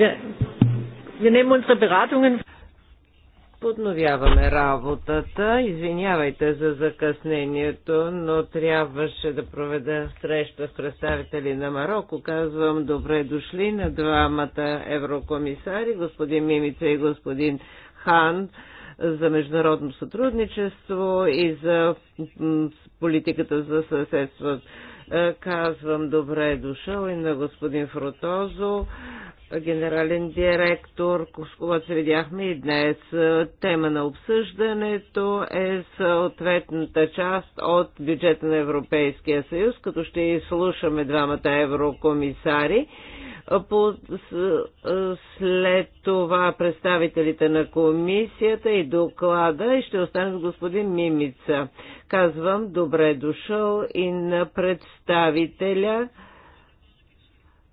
Wir, wir nehmen unsere Beratungen. Подновяваме работата. Извинявайте за закъснението, но трябваше да проведа среща с представители на Марокко. Казвам добре дошли на двамата еврокомисари, господин Мимица и господин Хан за международно сътрудничество и за политиката за съседство. Е, казвам добре е дошъл и на господин Фротозо генерален директор, с когото се видяхме и днес. Тема на обсъждането е съответната част от бюджета на Европейския съюз, като ще изслушаме двамата еврокомисари. След това представителите на комисията и доклада и ще остане с господин Мимица. Казвам добре дошъл и на представителя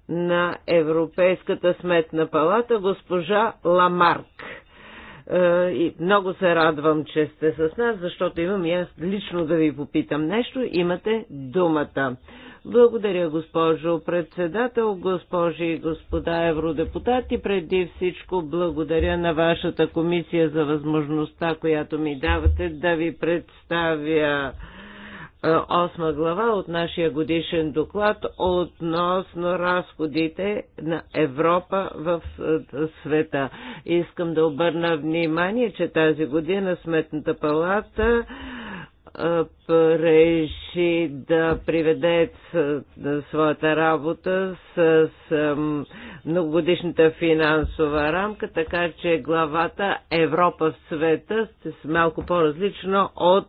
на Европейската сметна палата, госпожа Ламарк. Е, и много се радвам, че сте с нас, защото имам и аз лично да ви попитам нещо. Имате думата. Благодаря, госпожо председател, госпожи и господа евродепутати. Преди всичко благодаря на вашата комисия за възможността, която ми давате да ви представя 8 глава от нашия годишен доклад относно разходите на Европа в е, света. Искам да обърна внимание, че тази година Сметната палата е, реши да приведе своята работа с многогодишната финансова рамка, така че главата Европа в света е малко по различно от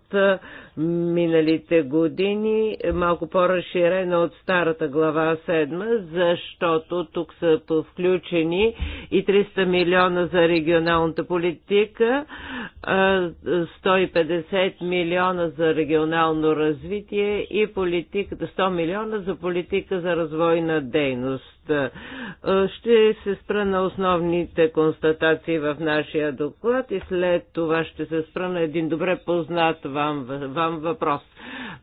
миналите години, малко по-разширена от старата глава 7, защото тук са включени и 300 милиона за регионалната политика, 150 милиона за регионалната регионално развитие и политиката 100 милиона за политика за развойна дейност. Е, ще се спра на основните констатации в нашия доклад и след това ще се спра на един добре познат вам, вам въпрос.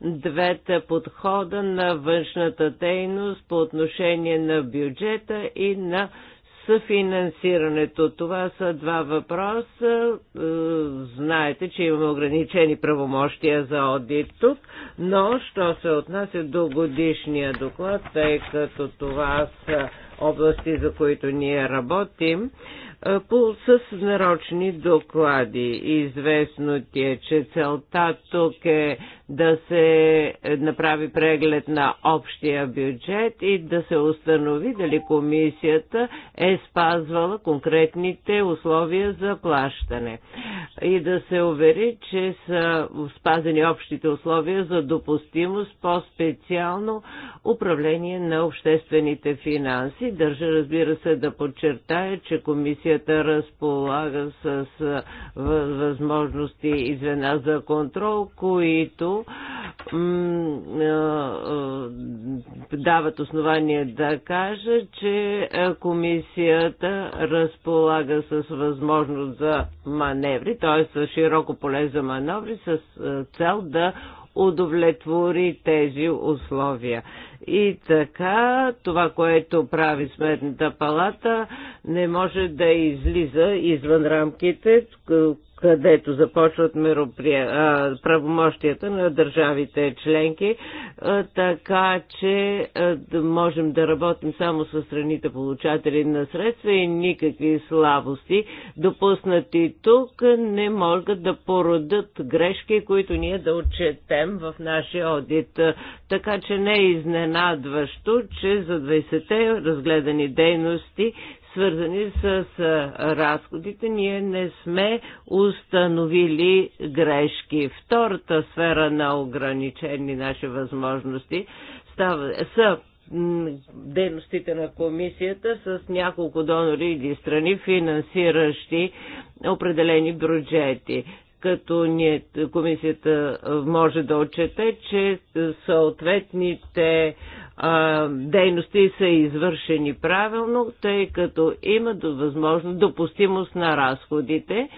Двете подхода на външната дейност по отношение на бюджета и на съфинансирането. Това са два въпроса. Е, знаете, че имаме ограничени правомощия за одит тук, но що се отнася до годишния доклад, тъй като това са области, за които ние работим, е, по, с нарочни доклади. Известно ти е, че целта тук е да се направи преглед на общия бюджет и да се установи дали комисията е спазвала конкретните условия за плащане и да се увери, че са спазени общите условия за допустимост, по-специално управление на обществените финанси. Държа, разбира се, да подчертая, че комисията разполага с възможности и звена за контрол, които дават основание да кажа, че комисията разполага с възможност за маневри, т.е. широко поле за маневри с цел да удовлетвори тези условия. И така, това, което прави Сметната палата, не може да излиза извън рамките, където започват мероприя... правомощията на държавите членки, така че можем да работим само с страните получатели на средства и никакви слабости, допуснати тук, не могат да породят грешки, които ние да отчетем в нашия одит. Така че не е изненадващо, че за 20-те разгледани дейности, свързани с разходите, ние не сме установили грешки. Втората сфера на ограничени наши възможности става, са дейностите на комисията с няколко донори или страни, финансиращи определени бюджети като ние, комисията може да отчете, че съответните а, дейности са извършени правилно, тъй като има възможно допустимост на разходите,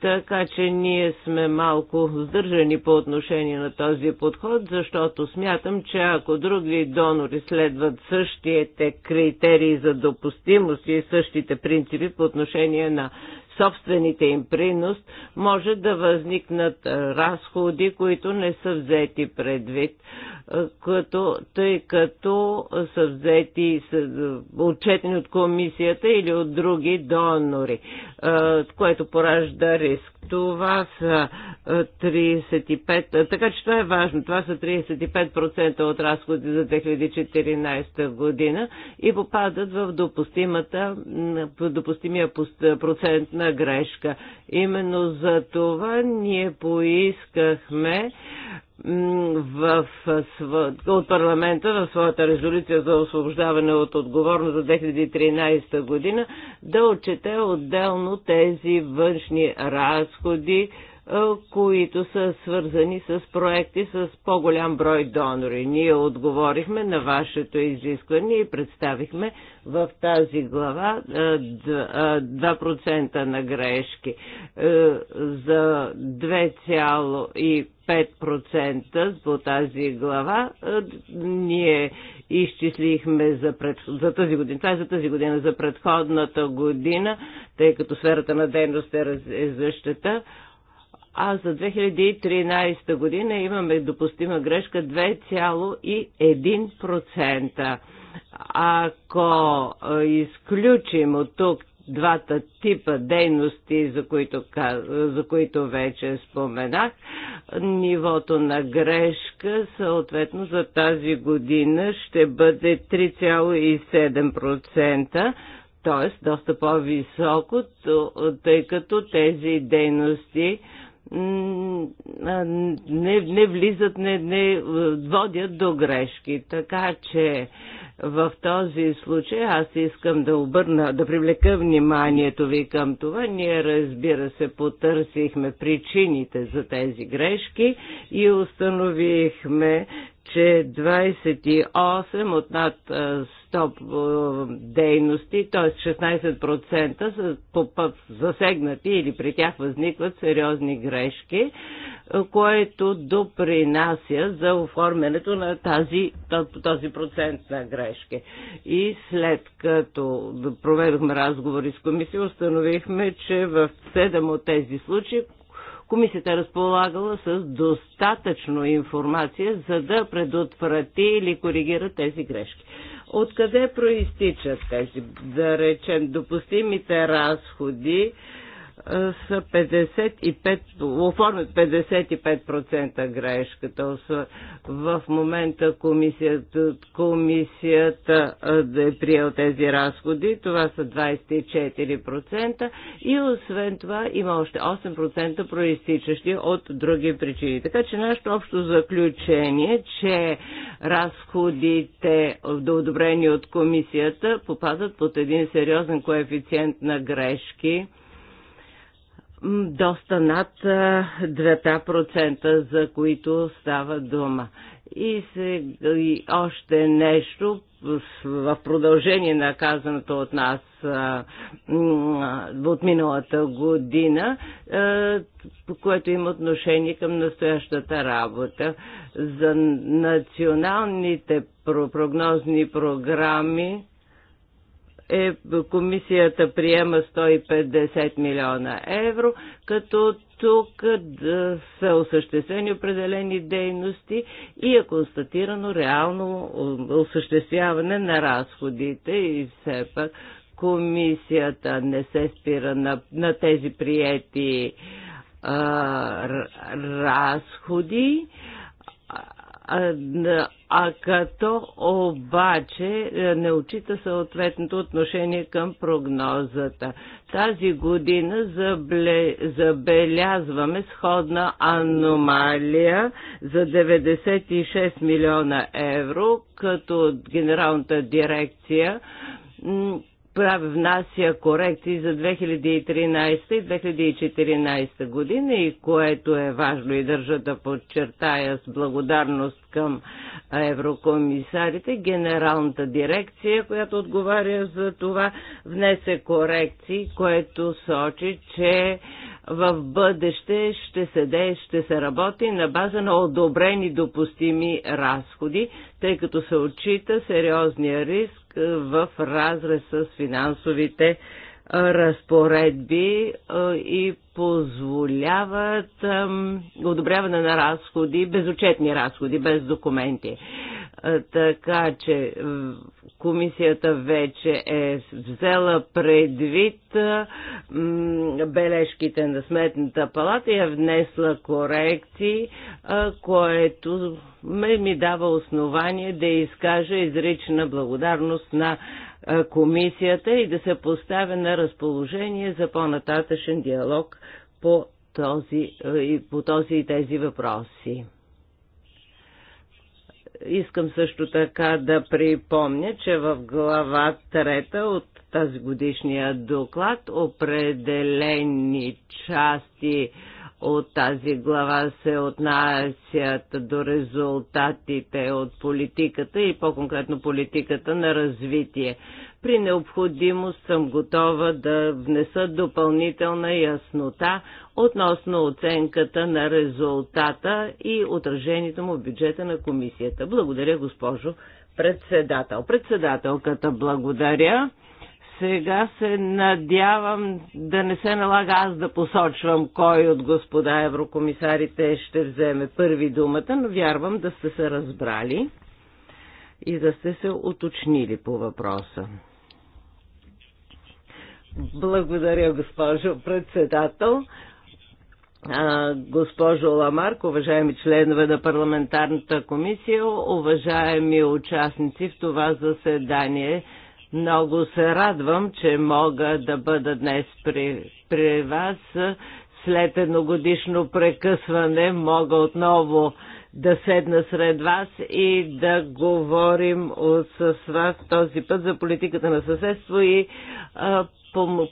така че ние сме малко сдържани по отношение на този подход, защото смятам, че ако други донори следват същите критерии за допустимост и същите принципи по отношение на собствените им принос, може да възникнат разходи, които не са взети предвид, като, тъй като са взети, са отчетени от комисията или от други донори, което поражда риск. Това са 35, така че това е важно. Това са 35% от разходи за 2014 година и попадат в допустимата, допустимия процент на сериозна грешка. Именно за това ние поискахме в, от парламента в своята резолюция за освобождаване от отговорност за 2013 година да отчете отделно тези външни разходи, които са свързани с проекти с по-голям брой донори. Ние отговорихме на вашето изискване и представихме в тази глава 2% на грешки за 2,5% по тази глава. Ние изчислихме за, пред, за тази година, това е за тази година, за предходната година, тъй като сферата на дейност е, е защита. Раз а за 2013 година имаме допустима грешка 2,1%. Ако изключим от тук двата типа дейности, за които, за които вече споменах, нивото на грешка съответно за тази година ще бъде 3,7% т.е. доста по-високо, тъй като тези дейности не, не влизат, не, не водят до грешки. Така че в този случай аз искам да обърна, да привлека вниманието ви към това. Ние, разбира се, потърсихме причините за тези грешки и установихме, че 28 от над топ е, дейности, т.е. 16% са засегнати или при тях възникват сериозни грешки, е, което допринася за оформянето на тази, този процент на грешки. И след като проведохме разговори с комисия, установихме, че в 7 от тези случаи Комисията е разполагала с достатъчно информация, за да предотврати или коригира тези грешки. Откъде проистичат тези, да речем, допустимите разходи са 55, оформят 55% грешката. В момента комисията, комисията да е приел тези разходи, това са 24% и освен това има още 8% проистичащи от други причини. Така че нашето общо заключение, че разходите одобрени от комисията попадат под един сериозен коефициент на грешки доста над 2%, за които става дума. И, се, и още нещо в продължение на казаното от нас от миналата година, което има отношение към настоящата работа. За националните прогнозни програми е, комисията приема 150 милиона евро, като тук да са осъществени определени дейности и е констатирано реално осъществяване на разходите и все пак комисията не се спира на, на тези приети а, разходи. А, а като обаче е, не очита съответното отношение към прогнозата. Тази година забле, забелязваме сходна аномалия за 96 милиона евро, като от Генералната дирекция прави внася корекции за 2013 и 2014 година и което е важно и държа да подчертая с благодарност към еврокомисарите, генералната дирекция, която отговаря за това, внесе корекции, което сочи, че в бъдеще ще се де, ще се работи на база на одобрени допустими разходи, тъй като се отчита сериозния риск в разрез с финансовите разпоредби и позволяват одобряване на разходи, безочетни разходи, без документи. Така че комисията вече е взела предвид бележките на Сметната палата и е внесла корекции, което ми дава основание да изкажа изрична благодарност на комисията и да се поставя на разположение за по-нататъчен диалог по този, по този и тези въпроси. Искам също така да припомня, че в глава трета от тази годишния доклад определени части от тази глава се отнасят до резултатите от политиката и по-конкретно политиката на развитие. При необходимост съм готова да внеса допълнителна яснота относно оценката на резултата и отражението му в бюджета на комисията. Благодаря, госпожо председател. Председателката благодаря. Сега се надявам да не се налага аз да посочвам кой от господа еврокомисарите ще вземе първи думата, но вярвам да сте се разбрали и да сте се уточнили по въпроса. Благодаря, госпожо председател. А, госпожо Ламарк, уважаеми членове на парламентарната комисия, уважаеми участници в това заседание много се радвам, че мога да бъда днес при, при вас. След едногодишно прекъсване мога отново да седна сред вас и да говорим с вас този път за политиката на съседство и а,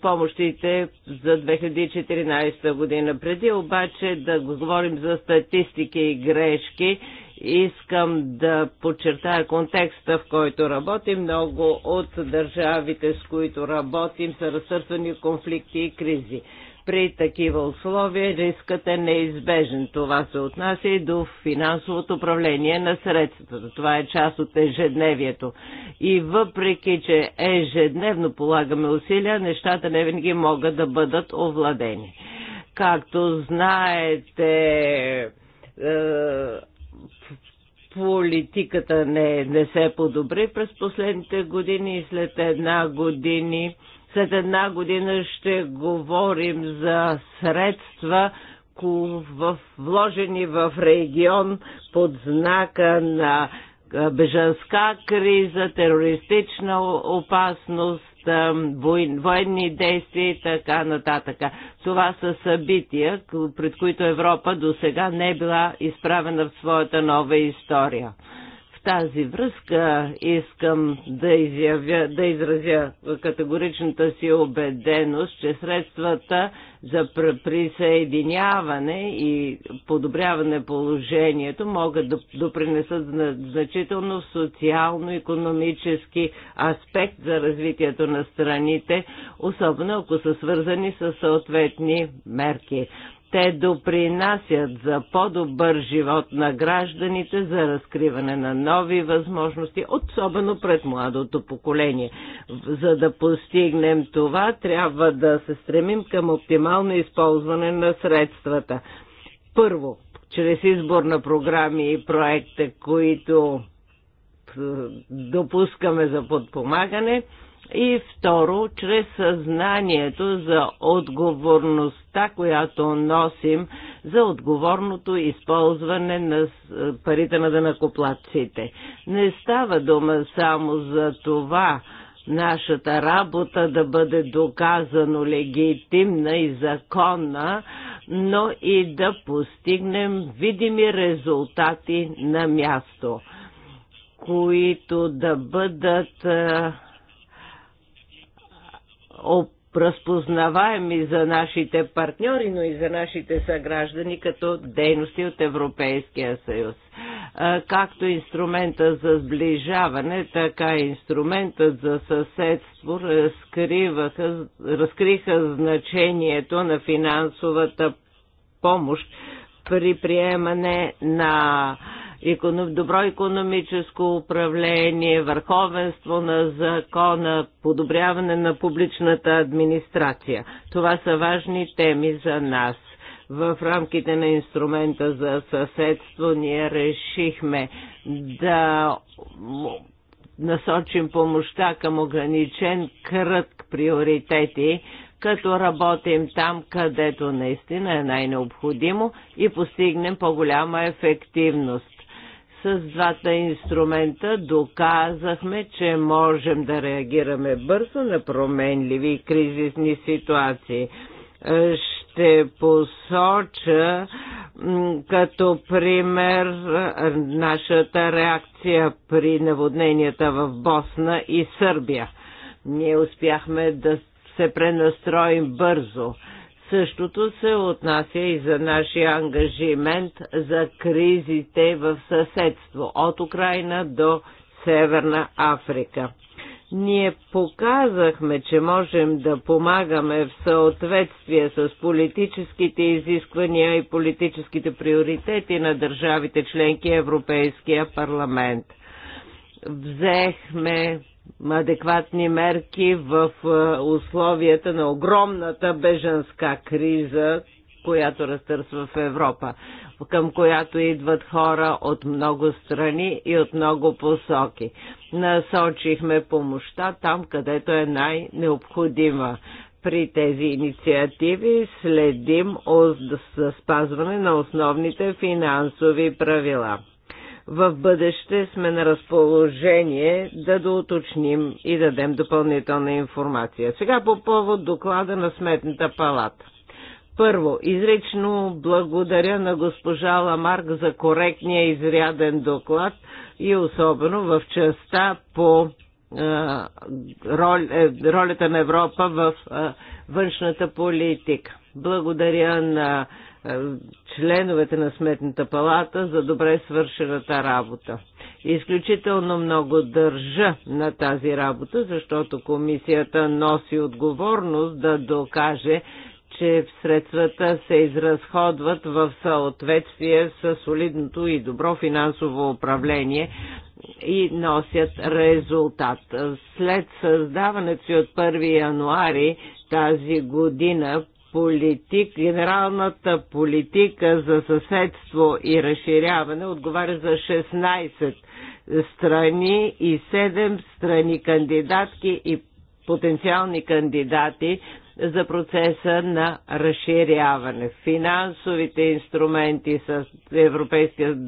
помощите за 2014 година. Преди обаче да говорим за статистики и грешки, Искам да подчертая контекста, в който работим. Много от държавите, с които работим, са разсърсвани конфликти и кризи. При такива условия рискът е неизбежен. Това се отнася и до финансовото управление на средствата. Това е част от ежедневието. И въпреки, че ежедневно полагаме усилия, нещата не винаги могат да бъдат овладени. Както знаете, е, политиката не, не се подобри през последните години и след една години след една година ще говорим за средства, в, вложени в регион под знака на бежанска криза, терористична опасност военни действия и така нататък. Това са събития, пред които Европа до сега не е била изправена в своята нова история тази връзка искам да, изявя, да изразя категоричната си убеденост, че средствата за присъединяване и подобряване положението могат да допринесат значително социално-економически аспект за развитието на страните, особено ако са свързани с съответни мерки. Те допринасят за по-добър живот на гражданите, за разкриване на нови възможности, особено пред младото поколение. За да постигнем това, трябва да се стремим към оптимално използване на средствата. Първо, чрез избор на програми и проекта, които допускаме за подпомагане – и второ, чрез съзнанието за отговорността, която носим за отговорното използване на парите на дънакоплатците. Не става дума само за това, нашата работа да бъде доказано легитимна и законна, но и да постигнем видими резултати на място, които да бъдат разпознаваеми за нашите партньори, но и за нашите съграждани като дейности от Европейския съюз. Както инструмента за сближаване, така и инструментът за съседство разкриваха, разкриха значението на финансовата помощ при приемане на добро економическо управление, върховенство на закона, подобряване на публичната администрация. Това са важни теми за нас. В рамките на инструмента за съседство ние решихме да насочим помощта към ограничен кръг приоритети, като работим там, където наистина е най-необходимо и постигнем по-голяма ефективност с двата инструмента доказахме, че можем да реагираме бързо на променливи и кризисни ситуации. Е, ще посоча като пример е, нашата реакция при наводненията в Босна и Сърбия. Ние успяхме да се пренастроим бързо Същото се отнася и за нашия ангажимент за кризите в съседство от Украина до Северна Африка. Ние показахме, че можем да помагаме в съответствие с политическите изисквания и политическите приоритети на държавите членки Европейския парламент. Взехме адекватни мерки в е, условията на огромната беженска криза, която разтърсва в Европа, към която идват хора от много страни и от много посоки. Насочихме помощта там, където е най-необходима. При тези инициативи следим за спазване на основните финансови правила в бъдеще сме на разположение да доуточним и дадем допълнителна информация. Сега по повод доклада на Сметната палата. Първо, изрично благодаря на госпожа Ламарк за коректния изряден доклад и особено в частта по е, ролята на Европа в външната политика. Благодаря на е, членовете на Сметната палата за добре свършената работа. Изключително много държа на тази работа, защото комисията носи отговорност да докаже, че средствата се изразходват в съответствие с солидното и добро финансово управление и носят резултат. След създаването си от 1 януари тази година политик, генералната политика за съседство и разширяване отговаря за 16 страни и 7 страни кандидатки и потенциални кандидати за процеса на разширяване. Финансовите инструменти с Европейския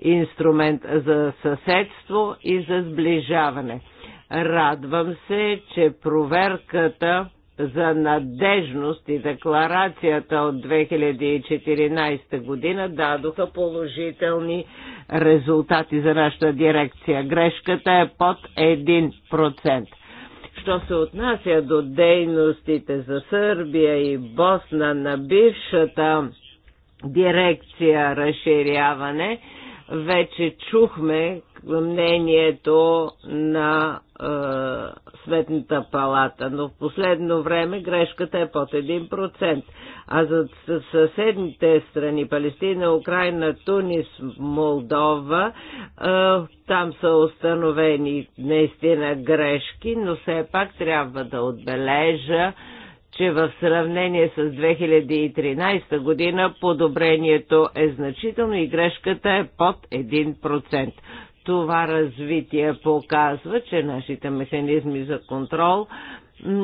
инструмент за съседство и за сближаване. Радвам се, че проверката за надежност и декларацията от 2014 година дадоха положителни резултати за нашата дирекция. Грешката е под 1%. Що се отнася до дейностите за Сърбия и Босна на бившата дирекция разширяване, вече чухме мнението на е, Светната палата, но в последно време грешката е под 1%. А за съседните страни, Палестина, Украина, Тунис, Молдова, е, там са установени наистина грешки, но все пак трябва да отбележа, че в сравнение с 2013 година подобрението е значително и грешката е под 1%. Това развитие показва, че нашите механизми за контрол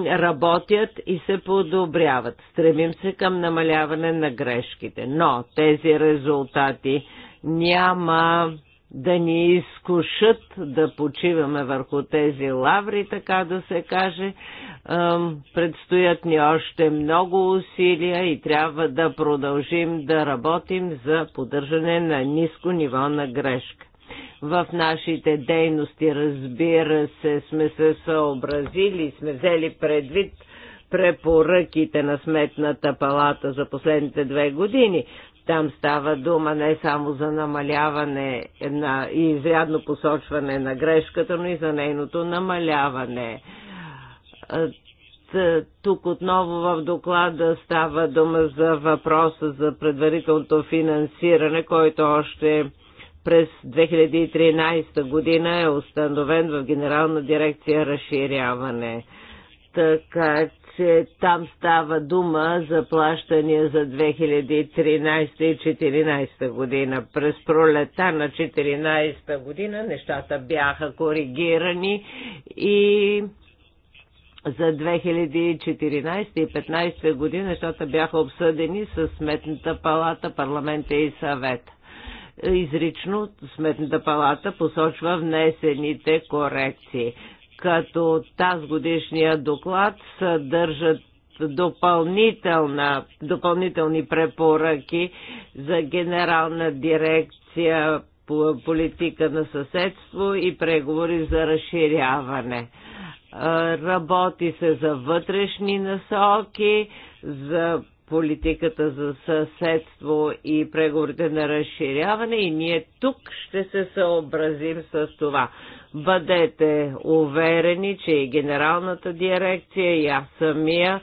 работят и се подобряват. Стремим се към намаляване на грешките, но тези резултати няма да ни изкушат да почиваме върху тези лаври, така да се каже. Предстоят ни още много усилия и трябва да продължим да работим за поддържане на ниско ниво на грешка в нашите дейности. Разбира се, сме се съобразили, сме взели предвид препоръките на Сметната палата за последните две години. Там става дума не само за намаляване на, и изрядно посочване на грешката, но и за нейното намаляване. Тук отново в доклада става дума за въпроса за предварителното финансиране, който още през 2013 година е установен в Генерална дирекция разширяване. Така че там става дума за плащания за 2013 и 2014 година. През пролета на 2014 година нещата бяха коригирани и за 2014 и 2015 година нещата бяха обсъдени с Сметната палата, парламента и съвета изрично Сметната палата посочва внесените корекции, като тази годишния доклад съдържат допълнителна, допълнителни препоръки за генерална дирекция по политика на съседство и преговори за разширяване. Работи се за вътрешни насоки, за политиката за съседство и преговорите на разширяване и ние тук ще се съобразим с това. Бъдете уверени, че и генералната дирекция, и аз самия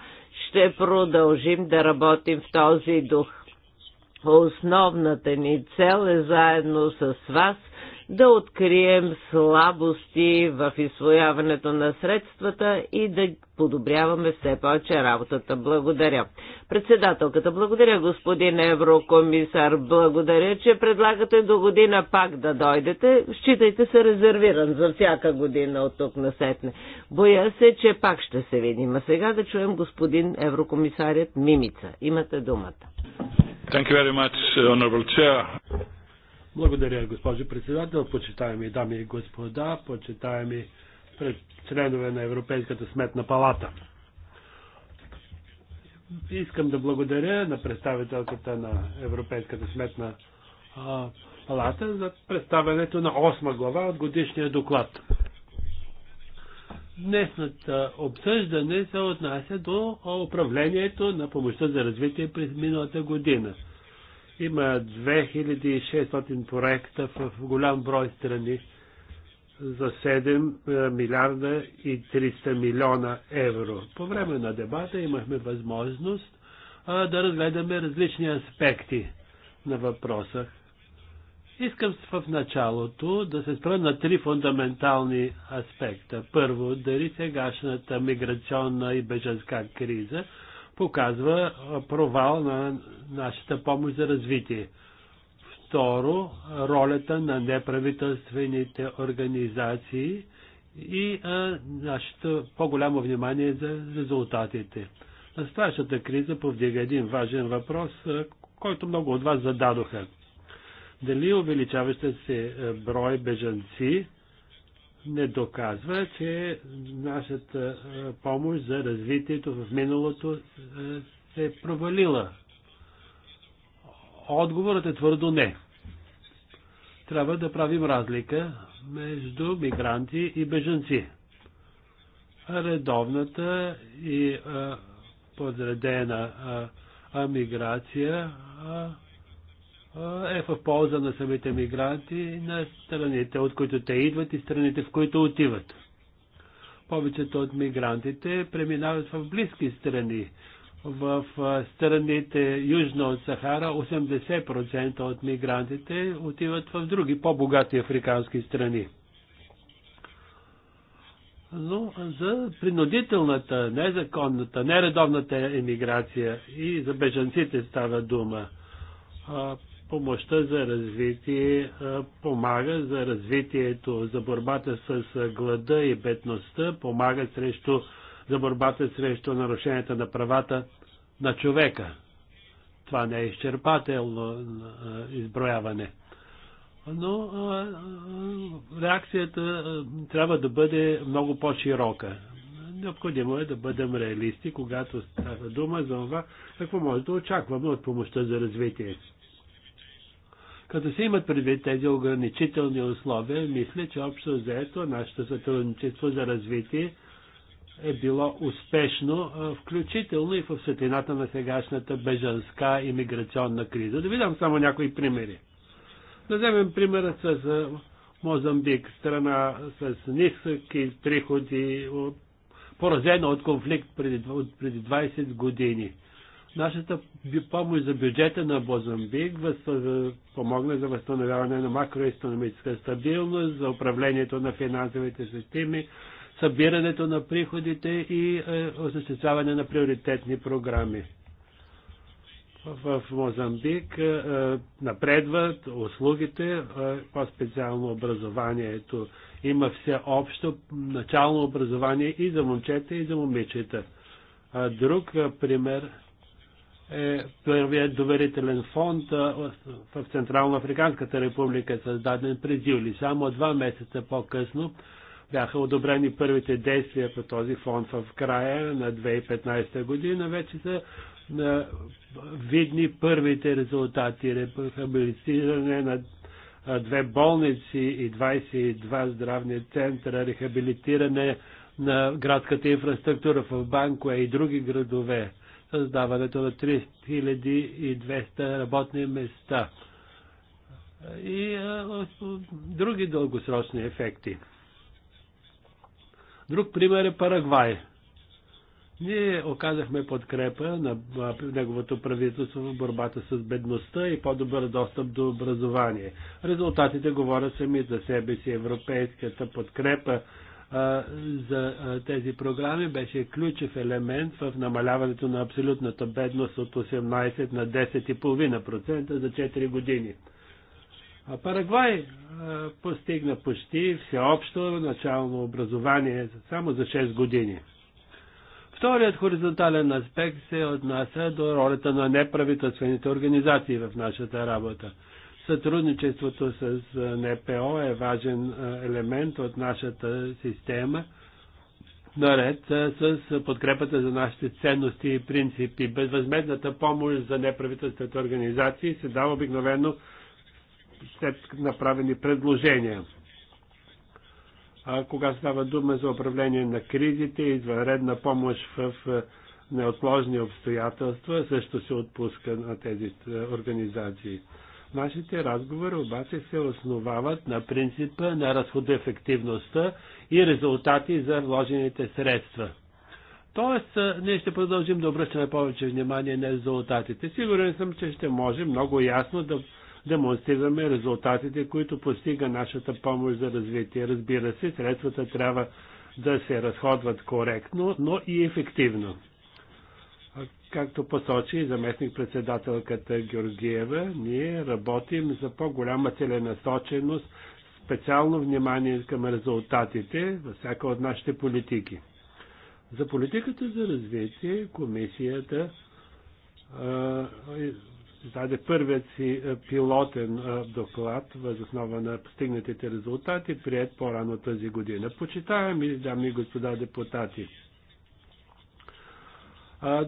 ще продължим да работим в този дух. Основната ни цел е заедно с вас – да открием слабости в изсвояването на средствата и да подобряваме все повече работата. Благодаря. Председателката, благодаря господин еврокомисар, благодаря, че предлагате до година пак да дойдете. Считайте се резервиран за всяка година от тук на сетне. Боя се, че пак ще се видим. А сега да чуем господин еврокомисарят Мимица. Имате думата. Thank you very much, Honorable Chair. Благодаря, госпожо председател, почитаеми дами и господа, почитаеми пред членове на Европейската сметна палата. Искам да благодаря на представителката на Европейската сметна палата за представянето на 8 глава от годишния доклад. Днесната обсъждане се отнася до управлението на помощта за развитие през миналата година – има 2600 проекта в голям брой страни за 7 е, милиарда и 300 милиона евро. По време на дебата имахме възможност а, да разгледаме различни аспекти на въпроса. Искам в началото да се спра на три фундаментални аспекта. Първо, дали сегашната миграционна и беженска криза показва провал на нашата помощ за развитие. Второ, ролята на неправителствените организации и а, нашето по-голямо внимание за резултатите. Настоящата криза повдига един важен въпрос, който много от вас зададоха. Дали увеличаваща се брой бежанци не доказва, че нашата помощ за развитието в миналото се е провалила. Отговорът е твърдо не. Трябва да правим разлика между мигранти и беженци. Редовната и а, подредена а, а миграция а, е в полза на самите мигранти, на страните, от които те идват и страните, в които отиват. Повечето от мигрантите преминават в близки страни. В страните южно от Сахара 80% от мигрантите отиват в други по-богати африкански страни. Но за принудителната, незаконната, нередовната емиграция и за бежанците става дума помощта за развитие помага за развитието, за борбата с глада и бедността, помага срещу, за борбата срещу нарушенията на правата на човека. Това не е изчерпателно изброяване. Но реакцията трябва да бъде много по-широка. Необходимо е да бъдем реалисти, когато става дума за това, какво може да очакваме от помощта за развитие. Като се имат предвид тези ограничителни условия, мисля, че общо заето нашето сътрудничество за развитие е било успешно, включително и в светлината на сегашната бежанска имиграционна криза. Да ви дам само някои примери. Да вземем примера с Мозамбик, страна с ниски приходи, поразена от конфликт преди, преди 20 години. Нашата помощ за бюджета на Бозамбик помогна за възстановяване на макроекономическа стабилност, за управлението на финансовите системи, събирането на приходите и е, осъществяване на приоритетни програми. В, Мозамбик е, е, напредват услугите, по-специално образованието. Има всеобщо начално образование и за момчета, и за момичета. Друг пример е първият доверителен фонд в Централно-Африканската република, е създаден през юли. Само два месеца по-късно бяха одобрени първите действия по този фонд в края на 2015 година. Вече са видни първите резултати. Рехабилитиране на две болници и 22 здравни центра, рехабилитиране на градската инфраструктура в Банкоя и други градове създаването на 3200 работни места и други дългосрочни ефекти. Друг пример е Парагвай. Ние оказахме подкрепа на неговото правителство в борбата с бедността и по-добър достъп до образование. Резултатите говорят сами за себе си. Европейската подкрепа за тези програми беше ключов елемент в намаляването на абсолютната бедност от 18 на 10,5% за 4 години. А Парагвай постигна почти всеобщо начално образование само за 6 години. Вторият хоризонтален аспект се отнася до ролята на неправителствените организации в нашата работа. Сътрудничеството с НПО е важен елемент от нашата система, наред с подкрепата за нашите ценности и принципи. Безвъзмедната помощ за неправителствените организации се дава обикновено след направени предложения. А кога става дума за управление на кризите, извънредна помощ в неотложни обстоятелства също се отпуска на тези организации. Нашите разговори обаче се основават на принципа на разходоефективността и резултати за вложените средства. Тоест, ние ще продължим да обръщаме повече внимание на резултатите. Сигурен съм, че ще може много ясно да демонстрираме резултатите, които постига нашата помощ за развитие. Разбира се, средствата трябва да се разходват коректно, но и ефективно. Както посочи заместник председателката Георгиева, ние работим за по-голяма целенасоченост, специално внимание към резултатите във всяка от нашите политики. За политиката за развитие комисията издаде първият си пилотен доклад въз основа на постигнатите резултати, прият по-рано тази година. Почитаем и дами и господа депутати,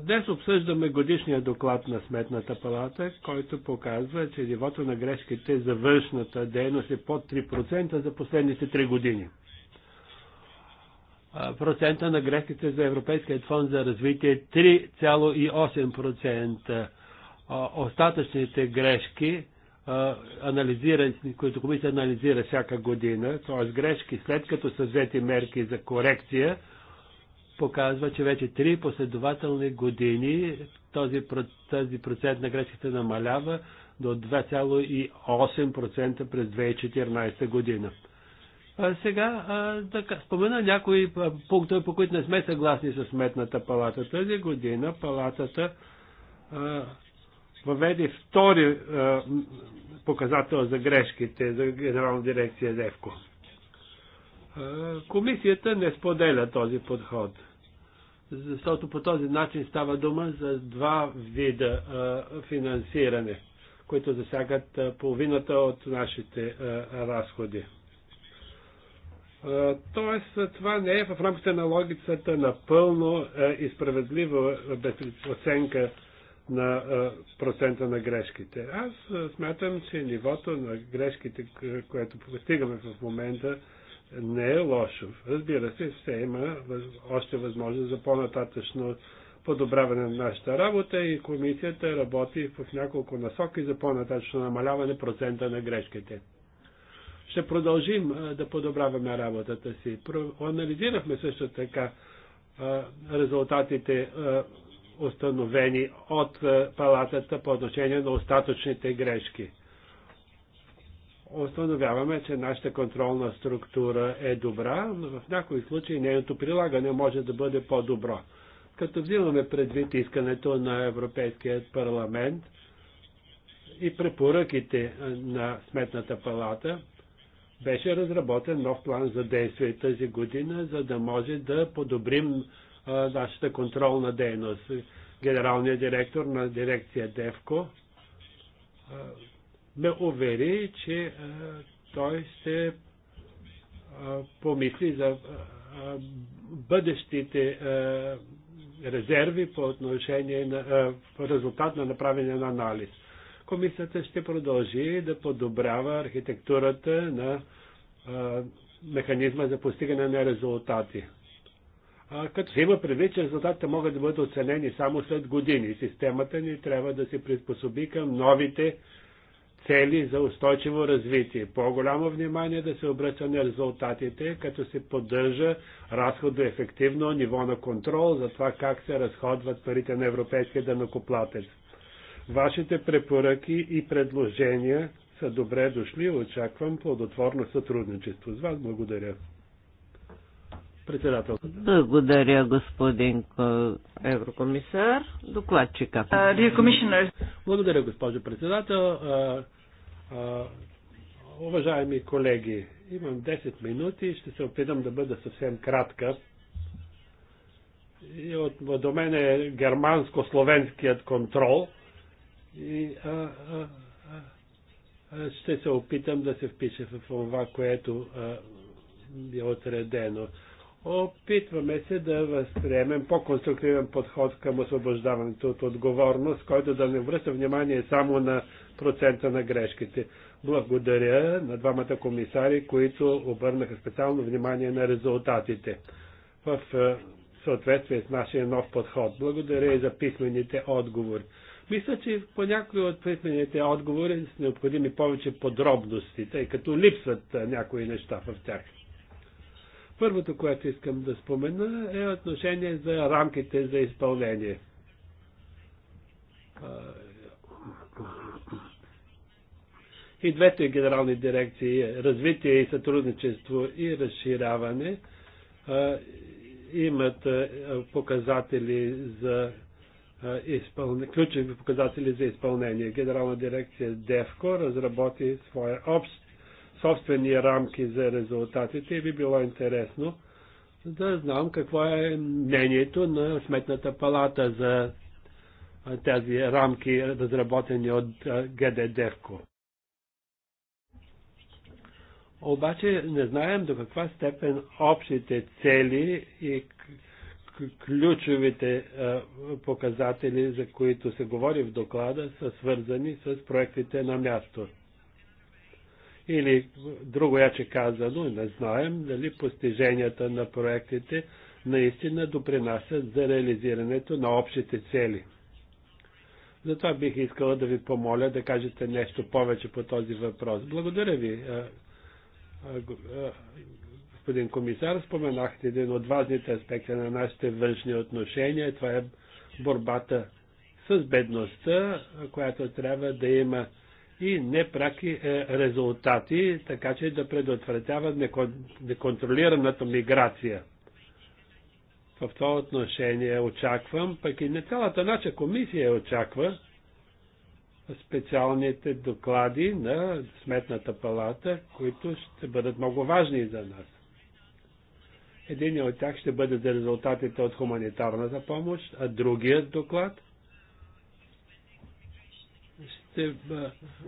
Днес обсъждаме годишния доклад на Сметната палата, който показва, че нивото на грешките за външната дейност е под 3% за последните 3 години. Процента на грешките за Европейския фонд за развитие е 3,8%. Остатъчните грешки, които комисията анализира всяка година, т.е. грешки след като са взети мерки за корекция, показва, че вече три последователни години този, този процент на грешките намалява до 2,8% през 2014 година. А сега да спомена някои пунктове, по които не сме съгласни с Сметната палата. Тази година палатата а, въведе втори а, показател за грешките за Генерална дирекция ДЕВКО. Комисията не споделя този подход, защото по този начин става дума за два вида финансиране, които засягат половината от нашите разходи. Тоест, това не е в рамките на логицата на пълно и справедливо оценка на процента на грешките. Аз смятам, че нивото на грешките, което постигаме в момента, не е лошо. Разбира се, все има още възможност за по-нататъчно подобряване на нашата работа и комисията работи в няколко насоки за по-нататъчно намаляване процента на грешките. Ще продължим да подобряваме работата си. Анализирахме също така резултатите установени от палатата по отношение на остаточните грешки – установяваме, че нашата контролна структура е добра, но в някои случаи нейното прилагане може да бъде по-добро. Като взимаме предвид искането на Европейският парламент и препоръките на Сметната палата, беше разработен нов план за действие тази година, за да може да подобрим а, нашата контролна дейност. Генералният директор на дирекция ДЕВКО ме увери, че а, той ще а, помисли за а, бъдещите а, резерви по отношение на а, по резултат на направения анализ. Комисията ще продължи да подобрява архитектурата на а, механизма за постигане на резултати. А, като се има предвид, че резултатите могат да бъдат оценени само след години. Системата ни трябва да се приспособи към новите цели за устойчиво развитие. По-голямо внимание да се обръща на резултатите, като се поддържа ефективно ниво на контрол за това как се разходват парите на европейския данокоплатец. Вашите препоръки и предложения са добре дошли. Очаквам плодотворно сътрудничество с вас. Благодаря председател. Благодаря, господин еврокомисар. Докладчика. Uh, Благодаря, госпожо председател. Uh, uh, уважаеми колеги, имам 10 минути. Ще се опитам да бъда съвсем кратка. И от, до мен е германско-словенският контрол. И, а, а, а, ще се опитам да се впиша в това, което а, е отредено. Опитваме се да възприемем по-конструктивен подход към освобождаването от отговорност, който да не връща внимание само на процента на грешките. Благодаря на двамата комисари, които обърнаха специално внимание на резултатите в е, съответствие с нашия нов подход. Благодаря и за писмените отговори. Мисля, че по някои от писмените отговори са необходими повече подробности, тъй като липсват е, някои неща в тях. Първото, което искам да спомена е отношение за рамките за изпълнение. И двете генерални дирекции, развитие и сътрудничество и разширяване, имат показатели за изпълнение, ключови показатели за изпълнение. Генерална дирекция ДЕВКО разработи своя общ собствени рамки за резултатите и би било интересно да знам какво е мнението на Сметната палата за тези рамки, разработени от ГДДФКО. Обаче не знаем до каква степен общите цели и ключовите показатели, за които се говори в доклада, са свързани с проектите на място. Или друго яче казано, не знаем дали постиженията на проектите наистина допринасят за реализирането на общите цели. Затова бих искала да ви помоля да кажете нещо повече по този въпрос. Благодаря ви, господин комисар. Споменахте един от важните аспекти на нашите външни отношения. Това е борбата с бедността, която трябва да има и непраки е, резултати, така че да предотвратяват неконтролираната миграция. В това отношение очаквам, пък и не цялата наша комисия очаква специалните доклади на Сметната палата, които ще бъдат много важни за нас. Един от тях ще бъде за резултатите от хуманитарната помощ, а другият доклад – ще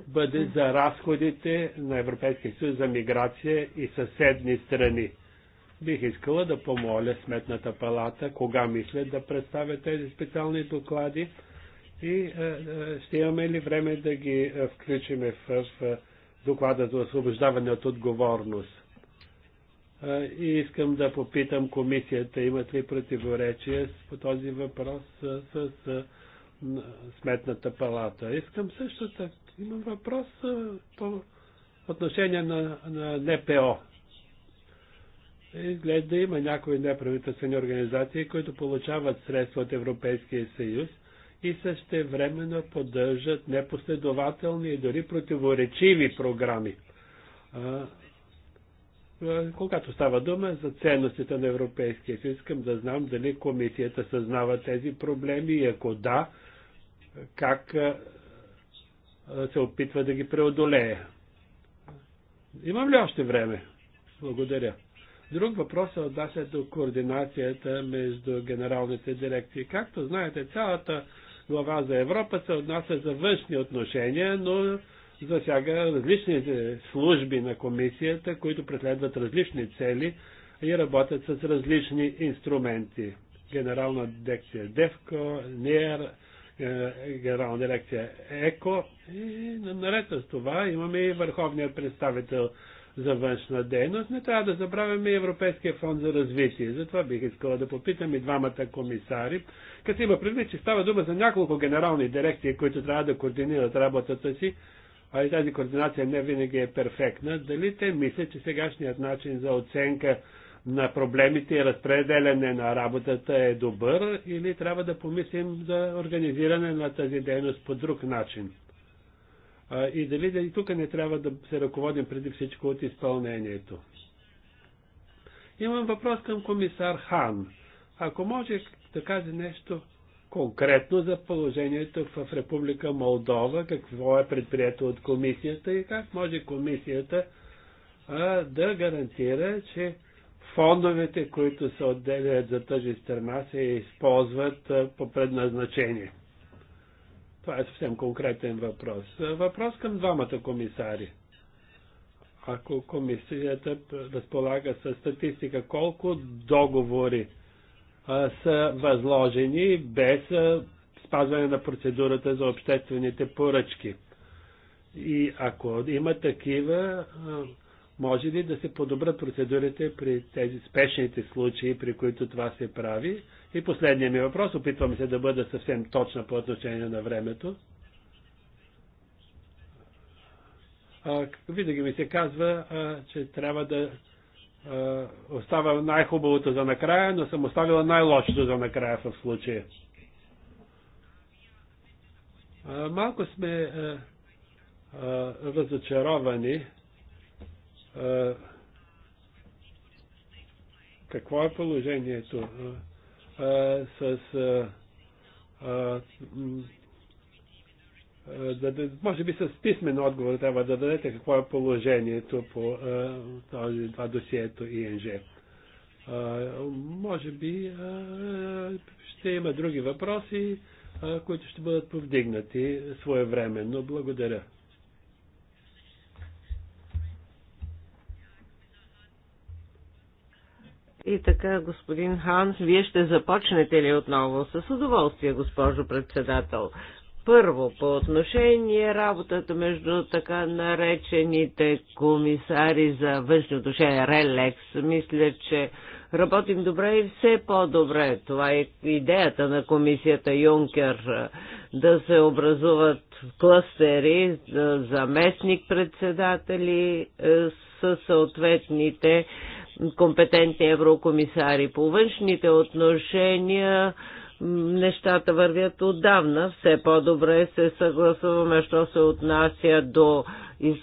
бъде за разходите на Европейския съюз за миграция и съседни страни. Бих искала да помоля Сметната палата, кога мислят да представят тези специални доклади и е, е, ще имаме ли време да ги е, включиме в доклада за освобождаване от отговорност. И искам да попитам комисията, имат ли противоречия по този въпрос с на Сметната палата. Искам също така. Имам въпрос по отношение на, на НПО. Изглежда има някои неправителствени организации, които получават средства от Европейския съюз и също времено поддържат непоследователни и дори противоречиви програми. А, когато става дума за ценностите на Европейския съюз, искам да знам дали комисията съзнава тези проблеми и ако да, как е, е, се опитва да ги преодолее. Имам ли още време? Благодаря. Друг въпрос се отнася до координацията между генералните дирекции. Както знаете, цялата глава за Европа се отнася за външни отношения, но засяга различни служби на комисията, които преследват различни цели и работят с различни инструменти. Генерална дирекция ДЕФКО, НЕР, е, генерална дирекция ЕКО. И наред с това имаме и върховният представител за външна дейност. Не трябва да забравяме и Европейския фонд за развитие. Затова бих искала да попитам и двамата комисари, като има предвид, че става дума за няколко генерални дирекции, които трябва да координират работата си, а и тази координация не винаги е перфектна. Дали те мислят, че сегашният начин за оценка на проблемите и разпределяне на работата е добър или трябва да помислим за организиране на тази дейност по друг начин. И дали да и тук не трябва да се ръководим преди всичко от изпълнението. Имам въпрос към комисар Хан. Ако може да каже нещо конкретно за положението в Република Молдова, какво е предприето от комисията и как може комисията а, да гарантира, че фондовете, които се отделят за тази страна, се използват по предназначение? Това е съвсем конкретен въпрос. Въпрос към двамата комисари. Ако комисията разполага с статистика, колко договори а, са възложени без а, спазване на процедурата за обществените поръчки? И ако има такива, а, може ли да се подобрят процедурите при тези спешните случаи, при които това се прави? И последният ми въпрос, опитвам се да бъда съвсем точна по отношение на времето. А, винаги ми се казва, а, че трябва да а, оставя най-хубавото за накрая, но съм оставила най-лошото за накрая в случая. А, малко сме а, а, разочаровани какво е положението с да, може би с писмен отговор трябва да дадете какво е положението по този, това досието ИНЖ. А, може би а, ще има други въпроси, а, които ще бъдат повдигнати своевременно. Благодаря. И така, господин Хан, вие ще започнете ли отново? С удоволствие, госпожо председател. Първо, по отношение работата между така наречените комисари за външни отношения, Релекс, мисля, че работим добре и все по-добре. Това е идеята на комисията Юнкер да се образуват кластери, местник председатели е, с съответните компетентни еврокомисари. По външните отношения нещата вървят отдавна. Все по-добре се съгласуваме, що се отнася до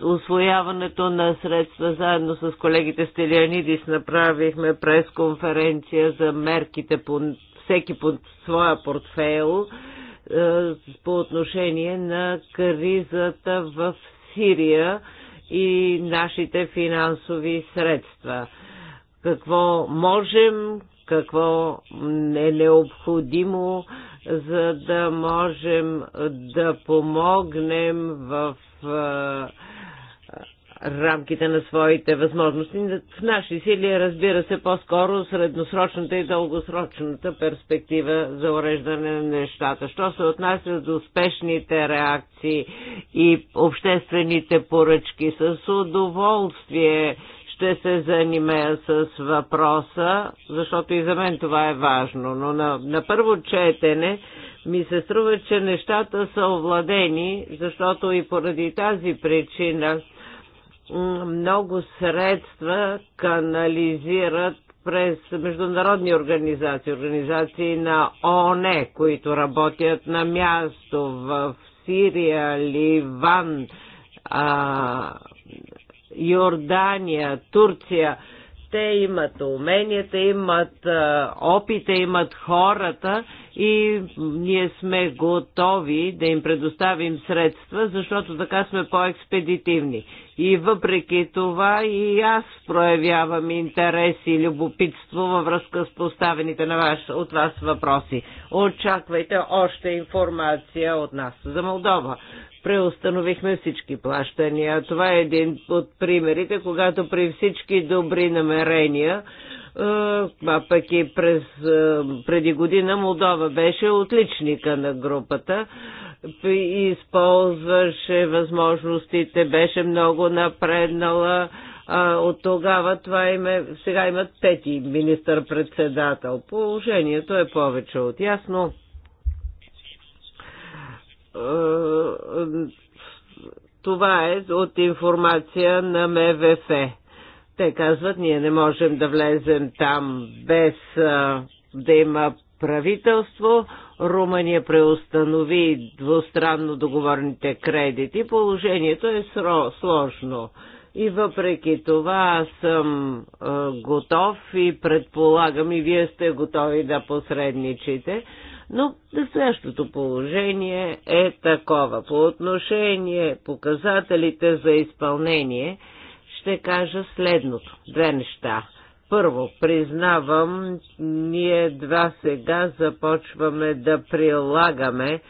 освояването на средства. Заедно с колегите Стелианидис направихме пресконференция за мерките по всеки под своя портфейл е, по отношение на кризата в Сирия и нашите финансови средства какво можем, какво е необходимо, за да можем да помогнем в рамките на своите възможности. В наши сили, разбира се, по-скоро средносрочната и дългосрочната перспектива за уреждане на нещата. Що се отнася до успешните реакции и обществените поръчки, с удоволствие ще се занимая с въпроса, защото и за мен това е важно. Но на, на първо четене ми се струва, че нещата са овладени, защото и поради тази причина много средства канализират през международни организации, организации на ОНЕ, които работят на място в Сирия, Ливан, а, Йордания, Турция. Те имат уменията, имат опита, имат хората и ние сме готови да им предоставим средства, защото така сме по-експедитивни. И въпреки това и аз проявявам интерес и любопитство във връзка с поставените на ваш, от вас въпроси. Очаквайте още информация от нас за Молдова преустановихме всички плащания. Това е един от примерите, когато при всички добри намерения а пък и през, преди година Молдова беше отличника на групата използваше възможностите, беше много напреднала. А, от тогава това има, сега имат пети министър-председател. Положението е повече от ясно. Е, е, това е от информация на МВФ. Те казват, ние не можем да влезем там без е, да има правителство. Румъния преустанови двустранно договорните кредити. Положението е сложно. И въпреки това съм готов и предполагам и вие сте готови да посредничите но настоящото положение е такова. По отношение показателите за изпълнение ще кажа следното. Две неща. Първо, признавам, ние два сега започваме да прилагаме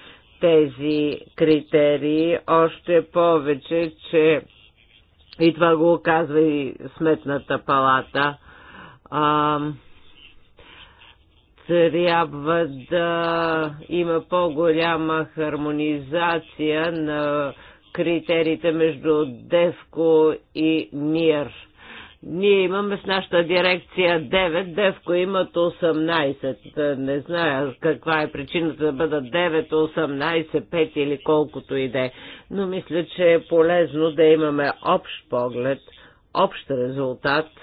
тези критерии, още повече, че и това го казва и Сметната палата. А, трябва да има по-голяма хармонизация на критериите между ДЕВКО и МИР. Ние имаме в нашата дирекция 9, Девко имат 18. Не зная каква е причината да бъдат 9, 18, 5 или колкото и да е. Но мисля, че е полезно да имаме общ поглед, общ резултат –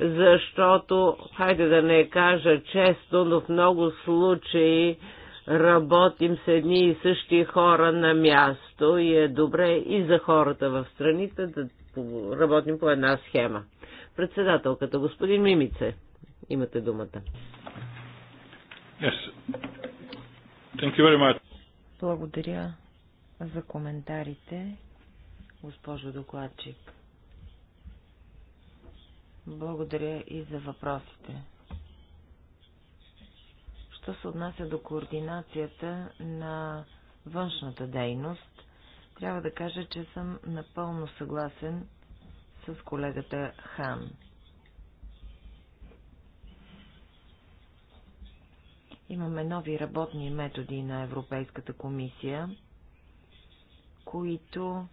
защото, хайде да не кажа често, но в много случаи работим с едни и същи хора на място и е добре и за хората в страните да работим по една схема. Председателката, господин Мимице, имате думата. Yes. Thank you very much. Благодаря за коментарите, госпожо докладчик. Благодаря и за въпросите. Що се отнася до координацията на външната дейност, трябва да кажа, че съм напълно съгласен с колегата Хан. Имаме нови работни методи на Европейската комисия, които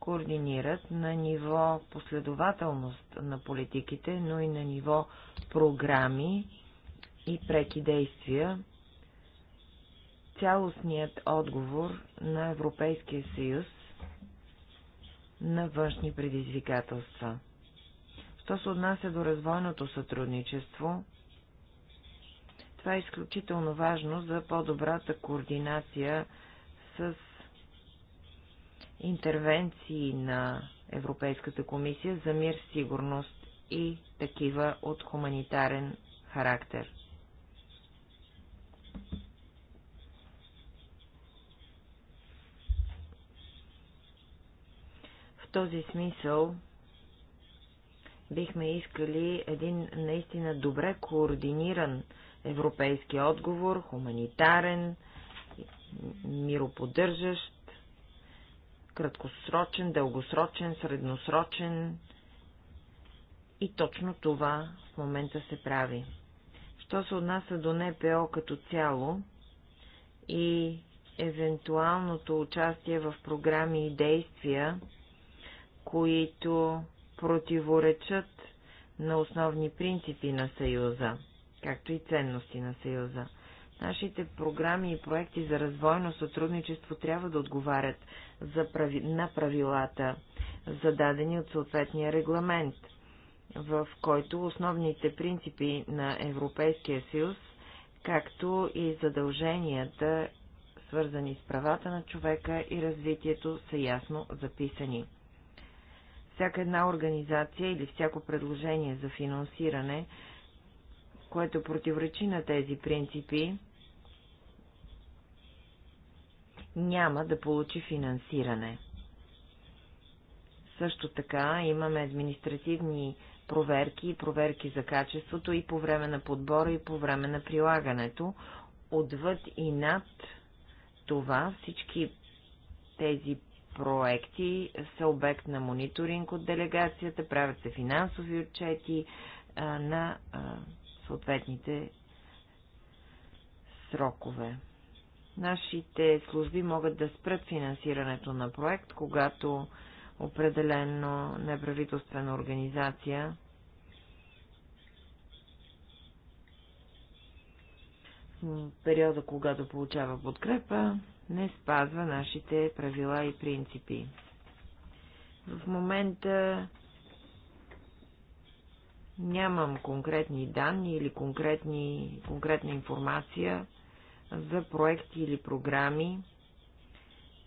координират на ниво последователност на политиките, но и на ниво програми и преки действия, цялостният отговор на Европейския съюз на външни предизвикателства. Що се отнася до развойното сътрудничество, това е изключително важно за по-добрата координация с интервенции на Европейската комисия за мир, сигурност и такива от хуманитарен характер. В този смисъл бихме искали един наистина добре координиран европейски отговор, хуманитарен, мироподдържащ, краткосрочен, дългосрочен, средносрочен и точно това в момента се прави. Що се отнася до НПО като цяло и евентуалното участие в програми и действия, които противоречат на основни принципи на Съюза, както и ценности на Съюза – Нашите програми и проекти за развойно сътрудничество трябва да отговарят за прави... на правилата, зададени от съответния регламент, в който основните принципи на Европейския съюз, както и задълженията, свързани с правата на човека и развитието, са ясно записани. Всяка една организация или всяко предложение за финансиране, което противоречи на тези принципи, няма да получи финансиране. Също така имаме административни проверки и проверки за качеството и по време на подбора и по време на прилагането. Отвъд и над това всички тези проекти са обект на мониторинг от делегацията, правят се финансови отчети а, на а, съответните срокове. Нашите служби могат да спрат финансирането на проект, когато определено неправителствена организация в периода, когато получава подкрепа, не спазва нашите правила и принципи. В момента нямам конкретни данни или конкретни, конкретна информация за проекти или програми,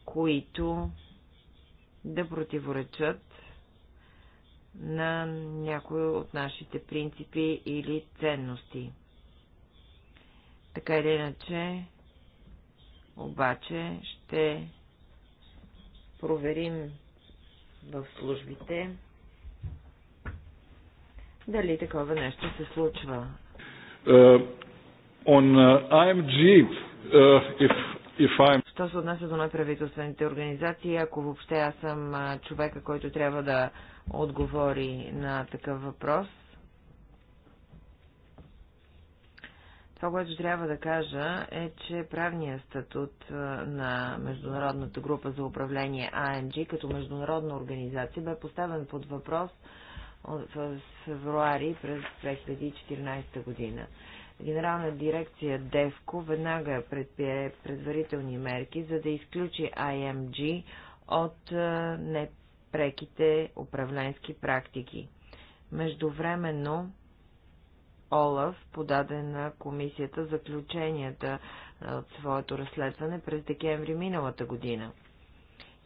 които да противоречат на някои от нашите принципи или ценности. Така или иначе, обаче ще проверим в службите дали такова нещо се случва. Е, On uh, IMG, uh, if, if I'm... Що се отнася до неправителствените организации, ако въобще аз съм човека, който трябва да отговори на такъв въпрос, Това, което трябва да кажа е, че правният статут на Международната група за управление АНГ като международна организация бе поставен под въпрос в февруари през 2014 година. Генерална дирекция ДЕВКО веднага предприе предварителни мерки, за да изключи IMG от непреките управленски практики. Междувременно Олаф подаде на комисията заключенията от своето разследване през декември миналата година.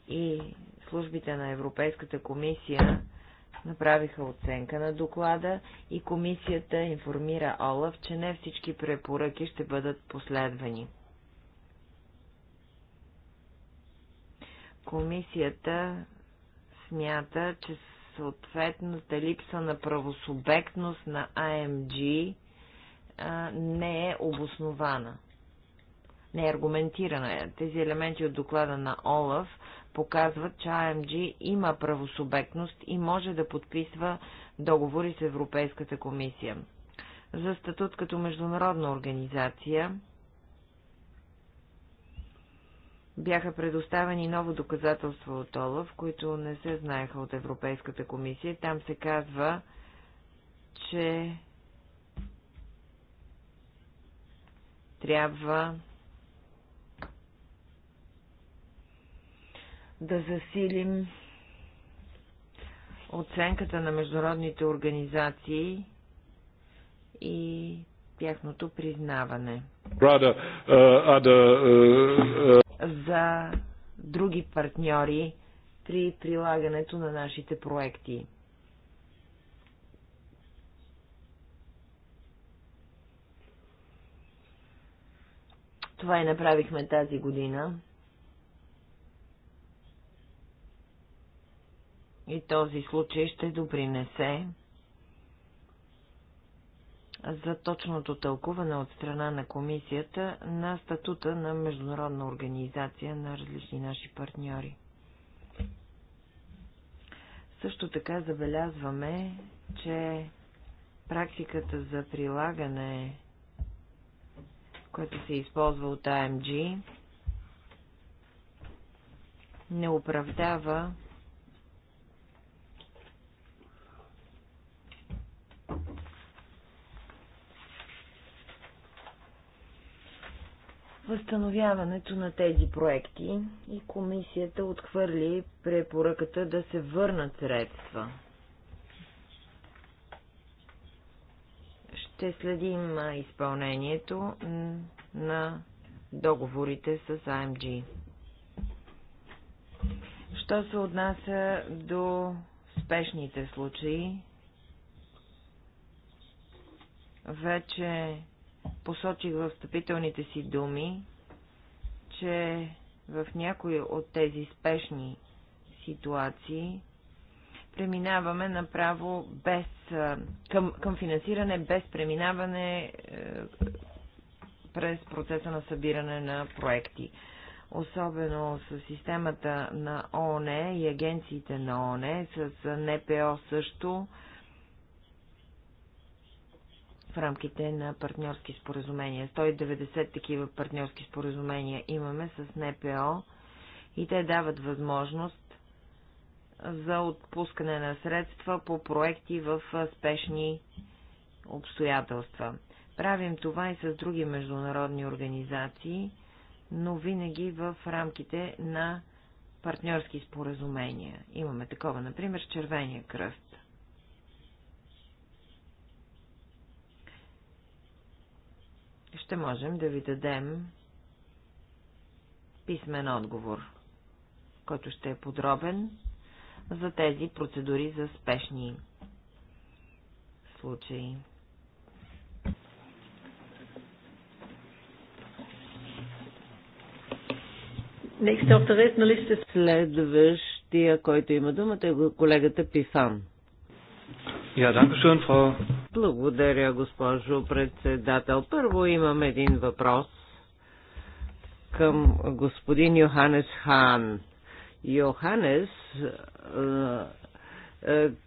И службите на Европейската комисия направиха оценка на доклада и комисията информира Олаф, че не всички препоръки ще бъдат последвани. Комисията смята, че съответната липса на правосубектност на АМГ а, не е обоснована. Не е аргументирана. Тези елементи от доклада на Олаф показват, че АМГ има правосубектност и може да подписва договори с Европейската комисия. За статут като международна организация бяха предоставени ново доказателство от в които не се знаеха от Европейската комисия. Там се казва, че трябва да засилим оценката на международните организации и тяхното признаване. Brother, uh, other, uh, uh... За други партньори при прилагането на нашите проекти. Това и направихме тази година. И този случай ще допринесе за точното тълкуване от страна на комисията на статута на международна организация на различни наши партньори. Също така забелязваме, че практиката за прилагане, което се използва от АМГ, не оправдава възстановяването на тези проекти и комисията отхвърли препоръката да се върнат средства. Ще следим изпълнението на договорите с АМГ. Що се отнася до спешните случаи, вече посочих в встъпителните си думи, че в някои от тези спешни ситуации преминаваме направо без, към, към финансиране без преминаване е, през процеса на събиране на проекти. Особено с системата на ООН и агенциите на ООН, с НПО също, в рамките на партньорски споразумения. 190 такива партньорски споразумения имаме с НПО и те дават възможност за отпускане на средства по проекти в спешни обстоятелства. Правим това и с други международни организации, но винаги в рамките на партньорски споразумения. Имаме такова, например, с Червения кръст. ще можем да ви дадем писмен отговор, който ще е подробен за тези процедури за спешни случаи. Следващия, който има думата е колегата Писан. Ja, danke schön, Frau благодаря, госпожо председател. Първо имам един въпрос към господин Йоханес Хан. Йоханес,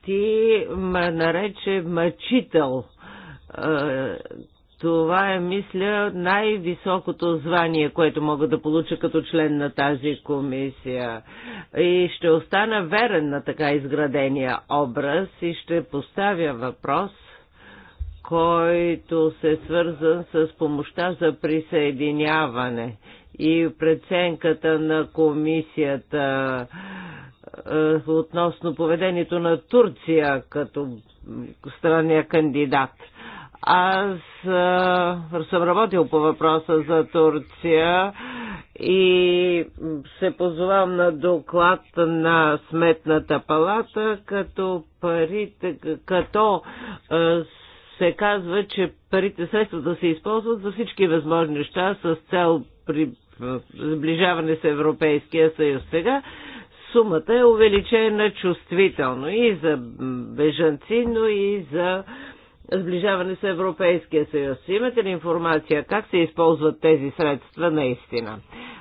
ти ме нарече мъчител. Това е, мисля, най-високото звание, което мога да получа като член на тази комисия. И ще остана верен на така изградения образ и ще поставя въпрос който се свързан с помощта за присъединяване и преценката на комисията е, относно поведението на Турция като страния кандидат. Аз е, съм работил по въпроса за Турция и се позовам на доклад на Сметната палата, като парите, като а, е, се казва, че парите средствата се използват за всички възможни неща с цел при сближаване с Европейския съюз. Сега сумата е увеличена чувствително и за бежанци, но и за сближаване с Европейския съюз. Имате ли информация как се използват тези средства наистина?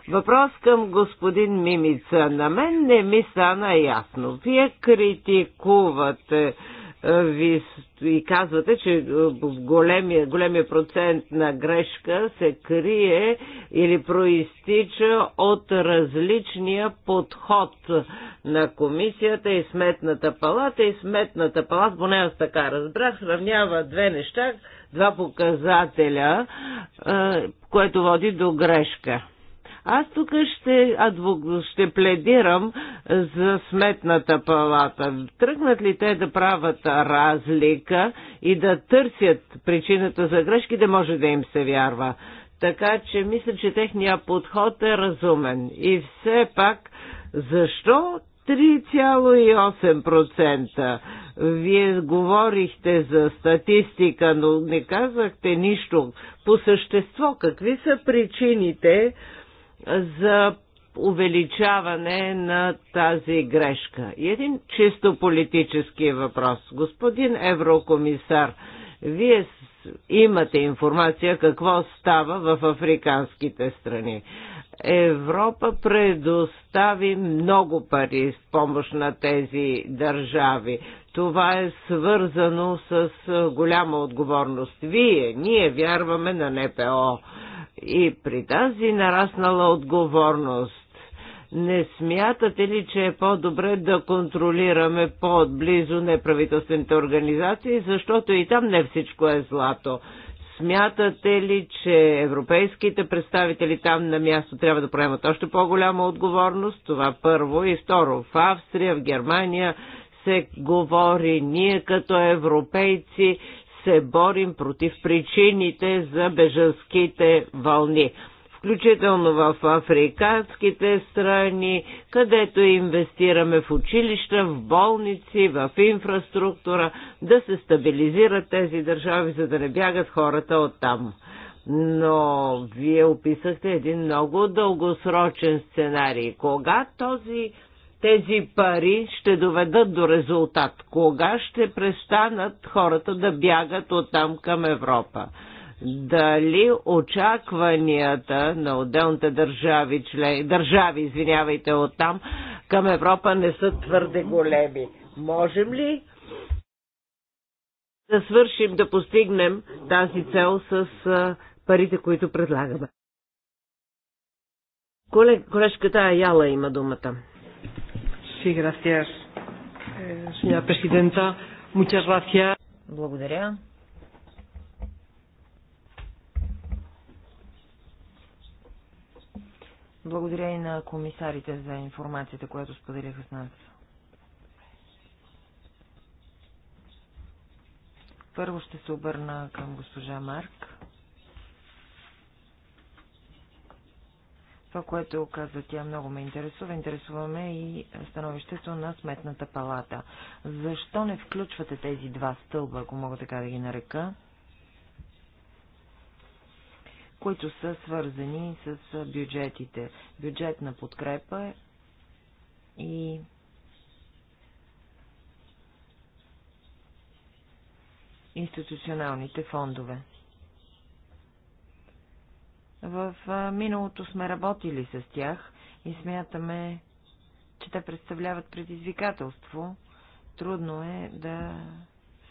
Въпрос към господин Мимица. На мен не ми стана ясно. Вие критикувате е, ви и казвате, че е, големия, големия процент на грешка се крие или проистича от различния подход на комисията и сметната палата. И сметната палата, поне аз така разбрах, сравнява две неща, два показателя, е, което води до грешка. Аз тук ще, адвок... ще пледирам за сметната палата. Тръгнат ли те да правят разлика и да търсят причината за грешки, да може да им се вярва. Така че мисля, че техния подход е разумен. И все пак, защо 3,8%. Вие говорихте за статистика, но не казахте нищо. По същество, какви са причините за увеличаване на тази грешка. И един чисто политически въпрос. Господин еврокомисар, вие имате информация какво става в африканските страни. Европа предостави много пари с помощ на тези държави. Това е свързано с голяма отговорност. Вие, ние вярваме на НПО. И при тази нараснала отговорност не смятате ли, че е по-добре да контролираме по-отблизо неправителствените организации, защото и там не всичко е злато? Смятате ли, че европейските представители там на място трябва да проемат още по-голяма отговорност? Това първо. И второ, в Австрия, в Германия се говори, ние като европейци се борим против причините за бежанските вълни включително в африканските страни, където инвестираме в училища, в болници, в инфраструктура, да се стабилизират тези държави, за да не бягат хората от там. Но вие описахте един много дългосрочен сценарий. Кога този тези пари ще доведат до резултат. Кога ще престанат хората да бягат оттам към Европа? Дали очакванията на отделните държави, член, държави извинявайте, оттам към Европа не са твърде големи? Можем ли да свършим, да постигнем тази цел с парите, които предлагаме? колежката Аяла има думата. Sí, gracias, eh, señora presidenta. Muchas gracias. Благодаря. Благодаря и на комисарите за информацията, която споделиха с нас. Първо ще се обърна към госпожа Марк. Това, което каза тя, много ме интересува. Интересуваме и становището на Сметната палата. Защо не включвате тези два стълба, ако мога така да ги нарека, които са свързани с бюджетите? Бюджетна подкрепа и институционалните фондове. В миналото сме работили с тях и смятаме, че те представляват предизвикателство. Трудно е да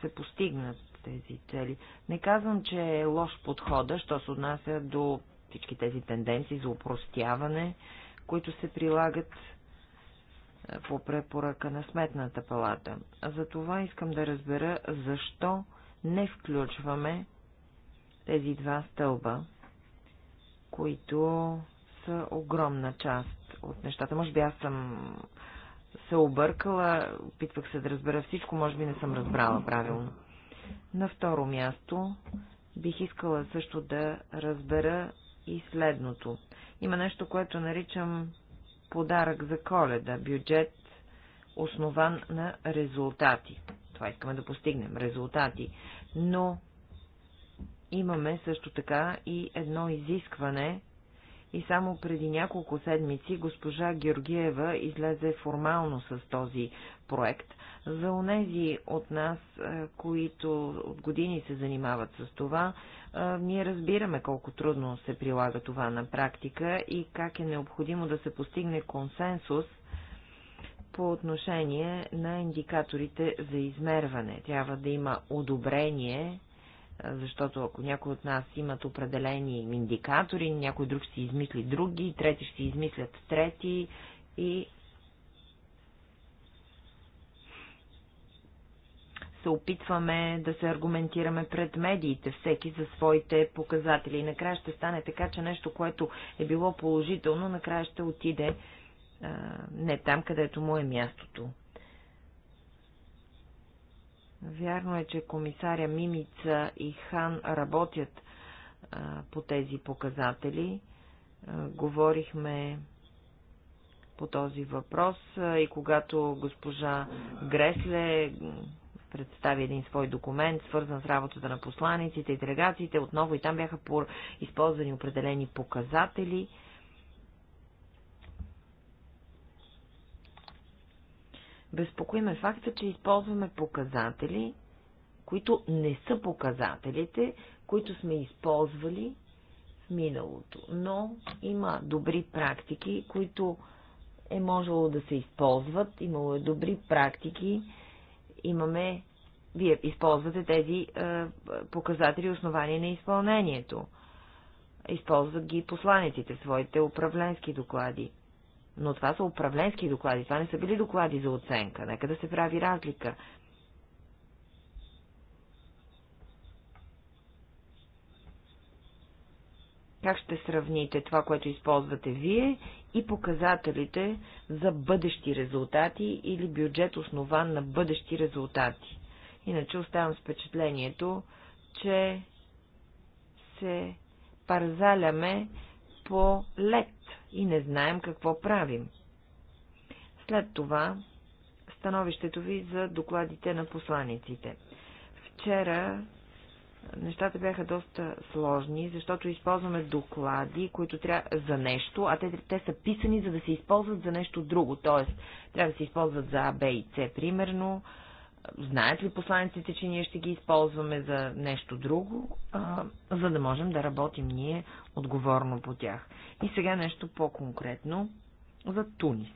се постигнат тези цели. Не казвам, че е лош подхода, що се отнася до всички тези тенденции за упростяване, които се прилагат по препоръка на Сметната палата. Затова искам да разбера, защо не включваме тези два стълба които са огромна част от нещата. Може би аз съм се объркала, опитвах се да разбера всичко, може би не съм разбрала правилно. На второ място бих искала също да разбера и следното. Има нещо, което наричам подарък за коледа, бюджет, основан на резултати. Това искаме да постигнем, резултати. Но Имаме също така и едно изискване и само преди няколко седмици госпожа Георгиева излезе формално с този проект. За онези от нас, които от години се занимават с това, ние разбираме колко трудно се прилага това на практика и как е необходимо да се постигне консенсус по отношение на индикаторите за измерване. Трябва да има одобрение защото ако някой от нас имат определени индикатори, някой друг ще измисли други, трети ще измислят трети и се опитваме да се аргументираме пред медиите, всеки за своите показатели. И накрая ще стане така, че нещо, което е било положително, накрая ще отиде а, не там, където му е мястото. Вярно е, че комисаря Мимица и Хан работят а, по тези показатели. А, говорихме по този въпрос а, и когато госпожа Гресле представи един свой документ, свързан с работата на посланиците и делегациите, отново и там бяха по използвани определени показатели. Безпокоиме факта, че използваме показатели, които не са показателите, които сме използвали в миналото. Но има добри практики, които е можело да се използват, имало е добри практики, имаме, вие използвате тези е, показатели основания на изпълнението. Използват ги посланиците в своите управленски доклади но това са управленски доклади, това не са били доклади за оценка. Нека да се прави разлика. Как ще сравните това, което използвате вие и показателите за бъдещи резултати или бюджет основан на бъдещи резултати? Иначе оставам с впечатлението, че се парзаляме по лед и не знаем какво правим. След това становището ви за докладите на посланиците. Вчера нещата бяха доста сложни, защото използваме доклади, които трябва за нещо, а те, те са писани, за да се използват за нещо друго. Тоест, трябва да се използват за А, Б и С, примерно, знаят ли посланиците, че ние ще ги използваме за нещо друго, а, за да можем да работим ние отговорно по тях. И сега нещо по-конкретно за Тунис.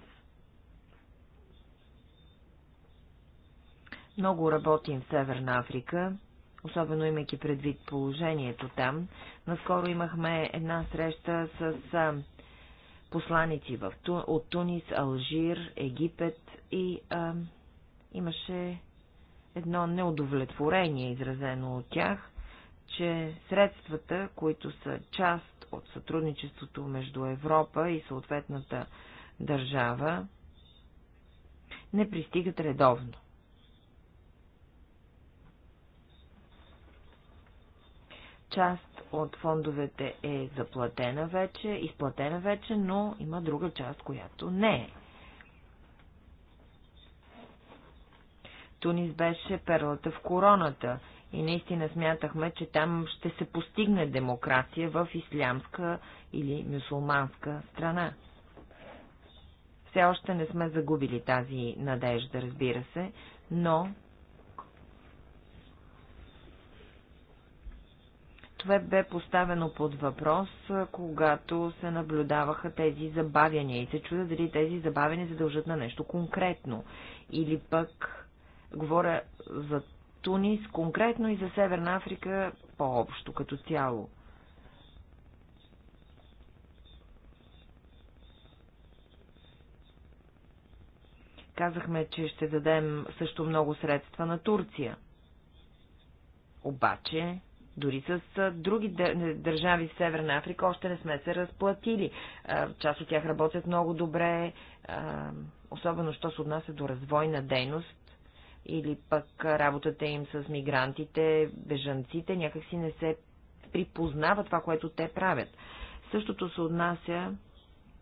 Много работим в Северна Африка, особено имайки предвид положението там. Наскоро имахме една среща с посланици в, от Тунис, Алжир, Египет и а, имаше едно неудовлетворение, изразено от тях, че средствата, които са част от сътрудничеството между Европа и съответната държава, не пристигат редовно. Част от фондовете е заплатена вече, изплатена вече, но има друга част, която не е. Тунис беше перлата в короната и наистина смятахме, че там ще се постигне демокрация в ислямска или мюсулманска страна. Все още не сме загубили тази надежда, разбира се, но това бе поставено под въпрос, когато се наблюдаваха тези забавяния и се чуда дали тези забавяния се дължат на нещо конкретно или пък Говоря за Тунис конкретно и за Северна Африка по-общо като цяло. Казахме, че ще дадем също много средства на Турция. Обаче, дори с други държави в Северна Африка още не сме се разплатили. Част от тях работят много добре, особено що се отнася до развойна дейност или пък работата им с мигрантите, бежанците, някакси не се припознава това, което те правят. Същото се отнася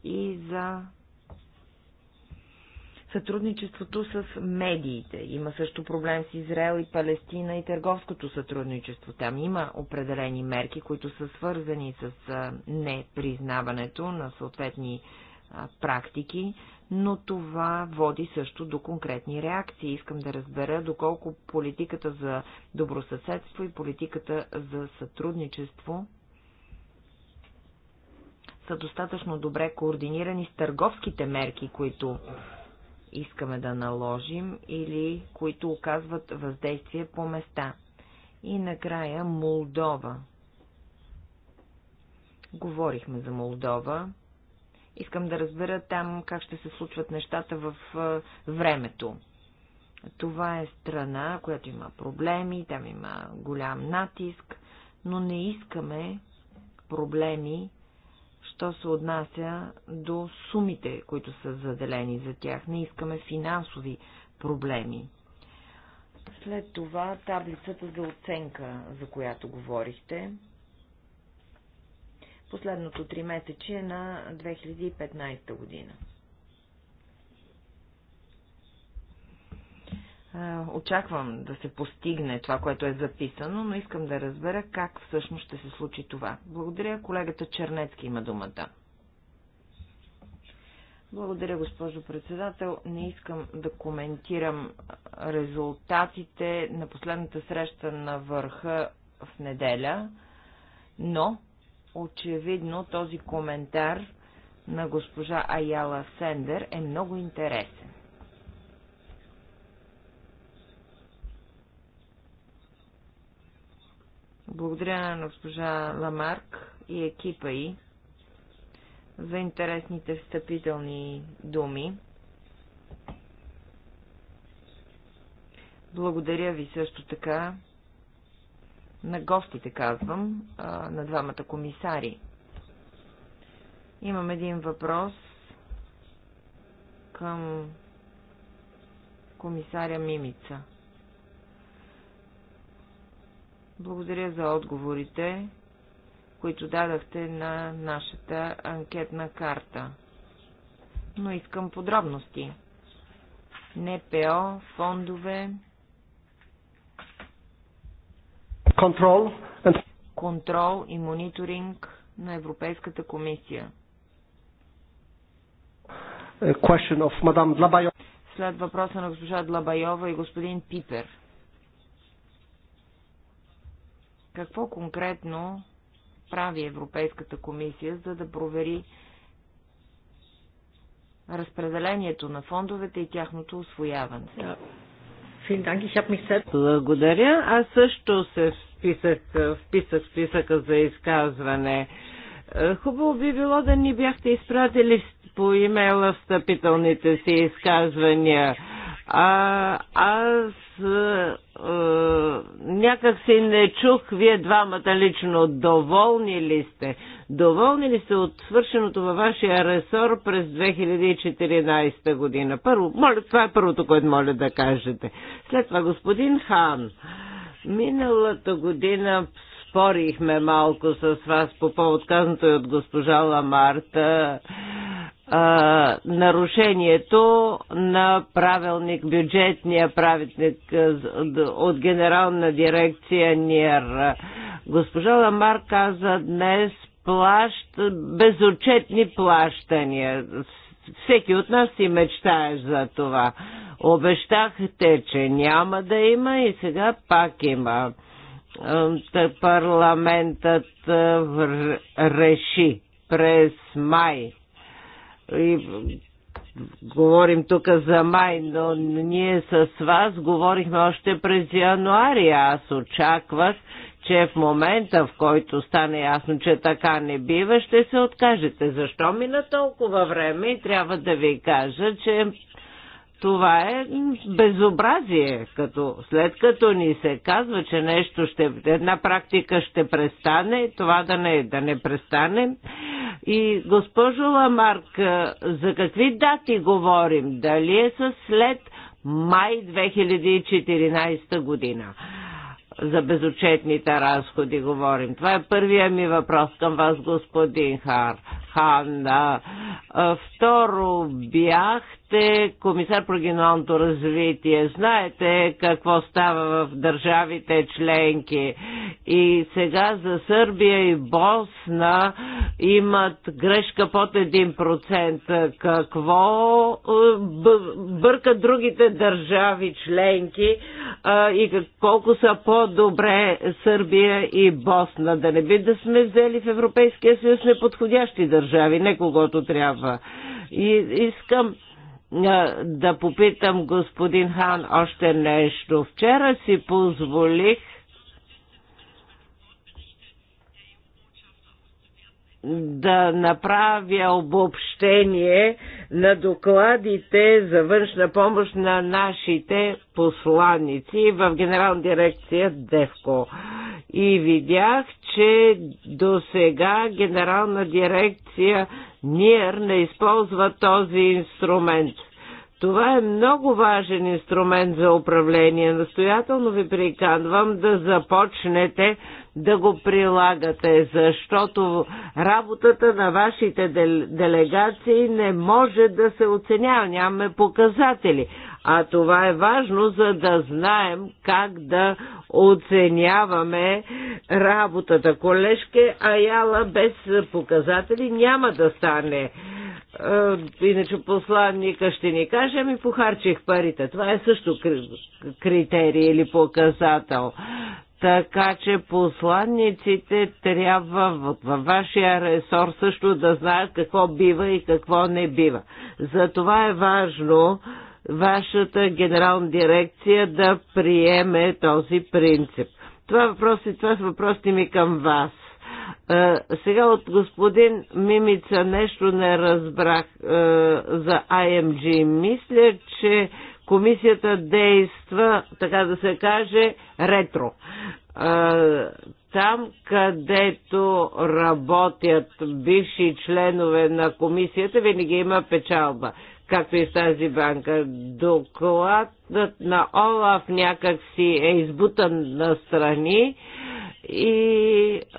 и за сътрудничеството с медиите. Има също проблем с Израел и Палестина и търговското сътрудничество. Там има определени мерки, които са свързани с непризнаването на съответни практики, но това води също до конкретни реакции. Искам да разбера доколко политиката за добросъседство и политиката за сътрудничество са достатъчно добре координирани с търговските мерки, които искаме да наложим или които оказват въздействие по места. И накрая Молдова. Говорихме за Молдова Искам да разбера там как ще се случват нещата в времето. Това е страна, която има проблеми, там има голям натиск, но не искаме проблеми, що се отнася до сумите, които са заделени за тях. Не искаме финансови проблеми. След това таблицата за оценка, за която говорихте последното три месече на 2015 година. Очаквам да се постигне това, което е записано, но искам да разбера как всъщност ще се случи това. Благодаря. Колегата Чернецки има думата. Благодаря, госпожо председател. Не искам да коментирам резултатите на последната среща на върха в неделя, но Очевидно този коментар на госпожа Аяла Сендер е много интересен. Благодаря на госпожа Ламарк и екипа й за интересните встъпителни думи. Благодаря ви също така на гостите, казвам, на двамата комисари. Имам един въпрос към комисаря Мимица. Благодаря за отговорите, които дадахте на нашата анкетна карта. Но искам подробности. НПО, фондове, Control and... Контрол и мониторинг на Европейската комисия. Question of Madame Dlabayova. След въпроса на госпожа Длабайова и господин Пипер. Какво конкретно прави Европейската комисия, за да провери разпределението на фондовете и тяхното освояване. Благодаря. Аз също се списък, вписах списъка за изказване. Е, хубаво би било да ни бяхте изпратили по имейла встъпителните си изказвания. А, аз а, е, е, някак си не чух вие двамата лично. Доволни ли сте? Доволни ли сте от свършеното във вашия ресор през 2014 година? Първо, моля, това е първото, което моля да кажете. След това господин Хан. А, Миналата година спорихме малко с вас по повод казаното и от госпожа Ламарта а, нарушението на правилник, бюджетния правилник от генерална дирекция НИР. Госпожа Ламар каза днес плащ, безотчетни плащания всеки от нас си мечтае за това. Обещахте, че няма да има и сега пак има. Парламентът реши през май. И говорим тук за май, но ние с вас говорихме още през януари. Аз очаквах, че в момента, в който стане ясно, че така не бива, ще се откажете. Защо мина толкова време и трябва да ви кажа, че това е безобразие, като след като ни се казва, че нещо ще, една практика ще престане, това да не, да не престане. И госпожо Ламарк, за какви дати говорим? Дали е след май 2014 година? за безочетните разходи говорим. Това е първия ми въпрос към вас, господин Хар. Ханда. Второ, бяхте комисар по регионалното развитие. Знаете какво става в държавите членки. И сега за Сърбия и Босна имат грешка под 1%. Какво бъркат другите държави членки и колко са по-добре Сърбия и Босна? Да не би да сме взели в Европейския съюз неподходящи да държави, не когото трябва. И искам да попитам господин Хан още нещо. Вчера си позволих да направя обобщение на докладите за външна помощ на нашите посланици в Генерална дирекция ДЕВКО. И видях, че до сега Генерална дирекция НИР не използва този инструмент. Това е много важен инструмент за управление. Настоятелно ви приканвам да започнете да го прилагате, защото работата на вашите делегации не може да се оценява, нямаме показатели. А това е важно, за да знаем как да оценяваме работата. Колежке Аяла без показатели няма да стане. Иначе посланника ще ни каже, ми похарчих парите. Това е също критерий или показател. Така че посланниците трябва във вашия ресор също да знаят какво бива и какво не бива. Затова е важно вашата генерална дирекция да приеме този принцип. Това, въпроси, това са въпросите ми към вас. Е, сега от господин Мимица нещо не разбрах е, за IMG. Мисля, че комисията действа, така да се каже, ретро. Там, където работят бивши членове на комисията, винаги има печалба както и с тази банка. Докладът на ОЛАФ някак си е избутан на страни и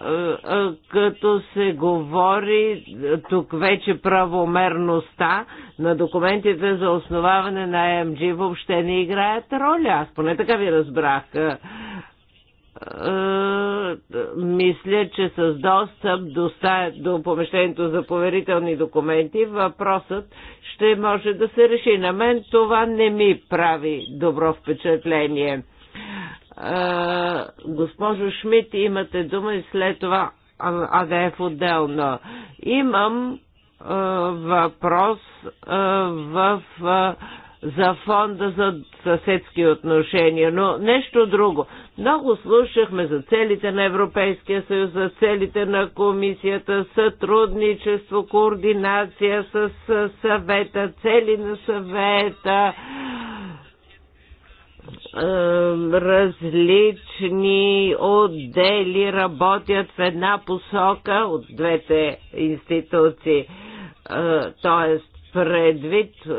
е, е, като се говори тук вече правомерността на документите за основаване на АМГ въобще не играят роля. Аз поне така ви разбрах. Е, мисля, че с достъп до, до помещението за поверителни документи въпросът ще може да се реши. На мен това не ми прави добро впечатление. Е, госпожо Шмидт, имате дума и след това АДФ отделно. Имам е, въпрос в за фонда за съседски отношения, но нещо друго. Много слушахме за целите на Европейския съюз, за целите на комисията, сътрудничество, координация с съвета, цели на съвета, е, различни отдели работят в една посока от двете институции. Е, тоест, предвид е,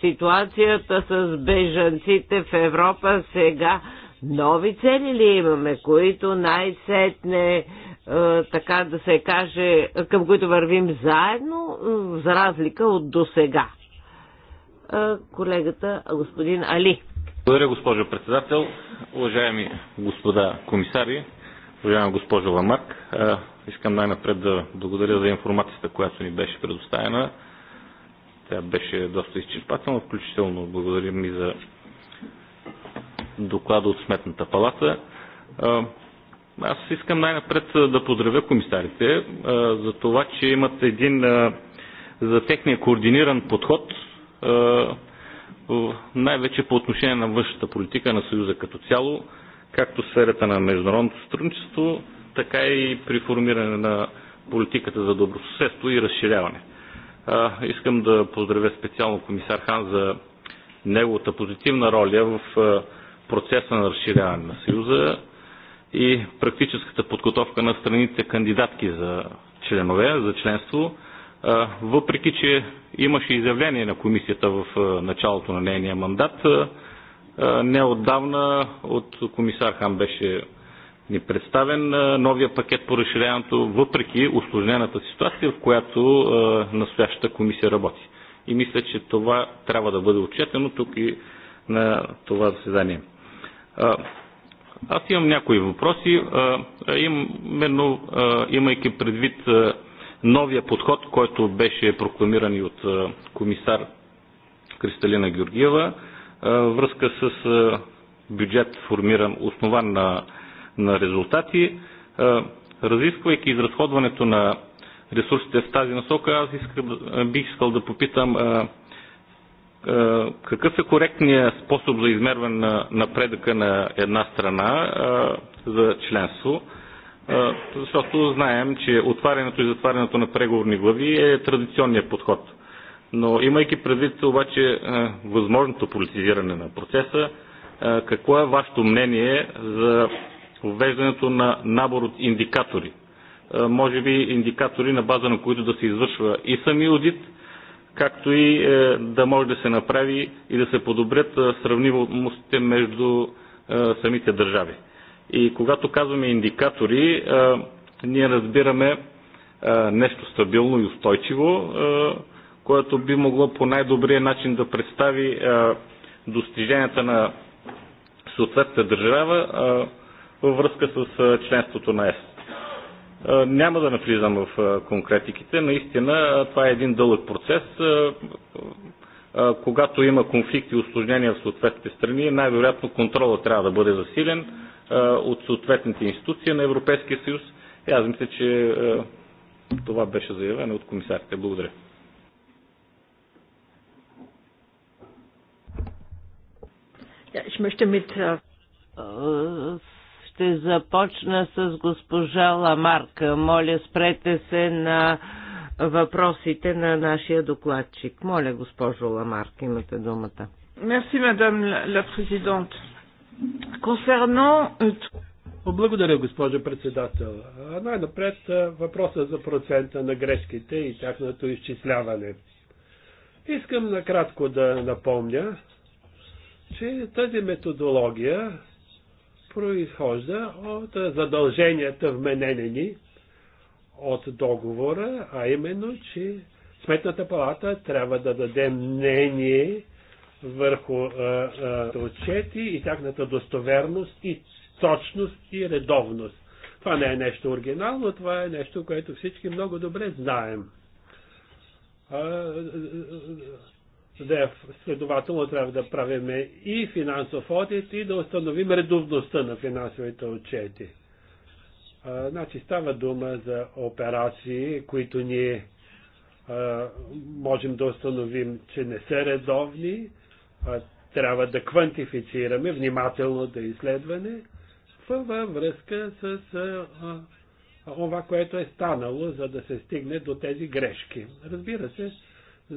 ситуацията с бежанците в Европа сега Нови цели ли имаме, които най-сетне, е, така да се каже, към които вървим заедно, е, за разлика от досега? Е, колегата господин Али. Благодаря, госпожо председател. Уважаеми господа комисари, уважаема госпожо Ламарк, е, искам най-напред да благодаря за информацията, която ни беше предоставена. Тя беше доста изчерпателна, включително благодарим и за доклада от Сметната палата. Аз искам най-напред да поздравя комисарите за това, че имат един за техния координиран подход най-вече по отношение на външната политика на Съюза като цяло, както в сферата на международното сътрудничество, така и при формиране на политиката за добросъседство и разширяване. Искам да поздравя специално комисар Хан за неговата позитивна роля в процеса на разширяване на Съюза и практическата подготовка на страните кандидатки за членове, за членство, въпреки че имаше изявление на комисията в началото на нейния мандат, неотдавна от комисар Хан беше ни представен новия пакет по разширяването, въпреки осложнената ситуация, в която настоящата комисия работи. И мисля, че това трябва да бъде отчетено тук и на това заседание. Аз имам някои въпроси, именно имайки предвид новия подход, който беше прокламиран и от комисар Кристалина Георгиева, връзка с бюджет формиран, основан на, на резултати. Разисквайки изразходването на ресурсите в тази насока, аз искам, бих искал да попитам е, какъв е коректният способ за измерване на напредъка на една страна е, за членство? Е, защото знаем, че отварянето и затварянето на преговорни глави е традиционният подход. Но имайки предвид обаче възможното политизиране на процеса, какво е вашето мнение за въвеждането на набор от индикатори? Може би индикатори на база на които да се извършва и самия аудит, както и е, да може да се направи и да се подобрят е, сравнимостите между е, самите държави. И когато казваме индикатори, ние разбираме нещо стабилно и устойчиво, което би могло по най-добрия начин да представи достиженията на съответната държава във връзка с членството на ЕС. Е, няма да навлизам в е, конкретиките. Наистина е, това е един дълъг процес. Когато има конфликти и осложнения в съответните страни, най-вероятно контрола трябва да бъде засилен от съответните институции на Европейския съюз. И аз мисля, че това беше заявено от комисарите. Благодаря. Ще започна с госпожа Ламарка. Моля, спрете се на въпросите на нашия докладчик. Моля, госпожо Ламарка, имате думата. Мерси, мадам ла президент. Концерно... Благодаря, госпожо председател. Най-напред въпроса за процента на грешките и тяхното изчисляване. Искам накратко да напомня, че тази методология произхожда от задълженията вменени ни от договора, а именно, че Сметната палата трябва да даде мнение върху а, а, отчети и тяхната достоверност и точност и редовност. Това не е нещо оригинално, това е нещо, което всички много добре знаем. А, да, следователно трябва да правим и финансов одит и да установим редовността на финансовите отчети. А, значи става дума за операции, които ние а, можем да установим, че не са редовни, а, трябва да квантифицираме внимателно да изследваме, във връзка с а, а, това, което е станало, за да се стигне до тези грешки. Разбира се,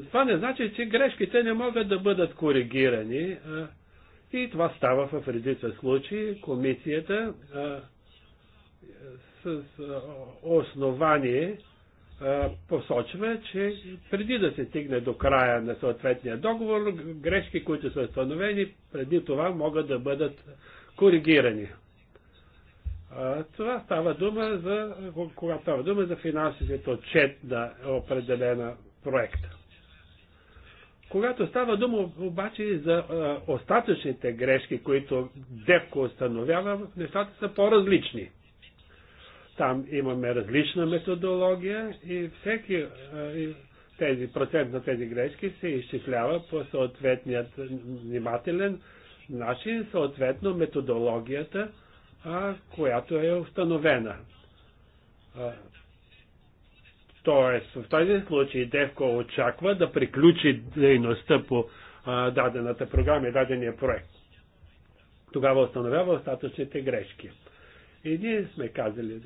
това не значи, че грешките не могат да бъдат коригирани и това става в редица случаи. Комисията с основание посочва, че преди да се стигне до края на съответния договор, грешки, които са установени, преди това могат да бъдат коригирани. Това става дума за, когато става дума за финансовият отчет на определена проекта. Когато става дума обаче за остатъчните грешки, които Девко установява, нещата са по-различни. Там имаме различна методология и всеки тези процент на тези грешки се изчислява по съответният внимателен начин, съответно методологията, която е установена. Тоест, в този случай Девко очаква да приключи дейността по а, дадената програма и дадения проект. Тогава установява остатъчните грешки. И ние сме казали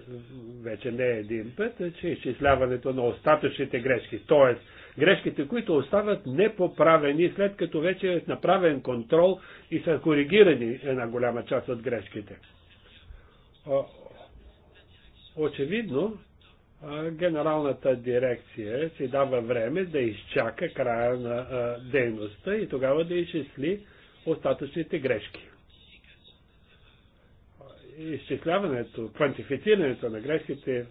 вече не един път, че изчисляването на остатъчните грешки, т.е. грешките, които остават непоправени, след като вече е направен контрол и са коригирани една голяма част от грешките. Очевидно, генералната дирекция си дава време да изчака края на дейността и тогава да изчисли остатъчните грешки. Изчисляването, квантифицирането на грешките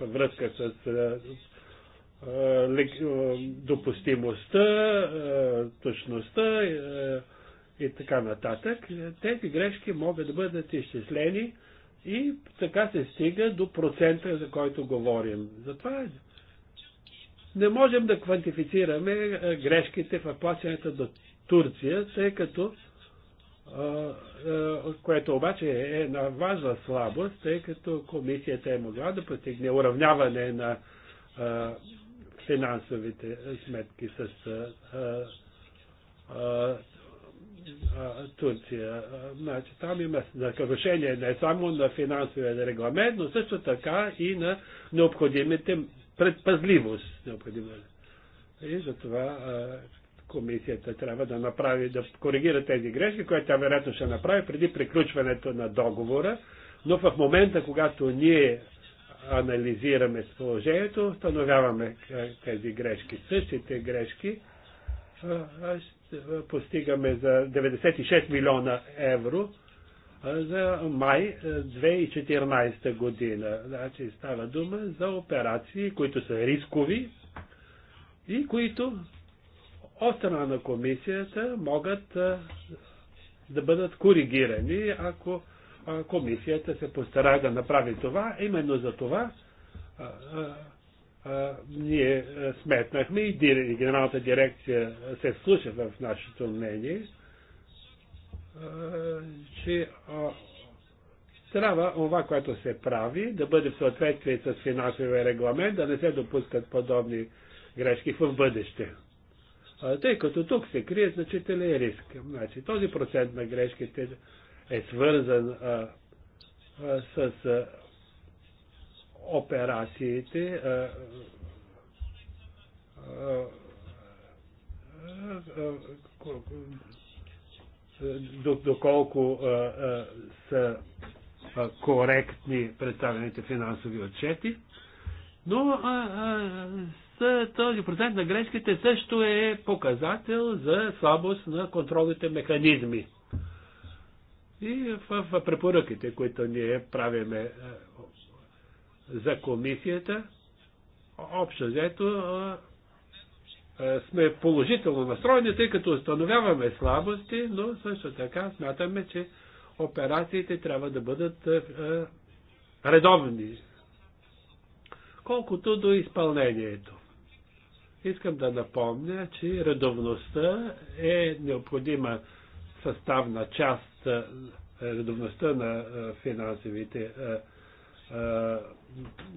във връзка с допустимостта, точността и така нататък, тези грешки могат да бъдат изчислени и така се стига до процента, за който говорим. Затова не можем да квантифицираме е, грешките в плащането до Турция, тъй като което обаче е една важна слабост, тъй като комисията е могла да постигне уравняване на финансовите сметки с Турция. Значи, там има нарушение не само на финансовия регламент, но също така и на необходимите предпазливост. Необходимите. И затова комисията трябва да направи, да коригира тези грешки, които тя вероятно ще направи преди приключването на договора, но в момента, когато ние анализираме положението, установяваме тези грешки. Същите грешки постигаме за 96 милиона евро за май 2014 година. Значи става дума за операции, които са рискови и които от страна на комисията могат да бъдат коригирани, ако комисията се постара да направи това. Именно за това ние сметнахме и Генералната дирекция се слуша в нашето мнение, че трябва това, което се прави, да бъде в съответствие с финансовия регламент, да не се допускат подобни грешки в бъдеще. Тъй като тук се крие значителен риск. Значи, този процент на грешките е свързан с операциите доколко са коректни представените финансови отчети, но този процент на грешките също е показател за слабост на контролните механизми. И в препоръките, които ние правиме за комисията, общо взето, сме положително настроени, тъй като установяваме слабости, но също така смятаме, че операциите трябва да бъдат редовни. Колкото до изпълнението. Искам да напомня, че редовността е необходима съставна част, редовността на финансовите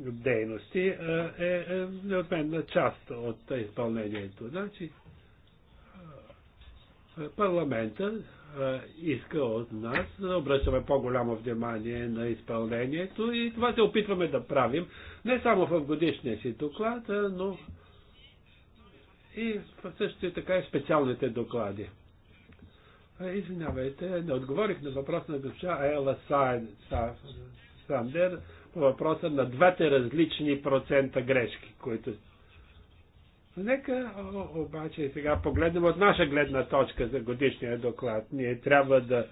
дейности е, е, е, неотменна част от изпълнението. Значи, е, парламента иска от нас да обръщаме по-голямо внимание на изпълнението и това се опитваме да правим не само в годишния си доклад, но и също и така и специалните доклади. Извинявайте, не отговорих на въпрос на госпожа Ела Сандер въпроса на двете различни процента грешки, които. Нека обаче сега погледнем от наша гледна точка за годишния доклад. Ние трябва да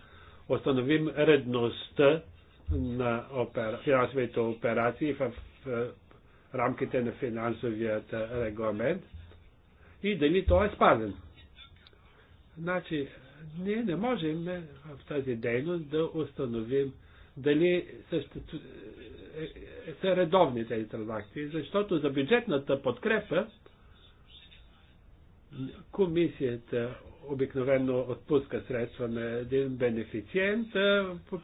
установим редността на опера... финансовите операции в рамките на финансовият регламент и дали то е спазен. Значи, ние не можем в тази дейност да установим дали е, е, са редовни тези транзакции, защото за бюджетната подкрепа комисията обикновено отпуска средства на един бенефициент,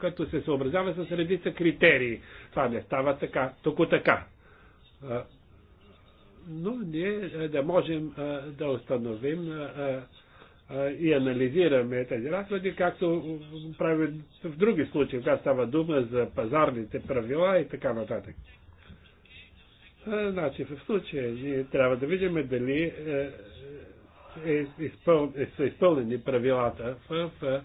като се съобразява с редица критерии. Това не става така, тук така. Но ние да можем да установим и анализираме тези разходи, както правим в други случаи, когато става дума за пазарните правила и така нататък. Значи, в случая ние трябва да видим дали е, е, е изпъл... е, са изпълнени правилата в, в,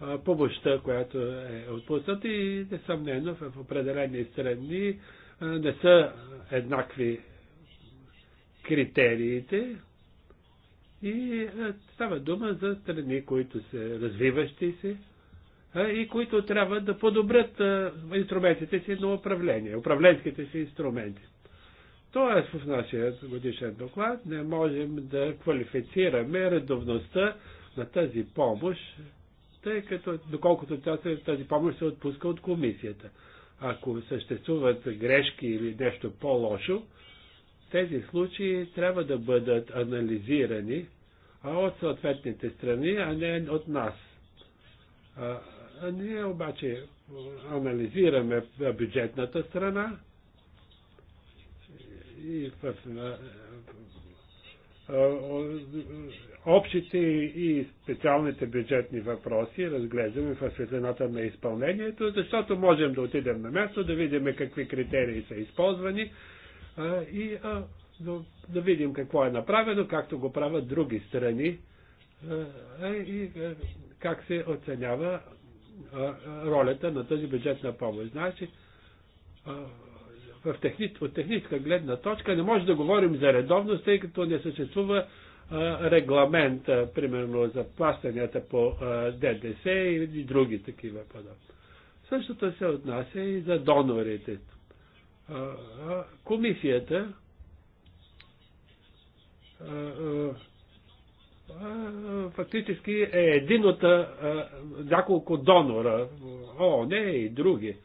в помощта, която е отпусната и несъмнено в определени страни не са еднакви критериите, и е, става дума за страни, които са развиващи се е, и които трябва да подобрят е, инструментите си на управление, управленските си инструменти. Тоест в нашия годишен доклад не можем да квалифицираме редовността на тази помощ, тъй като, доколкото тази помощ се отпуска от комисията. Ако съществуват грешки или нещо по-лошо, тези случаи трябва да бъдат анализирани а от съответните страни, а не от нас. А, а ние обаче анализираме бюджетната страна и в, а, а, общите и специалните бюджетни въпроси разглеждаме в светлината на изпълнението, защото можем да отидем на място, да видим какви критерии са използвани и да, да видим какво е направено, както го правят други страни и как се оценява ролята на тази бюджетна помощ. Значи, в техни... от техническа гледна точка не може да говорим за редовност, тъй като не съществува регламент, примерно за плащанията по ДДС и други такива подобни. Същото се отнася и за донорите комисията фактически е един от няколко донора, О, не и други.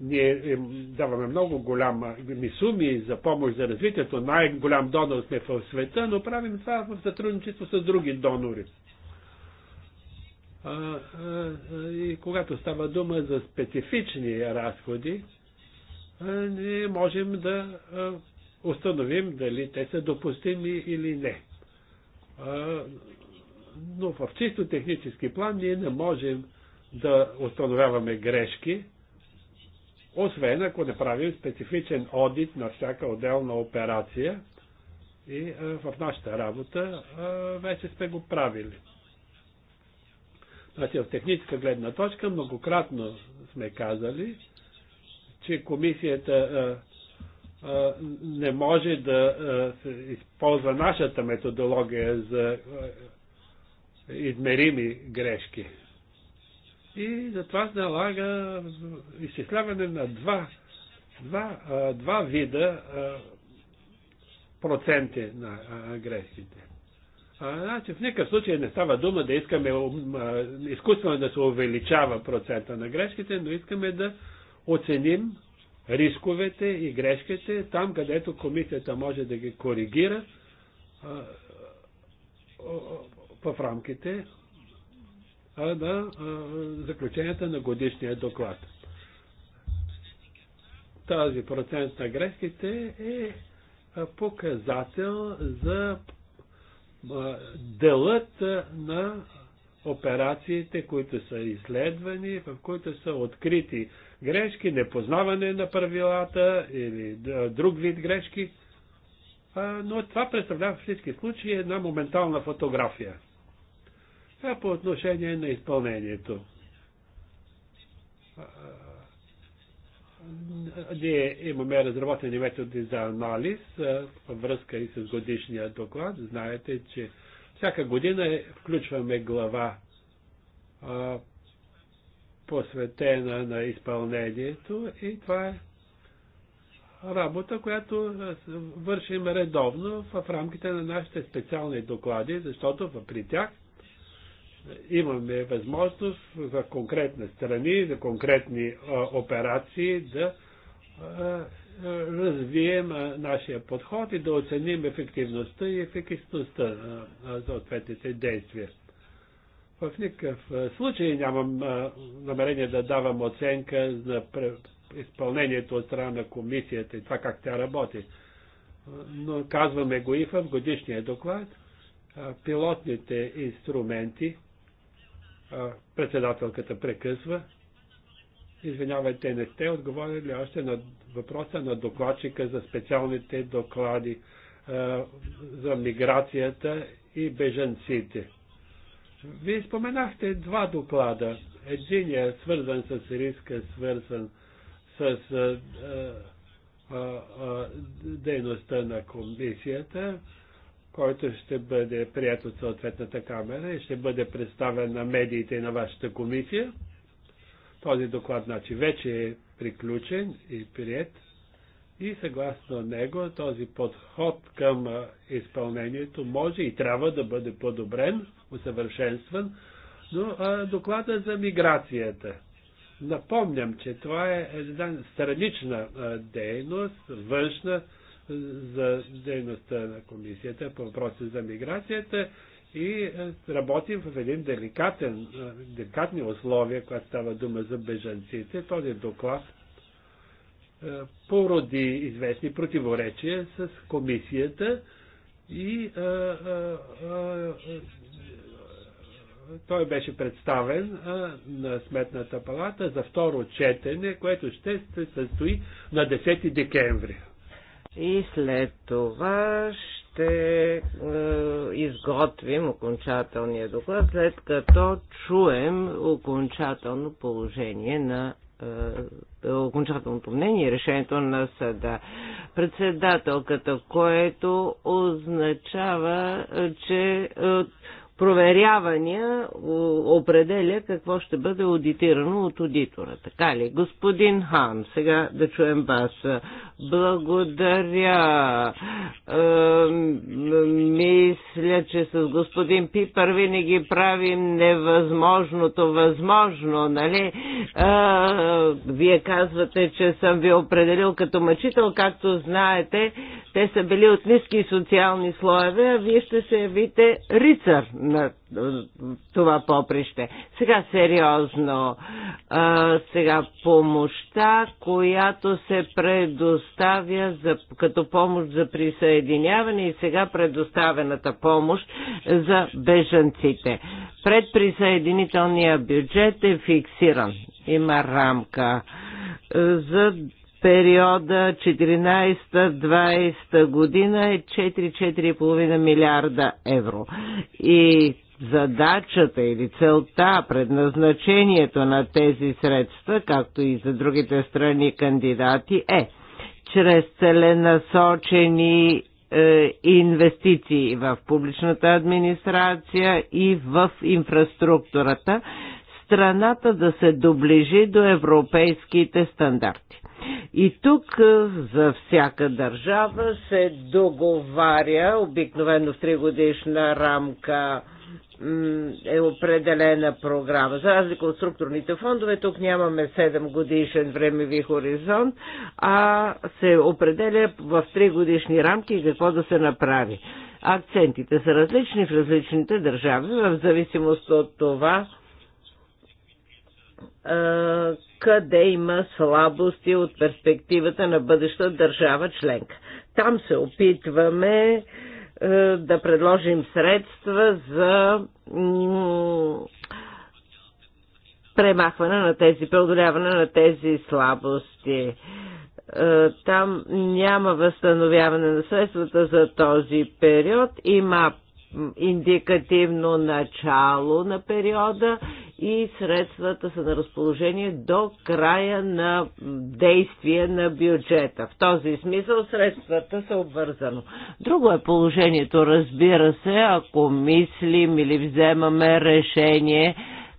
Ние даваме много голями суми за помощ за развитието. Най-голям донор сме в света, но правим това в сътрудничество с други донори и когато става дума за специфични разходи, не можем да установим дали те са допустими или не. Но в чисто технически план ние не можем да установяваме грешки, освен ако не правим специфичен одит на всяка отделна операция и в нашата работа вече сме го правили. Значи от техническа гледна точка многократно сме казали, че комисията а, а, не може да а, използва нашата методология за а, измерими грешки. И затова се налага изчисляване на два, два, а, два вида а, проценти на а, грешките. Значи в никакъв случай не става дума да искаме изкуствено да се увеличава процента на грешките, но искаме да оценим рисковете и грешките там, където комисията може да ги коригира в рамките на заключенията на годишния доклад. Тази процент на грешките е показател за делът на операциите, които са изследвани, в които са открити грешки, непознаване на правилата или друг вид грешки. Но това представлява в всички случаи една моментална фотография. Това по отношение на изпълнението ние имаме разработени методи за анализ във връзка и с годишния доклад. Знаете, че всяка година включваме глава посветена на изпълнението и това е работа, която вършим редовно в рамките на нашите специални доклади, защото при тях имаме възможност за конкретни страни, за конкретни операции да развием нашия подход и да оценим ефективността и ефикасността на съответните действия. В никакъв случай нямам намерение да давам оценка за изпълнението от страна на комисията и това как тя работи. Но казваме го и в годишния доклад. Пилотните инструменти – Председателката прекъсва. Извинявайте, не сте отговорили още на въпроса на докладчика за специалните доклади за миграцията и беженците. Вие споменахте два доклада. Един е свързан с риска, свързан с а, а, а, дейността на комисията който ще бъде прият от съответната камера и ще бъде представен на медиите и на вашата комисия. Този доклад значи, вече е приключен и прият и съгласно него този подход към изпълнението може и трябва да бъде подобрен, усъвършенстван, но а, доклада за миграцията. Напомням, че това е една странична а, дейност, външна, за дейността на комисията по въпроси за миграцията и е, работим в един деликатен, е, деликатни условия, когато става дума за бежанците. Този доклад е, породи известни противоречия с комисията и той беше представен а, на Сметната палата за второ четене, което ще се състои на 10 декември. И след това ще е, изготвим окончателния доклад, след като чуем окончателно положение на е, е, окончателното мнение и решението на съда. Председателката, което означава, е, че проверявания определя какво ще бъде аудитирано от аудитора. Така ли? Господин Хан, сега да чуем вас. Благодаря. мисля, че с господин Пипър винаги правим невъзможното възможно, нали? вие казвате, че съм ви определил като мъчител, както знаете, те са били от ниски социални слоеве, а вие ще се явите рицар на е, това поприще. Сега сериозно. А, сега помощта, която се предоставя за, като помощ за присъединяване и сега предоставената помощ за бежанците. Предприсъединителният бюджет е фиксиран. Има рамка е, за периода 14-20 година е 4-4,5 милиарда евро. И задачата или целта, предназначението на тези средства, както и за другите страни кандидати е чрез целенасочени е, инвестиции в публичната администрация и в инфраструктурата, страната да се доближи до европейските стандарти. И тук е, за всяка държава се договаря, обикновено в тригодишна рамка е определена програма. За разлика от структурните фондове, тук нямаме 7 годишен времеви хоризонт, а се определя в 3 годишни рамки какво да се направи. Акцентите са различни в различните държави, в зависимост от това къде има слабости от перспективата на бъдеща държава членка. Там се опитваме да предложим средства за премахване на тези, преодоляване на тези слабости. Там няма възстановяване на средствата за този период. Има индикативно начало на периода и средствата са на разположение до края на действие на бюджета. В този смисъл средствата са обвързано. Друго е положението, разбира се, ако мислим или вземаме решение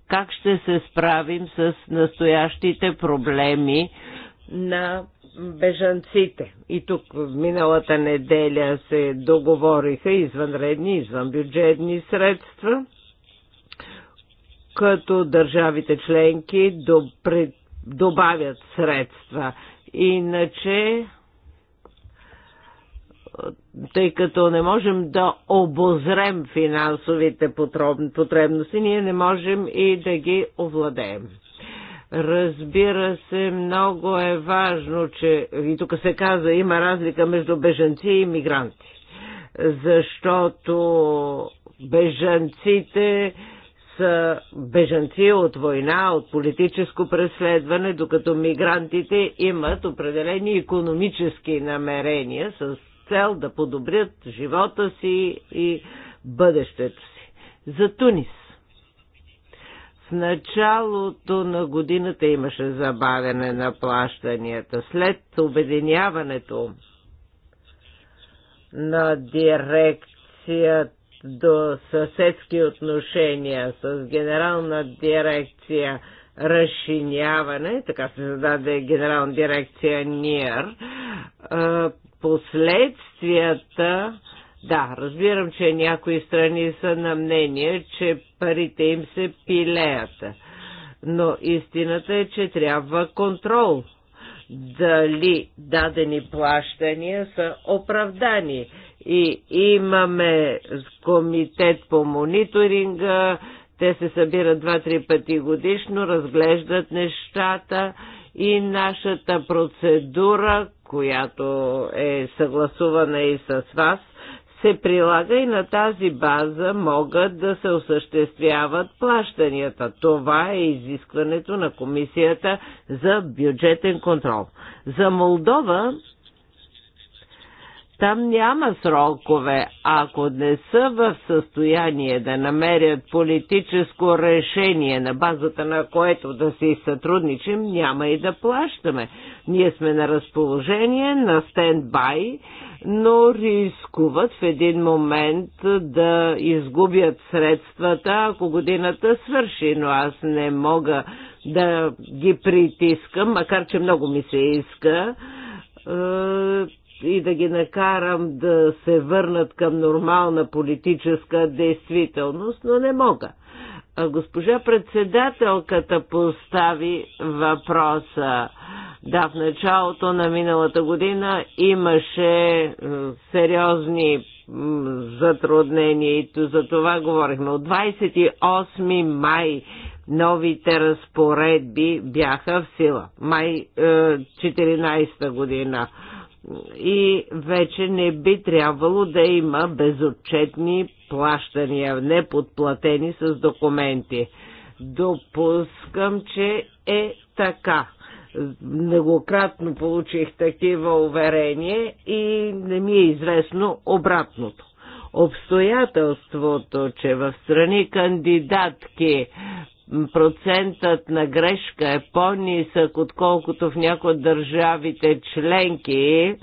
как ще се справим с настоящите проблеми на бежанците. И тук миналата неделя се договориха извънредни, извънбюджетни средства – като държавите членки добавят средства. Иначе тъй като не можем да обозрем финансовите потребности, ние не можем и да ги овладеем. Разбира се, много е важно, че и тук се каза, има разлика между бежанци и мигранти, защото бежанците са бежанци от война, от политическо преследване, докато мигрантите имат определени економически намерения с цел да подобрят живота си и бъдещето си. За Тунис. В началото на годината имаше забавяне на плащанията. След обединяването на дирекцията до съседски отношения с генерална дирекция разшиняване, така се зададе генерална дирекция НИР, последствията да, разбирам, че някои страни са на мнение, че парите им се пилеят. Но истината е, че трябва контрол. Дали дадени плащания са оправдани и имаме комитет по мониторинга, те се събират два-три пъти годишно, разглеждат нещата и нашата процедура, която е съгласувана и с вас, се прилага и на тази база могат да се осъществяват плащанията. Това е изискването на Комисията за бюджетен контрол. За Молдова там няма срокове. Ако не са в състояние да намерят политическо решение, на базата на което да си сътрудничим, няма и да плащаме. Ние сме на разположение, на стендбай, но рискуват в един момент да изгубят средствата, ако годината свърши, но аз не мога да ги притискам, макар че много ми се иска е, и да ги накарам да се върнат към нормална политическа действителност, но не мога. Госпожа председателката постави въпроса. Да, в началото на миналата година имаше сериозни затруднения и за това говорихме. От 28 май новите разпоредби бяха в сила. Май 14 е, година и вече не би трябвало да има безотчетни плащания, неподплатени с документи. Допускам, че е така. Многократно получих такива уверения и не ми е известно обратното обстоятелството, че в страни кандидатки процентът на грешка е по-нисък, отколкото в някои от държавите членки,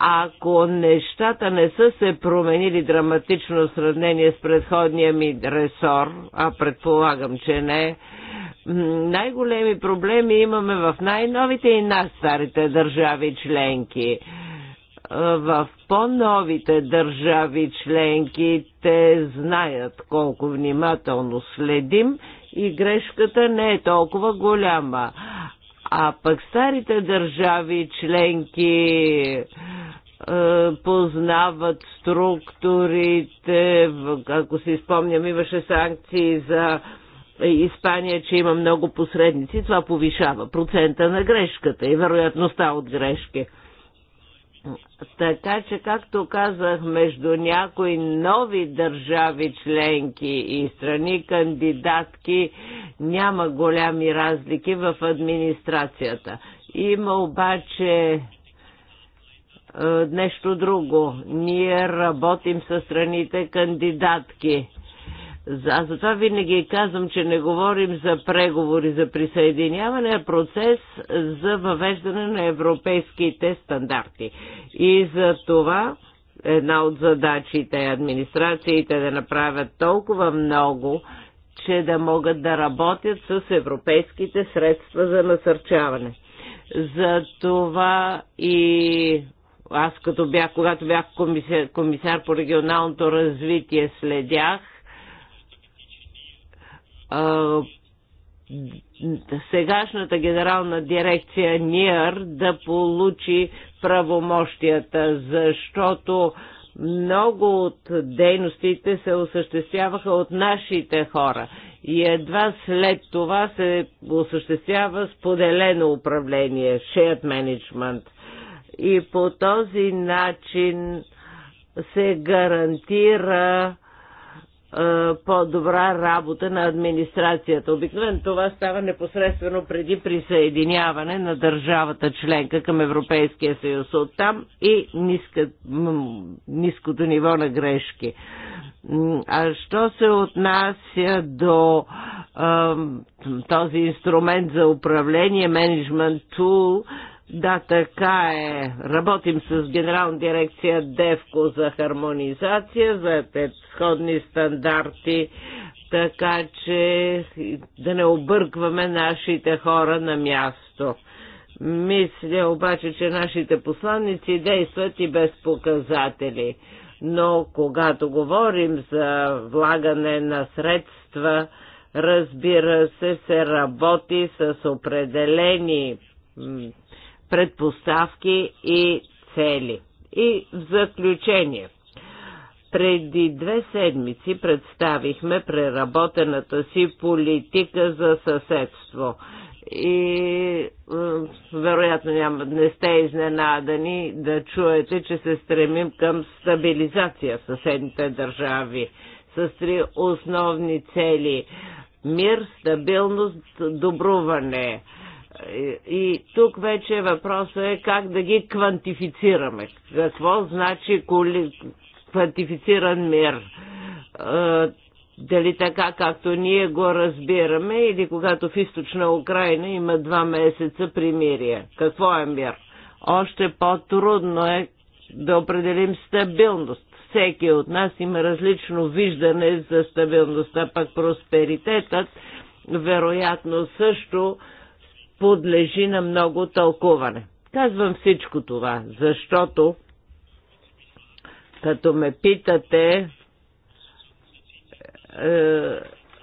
ако нещата не са се променили драматично в сравнение с предходния ми ресор, а предполагам, че не, най-големи проблеми имаме в най-новите и най-старите държави членки в по-новите държави членки те знаят колко внимателно следим и грешката не е толкова голяма. А пък старите държави членки познават структурите, ако си спомням, имаше санкции за Испания, че има много посредници, това повишава процента на грешката и вероятността от грешки. Така че, както казах, между някои нови държави членки и страни кандидатки няма голями разлики в администрацията. Има обаче е, нещо друго. Ние работим с страните кандидатки аз затова винаги казвам, че не говорим за преговори за присъединяване, а процес за въвеждане на европейските стандарти. И за това една от задачите е администрациите да направят толкова много, че да могат да работят с европейските средства за насърчаване. За това и аз като бях, когато бях комисар, комисар по регионалното развитие, следях сегашната генерална дирекция НИР да получи правомощията, защото много от дейностите се осъществяваха от нашите хора и едва след това се осъществява споделено управление, shared management. И по този начин се гарантира е, по-добра работа на администрацията. Обикновено това става непосредствено преди присъединяване на държавата членка към Европейския съюз. от там и ниска, ниското ниво на грешки. А що се отнася до а, този инструмент за управление, менеджмент тул, да, така е. Работим с Генерална дирекция ДЕВКО за хармонизация, за е сходни стандарти, така че да не объркваме нашите хора на място. Мисля обаче, че нашите посланници действат и без показатели. Но когато говорим за влагане на средства, разбира се, се работи с определени предпоставки и цели. И в заключение – преди две седмици представихме преработената си политика за съседство. И вероятно няма, не сте изненадани да чуете, че се стремим към стабилизация в съседните държави с три основни цели. Мир, стабилност, добруване и тук вече въпросът е как да ги квантифицираме. Какво значи квантифициран мир? Дали така, както ние го разбираме, или когато в източна Украина има два месеца примирие? Какво е мир? Още по-трудно е да определим стабилност. Всеки от нас има различно виждане за стабилността, пък просперитетът вероятно също подлежи на много тълкуване. Казвам всичко това, защото като ме питате е,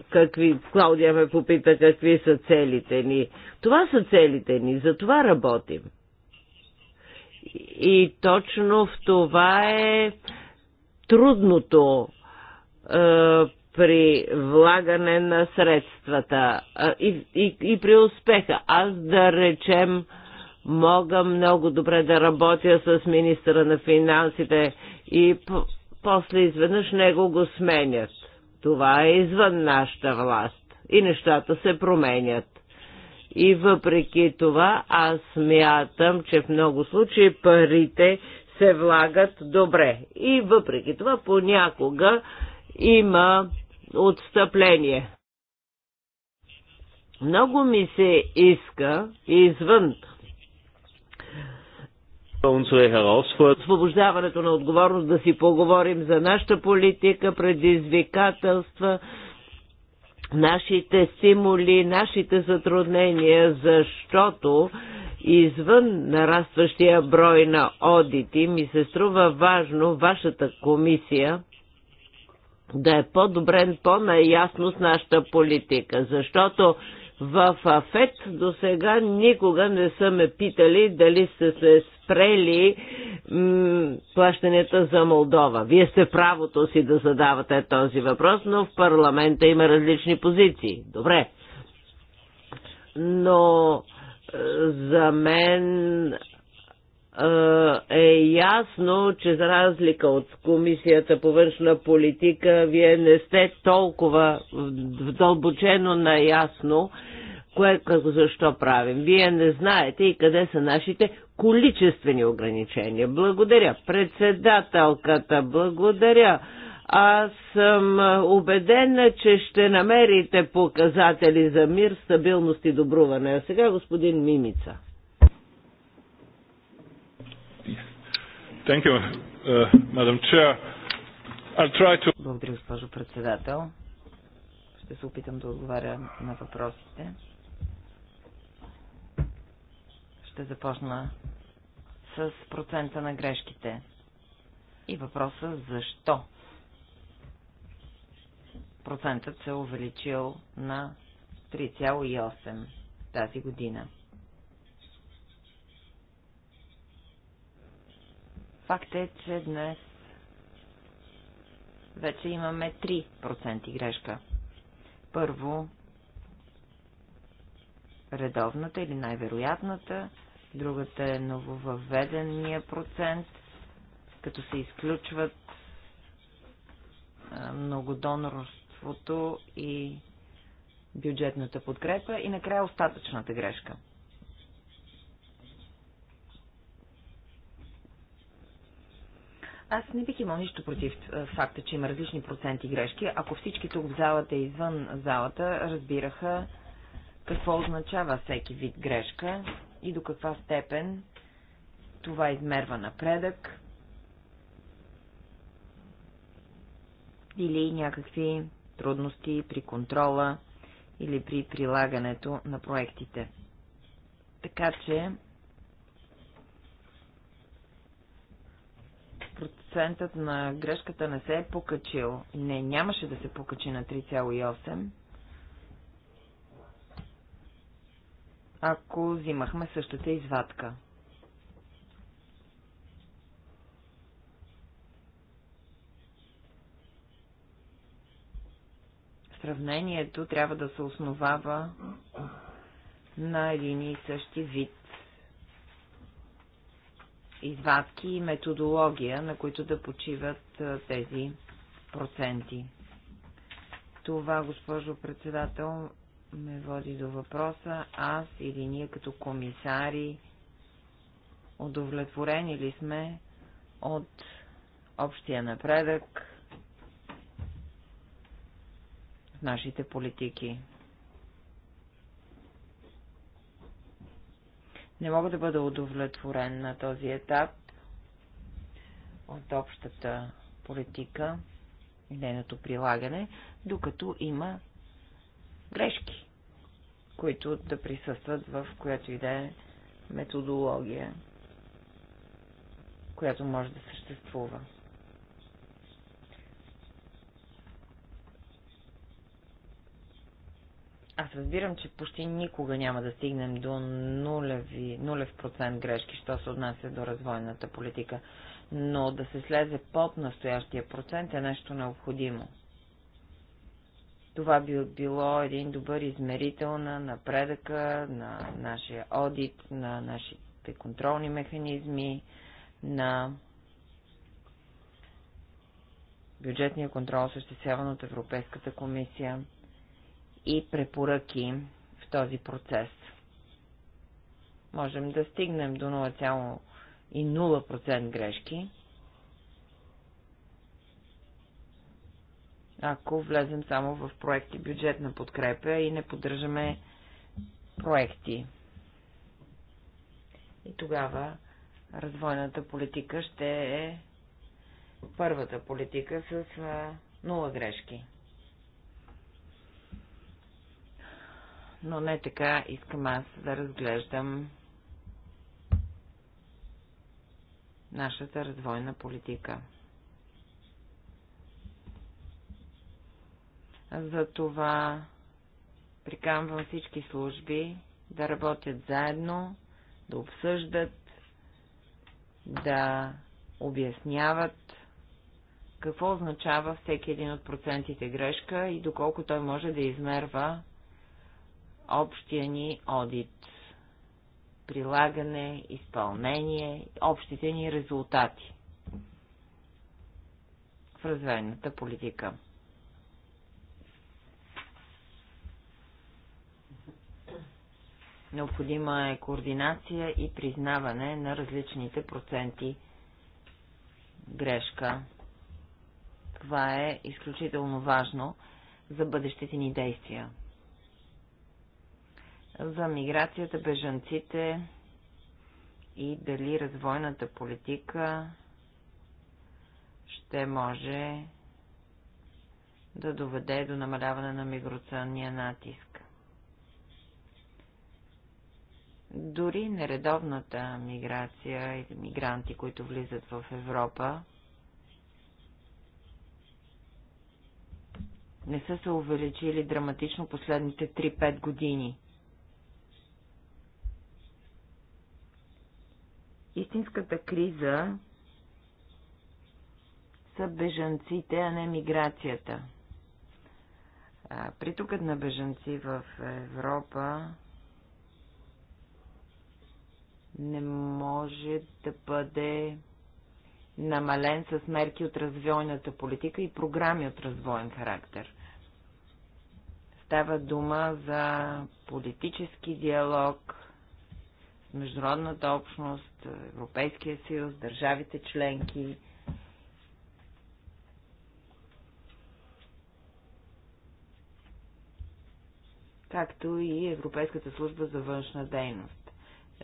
какви, Клаудия ме попита какви са целите ни. Това са целите ни, за това работим. И точно в това е трудното. Е, при влагане на средствата и, и, и при успеха. Аз да речем, мога много добре да работя с министра на финансите и после изведнъж него го сменят. Това е извън нашата власт и нещата се променят. И въпреки това аз мятам, че в много случаи парите се влагат добре. И въпреки това понякога има отстъпление. Много ми се иска извън освобождаването на отговорност да си поговорим за нашата политика, предизвикателства, нашите стимули, нашите затруднения, защото извън нарастващия брой на одити ми се струва важно вашата комисия да е по-добре, по-наясно с нашата политика, защото в АФЕТ до сега никога не са ме питали дали сте се спрели плащанията за Молдова. Вие сте правото си да задавате този въпрос, но в парламента има различни позиции. Добре. Но е, за мен е ясно, че за разлика от Комисията по външна политика, вие не сте толкова вдълбочено наясно, кое какво защо правим. Вие не знаете и къде са нашите количествени ограничения. Благодаря. Председателката, благодаря. Аз съм убедена, че ще намерите показатели за мир, стабилност и добруване. А сега господин Мимица. Thank you, uh, Madam Chair. I'll try to... Благодаря, госпожо председател. Ще се опитам да отговаря на въпросите. Ще започна с процента на грешките и въпроса защо процентът се е увеличил на 3,8 тази година. Факт е, че днес вече имаме 3% грешка. Първо, редовната или най-вероятната, другата е нововъведения процент, като се изключват многодонорството и бюджетната подкрепа и накрая остатъчната грешка. Аз не бих имал нищо против е, факта, че има различни проценти грешки, ако всички тук в залата и извън залата разбираха какво означава всеки вид грешка и до каква степен това измерва напредък или някакви трудности при контрола или при прилагането на проектите. Така че процентът на грешката не се е покачил. Не, нямаше да се покачи на 3,8. ако взимахме същата извадка. Сравнението трябва да се основава на един и същи вид извадки и методология, на които да почиват тези проценти. Това, госпожо председател, ме води до въпроса, аз или ние като комисари удовлетворени ли сме от общия напредък в нашите политики. Не мога да бъда удовлетворен на този етап от общата политика и нейното прилагане, докато има грешки, които да присъстват в която и да е методология, която може да съществува. Аз разбирам, че почти никога няма да стигнем до нулеви, нулев процент грешки, що се отнася до развойната политика, но да се слезе под настоящия процент е нещо необходимо. Това би било един добър измерител на напредъка, на нашия одит, на нашите контролни механизми, на бюджетния контрол, осъществяван от Европейската комисия и препоръки в този процес. Можем да стигнем до 0,0% грешки, ако влезем само в проекти бюджетна подкрепа и не поддържаме проекти. И тогава развойната политика ще е първата политика с нула грешки. но не така искам аз да разглеждам нашата развойна политика. Затова приканвам всички служби да работят заедно, да обсъждат, да обясняват какво означава всеки един от процентите грешка и доколко той може да измерва общия ни одит, прилагане, изпълнение, общите ни резултати в развойната политика. Необходима е координация и признаване на различните проценти грешка. Това е изключително важно за бъдещите ни действия за миграцията, бежанците и дали развойната политика ще може да доведе до намаляване на миграционния натиск. Дори нередовната миграция и мигранти, които влизат в Европа, не са се увеличили драматично последните 3-5 години. Истинската криза са бежанците, а не миграцията. Притокът на бежанци в Европа не може да бъде намален с мерки от развойната политика и програми от развоен характер. Става дума за политически диалог, международната общност, Европейския съюз, държавите членки. както и Европейската служба за външна дейност,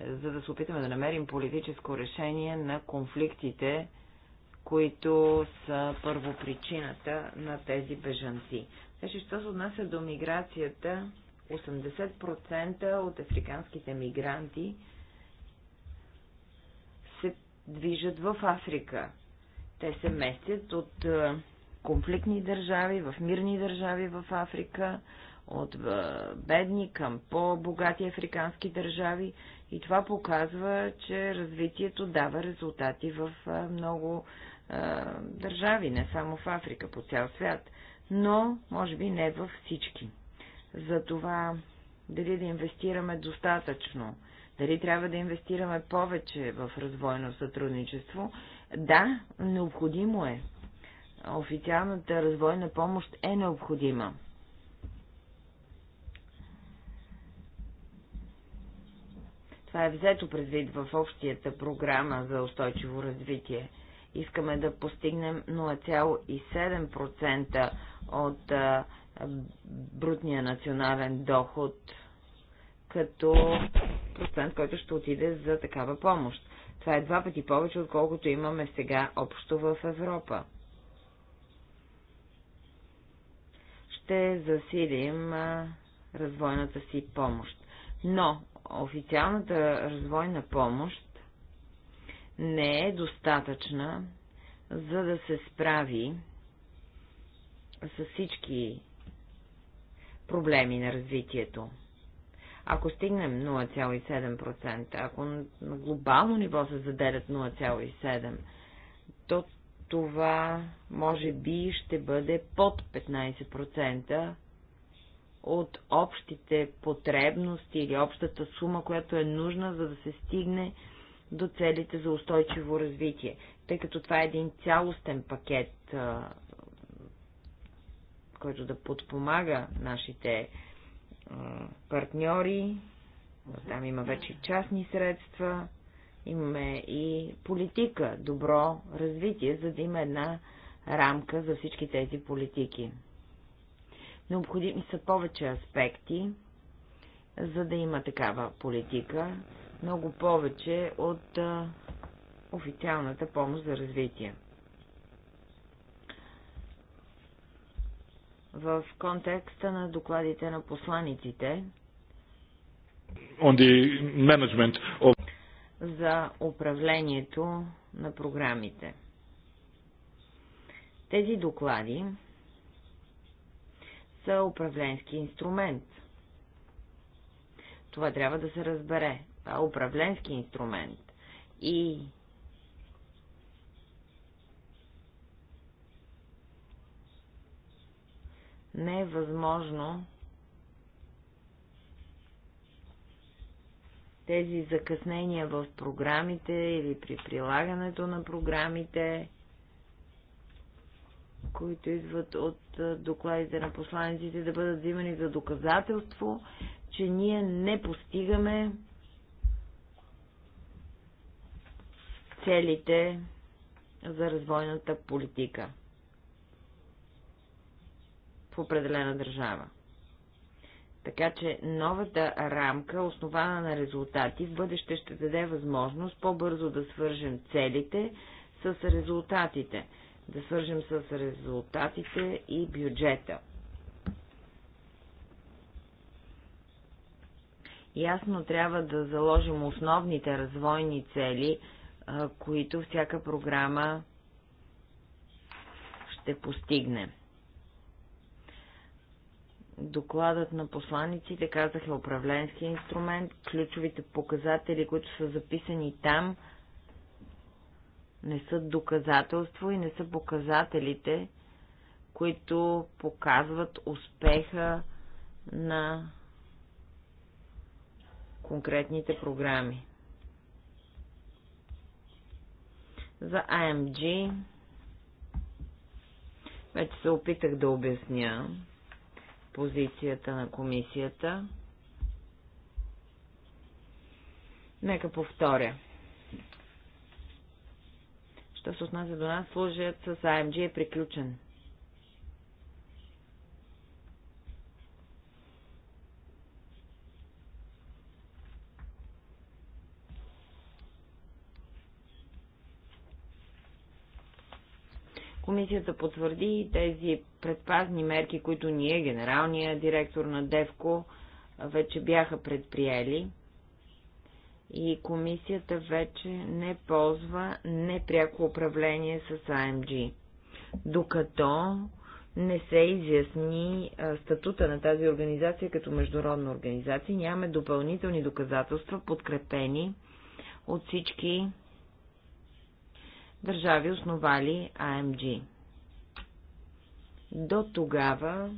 за да се опитаме да намерим политическо решение на конфликтите, които са първопричината на тези бежанци. Значи, що се отнася до миграцията, 80% от африканските мигранти движат в Африка. Те се местят от е, конфликтни държави в мирни държави в Африка, от е, бедни към по-богати африкански държави и това показва, че развитието дава резултати в е, много държави, не само в Африка, по цял свят, но може би не във всички. Затова дали да инвестираме достатъчно дали трябва да инвестираме повече в развойно сътрудничество? Да, необходимо е. Официалната развойна помощ е необходима. Това е взето предвид в общията програма за устойчиво развитие. Искаме да постигнем 0,7% от брутния национален доход – като процент, който ще отиде за такава помощ. Това е два пъти повече, отколкото имаме сега общо в Европа. Ще засилим развойната си помощ. Но официалната развойна помощ не е достатъчна, за да се справи с всички проблеми на развитието. Ако стигнем 0,7%, ако на глобално ниво се заделят 0,7%, то това може би ще бъде под 15% от общите потребности или общата сума, която е нужна, за да се стигне до целите за устойчиво развитие, тъй като това е един цялостен пакет, който да подпомага нашите партньори, там има вече частни средства, имаме и политика, добро развитие, за да има една рамка за всички тези политики. Необходими са повече аспекти, за да има такава политика, много повече от официалната помощ за развитие. в контекста на докладите на посланиците On the management of... за управлението на програмите. Тези доклади са управленски инструмент. Това трябва да се разбере. Това е управленски инструмент. И не е възможно тези закъснения в програмите или при прилагането на програмите, които идват от докладите на посланиците, да бъдат взимани за доказателство, че ние не постигаме целите за развойната политика в определена държава. Така че новата рамка, основана на резултати, в бъдеще ще даде възможност по-бързо да свържем целите с резултатите, да свържем с резултатите и бюджета. Ясно трябва да заложим основните развойни цели, които всяка програма ще постигне докладът на посланиците, казах, е управленски инструмент. Ключовите показатели, които са записани там, не са доказателство и не са показателите, които показват успеха на конкретните програми. За AMG вече се опитах да обясня позицията на комисията. Нека повторя. Що се отнася до нас, служият с АМГ е приключен. комисията потвърди тези предпазни мерки, които ние, генералния директор на ДЕВКО, вече бяха предприели. И комисията вече не ползва непряко управление с АМГ. Докато не се изясни статута на тази организация като международна организация, нямаме допълнителни доказателства, подкрепени от всички държави основали АМГ. До тогава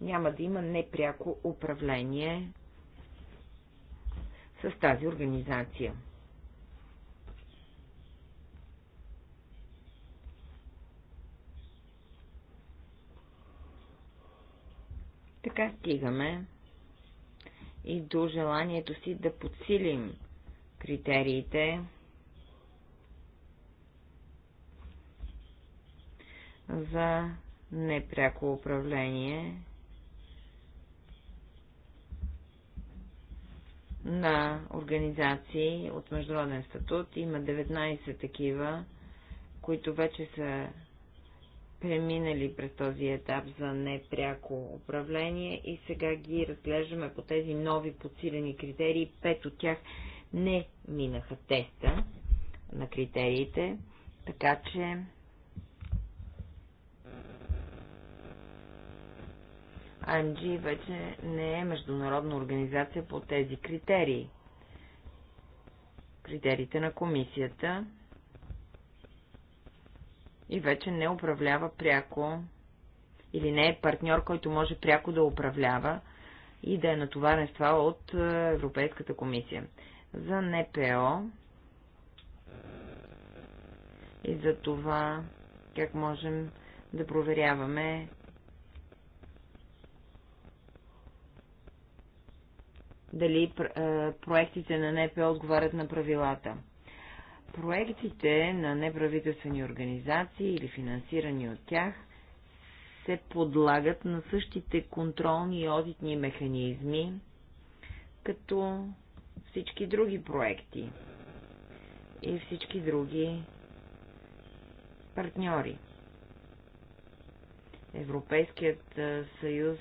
няма да има непряко управление с тази организация. Така стигаме и до желанието си да подсилим критериите за непряко управление на организации от международен статут. Има 19 такива, които вече са преминали през този етап за непряко управление и сега ги разглеждаме по тези нови подсилени критерии. Пет от тях не минаха теста на критериите, така че IMG вече не е международна организация по тези критерии. Критериите на комисията и вече не управлява пряко или не е партньор, който може пряко да управлява и да е натоварен с това от е, Европейската комисия. За НПО и за това как можем да проверяваме дали е, проектите на НПО отговарят на правилата. Проектите на неправителствени организации или финансирани от тях се подлагат на същите контролни и одитни механизми, като всички други проекти и всички други партньори. Европейският е, съюз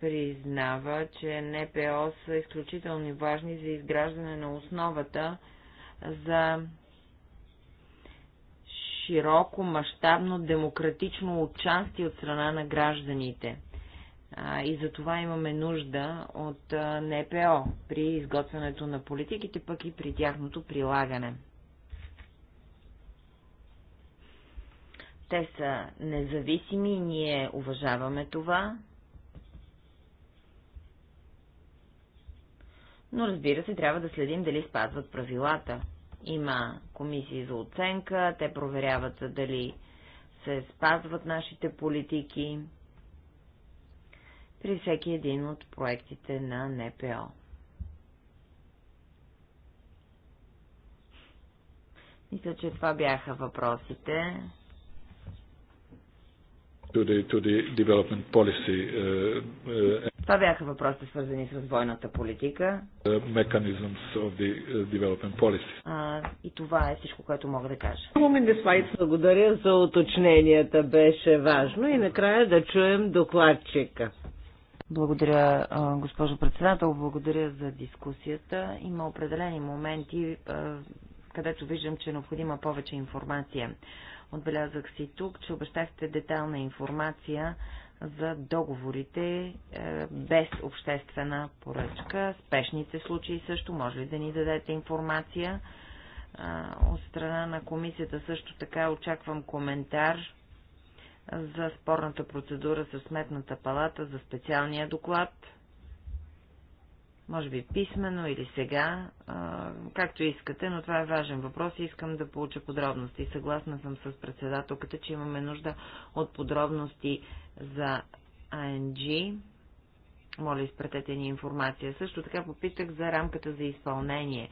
признава, че НПО са изключително важни за изграждане на основата за широко, мащабно, демократично участие от страна на гражданите. И за това имаме нужда от НПО при изготвянето на политиките, пък и при тяхното прилагане. Те са независими, ние уважаваме това, но разбира се, трябва да следим дали спазват правилата. Има комисии за оценка, те проверяват дали се спазват нашите политики при всеки един от проектите на НПО. Мисля, че това бяха въпросите. To the, to the development policy, uh, uh... Това бяха въпроси, свързани с войната политика. Uh, а, и това е всичко, което мога да кажа. Благодаря за уточненията, беше важно и накрая да чуем докладчика. Благодаря, госпожо председател, благодаря за дискусията. Има определени моменти, където виждам, че е необходима повече информация. Отбелязах си тук, че обещахте детална информация за договорите е, без обществена поръчка. Спешните случаи също може ли да ни дадете информация? Е, от страна на комисията също така очаквам коментар за спорната процедура със Сметната палата за специалния доклад може би писмено или сега, както искате, но това е важен въпрос и искам да получа подробности. Съгласна съм с председателката, че имаме нужда от подробности за АНГ. Моля, изпратете ни информация. Също така попитах за рамката за изпълнение.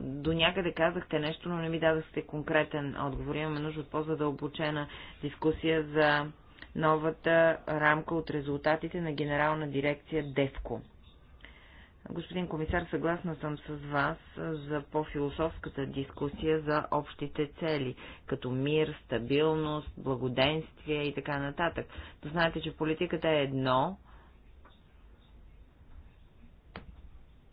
До някъде казахте нещо, но не ми дадахте конкретен отговор. Имаме нужда от по-задълбочена дискусия за новата рамка от резултатите на генерална дирекция ДЕВКО. Господин комисар, съгласна съм с вас за по-философската дискусия за общите цели, като мир, стабилност, благоденствие и така нататък. Да знаете, че политиката е едно,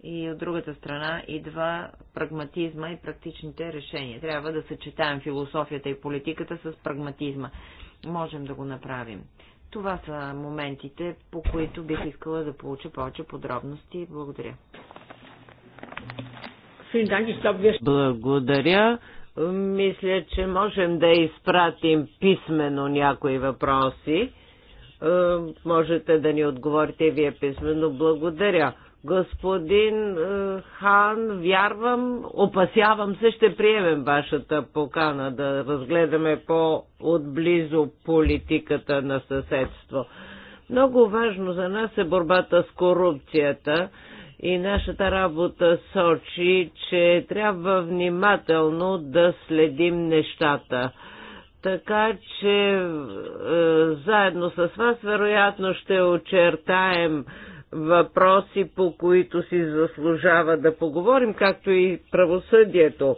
и от другата страна идва прагматизма и практичните решения. Трябва да съчетаем философията и политиката с прагматизма. Можем да го направим. Това са моментите, по които бих искала да получа повече подробности. Благодаря. Благодаря. Мисля, че можем да изпратим писменно някои въпроси. Е, можете да ни отговорите вие писменно. Благодаря. Господин е, Хан, вярвам, опасявам се, ще приемем вашата покана да разгледаме по-отблизо политиката на съседство. Много важно за нас е борбата с корупцията и нашата работа сочи, че трябва внимателно да следим нещата. Така че е, заедно с вас вероятно ще очертаем въпроси, по които си заслужава да поговорим, както и правосъдието,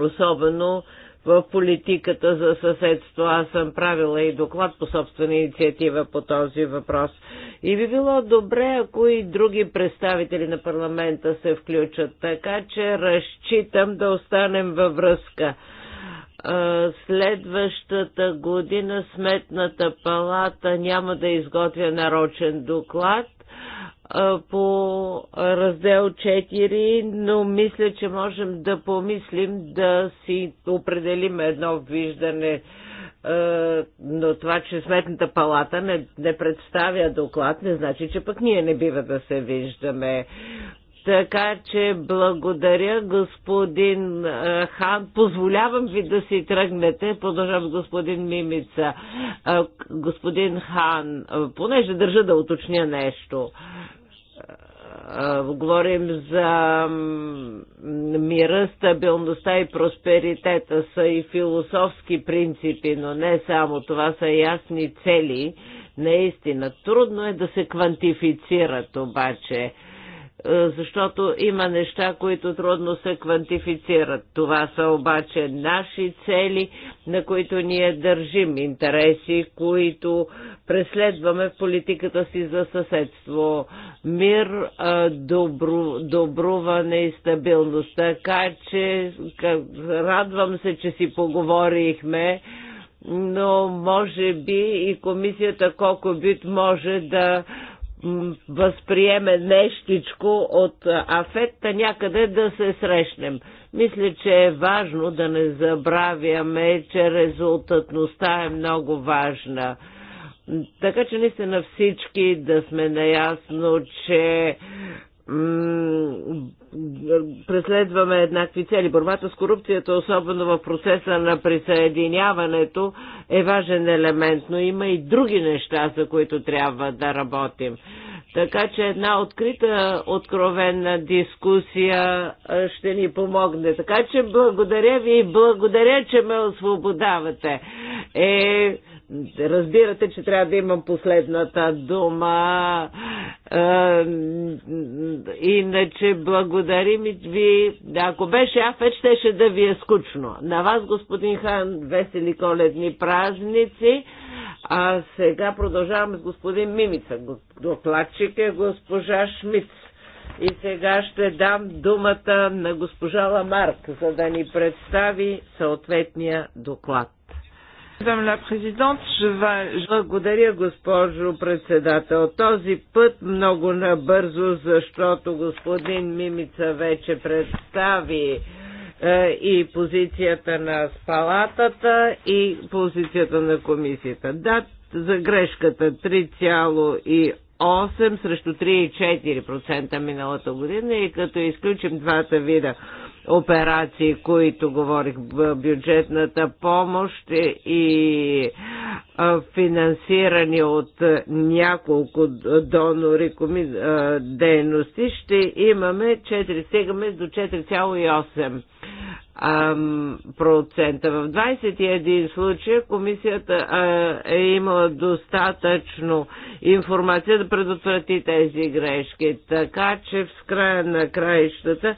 особено в политиката за съседство. Аз съм правила и доклад по собствена инициатива по този въпрос. И би било добре, ако и други представители на парламента се включат, така че разчитам да останем във връзка следващата година Сметната палата няма да изготвя нарочен доклад по раздел 4, но мисля, че можем да помислим да си определим едно виждане но това, че Сметната палата не, не представя доклад, не значи, че пък ние не бива да се виждаме. Така че благодаря, господин Хан. Позволявам ви да си тръгнете. Продължавам с господин Мимица. Господин Хан, понеже държа да уточня нещо говорим за мира, стабилността и просперитета са и философски принципи, но не само. Това са ясни цели. Наистина, трудно е да се квантифицират обаче. Е, защото има неща, които трудно се квантифицират. Това са обаче наши цели, на които ние държим интереси, които преследваме в политиката си за съседство. Мир, е, добру, добруване и стабилност. Така че радвам се, че си поговорихме но може би и комисията колко бит може да възприеме нещичко от афекта някъде да се срещнем. Мисля, че е важно да не забравяме, че резултатността е много важна. Така че наистина всички да сме наясно, че преследваме еднакви цели. Борбата с корупцията, особено в процеса на присъединяването, е важен елемент, но има и други неща, за които трябва да работим. Така че една открита, откровена дискусия ще ни помогне. Така че благодаря ви и благодаря, че ме освободавате. Е, Разбирате, че трябва да имам последната дума. Иначе благодарим ви. Ако беше аз, вече щеше да ви е скучно. На вас, господин Хан, весели коледни празници. А сега продължаваме с господин Мимица. Докладчик е госпожа Шмиц. И сега ще дам думата на госпожа Ламарк, за да ни представи съответния доклад. Благодаря, госпожо председател. Този път много набързо, защото господин Мимица вече представи е, и позицията на спалатата и позицията на комисията. Да, за грешката 3,8 срещу 3,4% миналата година и като изключим двата вида операции, които говорих, бюджетната помощ и финансирани от няколко донори дейности, ще имаме 4, стигаме до 4,8 процента. В 21 случая комисията а, е имала достатъчно информация да предотврати тези грешки. Така че в края на краищата а,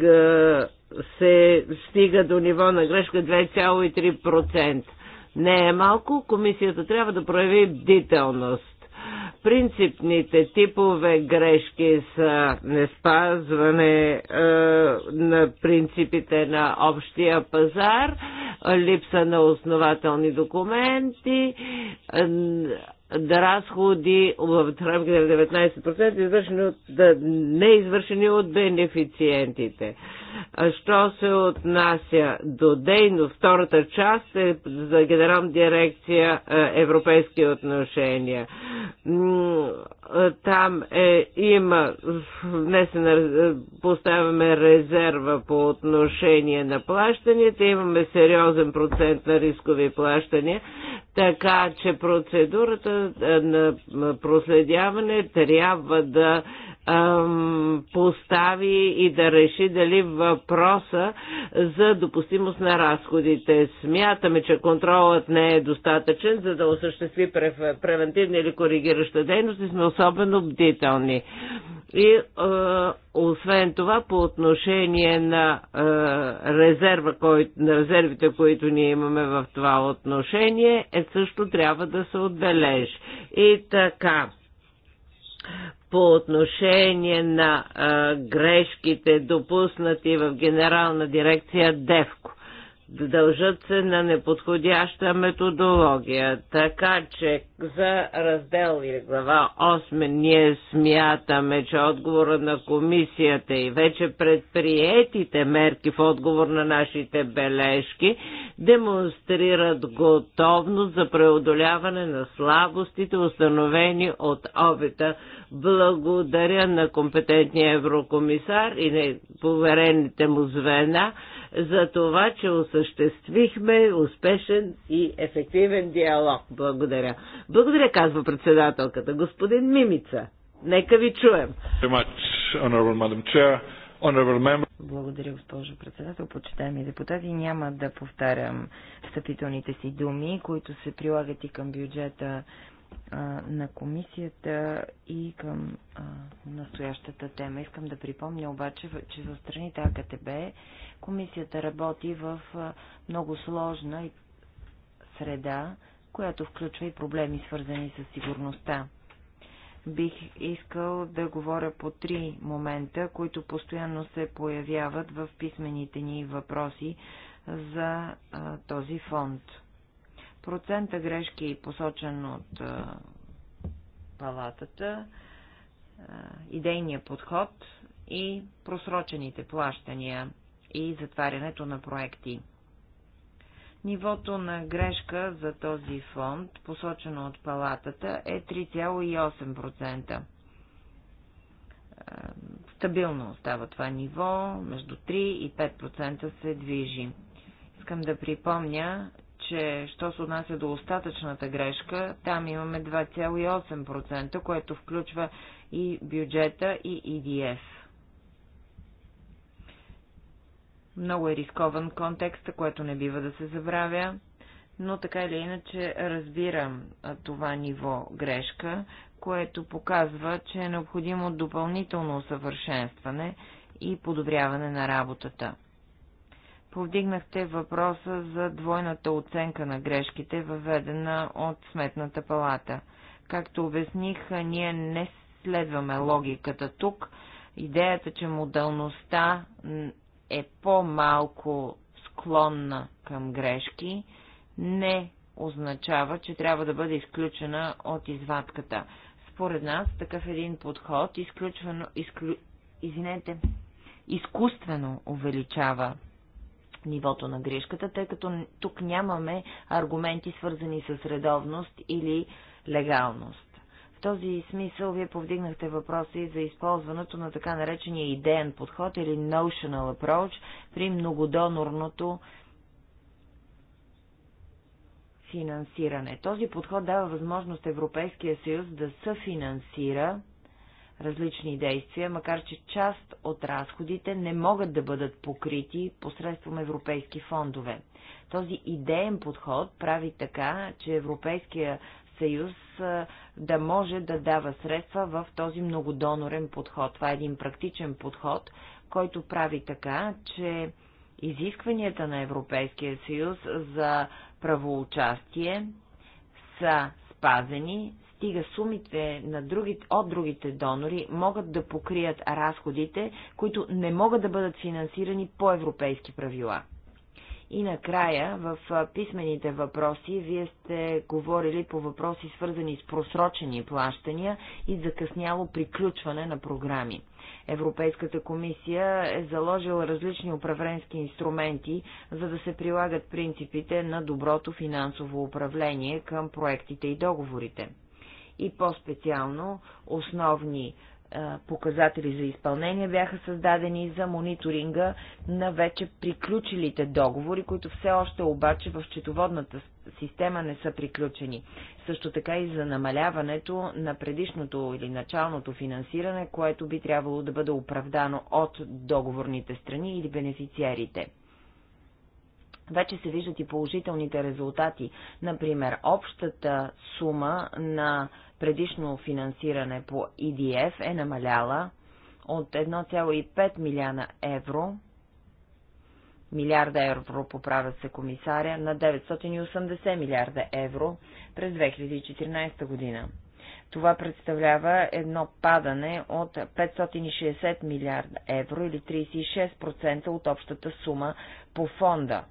г, се стига до ниво на грешка 2,3%. Не е малко, комисията трябва да прояви бдителност Принципните типове грешки са неспазване е, на принципите на общия пазар, липса на основателни документи, е, да разходи в рамките на 19% извършени от, да, извършени от бенефициентите. Що се отнася до дейно, втората част е за Генерална дирекция е, Европейски отношения. Е, там е, има внесена, е, поставяме резерва по отношение на плащанията, имаме сериозен процент на рискови плащания, така че процедурата на проследяване трябва да постави и да реши дали въпроса за допустимост на разходите. Смятаме, че контролът не е достатъчен, за да осъществи превентивна или коригираща дейност и сме особено бдителни. И е, освен това, по отношение на, е, резерва, кой, на резервите, които ние имаме в това отношение, е също трябва да се отбележи. И така по отношение на а, грешките, допуснати в Генерална дирекция ДЕВКО дължат се на неподходяща методология. Така че за раздел или глава 8 ние смятаме, че отговора на комисията и вече предприетите мерки в отговор на нашите бележки демонстрират готовност за преодоляване на слабостите, установени от Обита, Благодаря на компетентния еврокомисар и на поверените му звена за това, че осъществихме успешен и ефективен диалог. Благодаря. Благодаря, казва председателката. Господин Мимица, нека ви чуем. Благодаря, госпожо председател. Почитаеми депутати, няма да повтарям встъпителните си думи, които се прилагат и към бюджета на комисията и към а, настоящата тема. Искам да припомня обаче, че за страните АКТБ комисията работи в а, много сложна среда, която включва и проблеми свързани с сигурността. Бих искал да говоря по три момента, които постоянно се появяват в писмените ни въпроси за а, този фонд. Процента грешки, посочен от палатата, идейния подход и просрочените плащания и затварянето на проекти. Нивото на грешка за този фонд, посочено от палатата, е 3,8%. Стабилно остава това ниво, между 3 и 5% се движи. Искам да припомня, че, що се отнася до остатъчната грешка, там имаме 2,8%, което включва и бюджета и EDF. Много е рискован контекст, което не бива да се забравя, но така или иначе разбирам това ниво грешка, което показва, че е необходимо допълнително усъвършенстване и подобряване на работата повдигнахте въпроса за двойната оценка на грешките, въведена от Сметната палата. Както обясних, ние не следваме логиката тук. Идеята, че модалността е по-малко склонна към грешки, не означава, че трябва да бъде изключена от извадката. Според нас такъв един подход изключвано, изклю, извинете, изкуствено увеличава нивото на грешката, тъй като тук нямаме аргументи свързани с редовност или легалност. В този смисъл вие повдигнахте въпроси за използването на така наречения идеен подход или notional approach при многодонорното финансиране. Този подход дава възможност Европейския съюз да съфинансира различни действия, макар че част от разходите не могат да бъдат покрити посредством европейски фондове. Този идеен подход прави така, че Европейския съюз да може да дава средства в този многодонорен подход. Това е един практичен подход, който прави така, че изискванията на Европейския съюз за правоучастие са спазени стига сумите на другите, от другите донори могат да покрият разходите, които не могат да бъдат финансирани по европейски правила. И накрая, в писмените въпроси, вие сте говорили по въпроси свързани с просрочени плащания и закъсняло приключване на програми. Европейската комисия е заложила различни управленски инструменти, за да се прилагат принципите на доброто финансово управление към проектите и договорите и по-специално основни е, показатели за изпълнение бяха създадени за мониторинга на вече приключилите договори, които все още обаче в счетоводната система не са приключени. Също така и за намаляването на предишното или началното финансиране, което би трябвало да бъде оправдано от договорните страни или бенефициарите вече се виждат и положителните резултати. Например, общата сума на предишно финансиране по EDF е намаляла от 1,5 милиона евро, милиарда евро, поправят се комисаря, на 980 милиарда евро през 2014 година. Това представлява едно падане от 560 милиарда евро или 36% от общата сума по фонда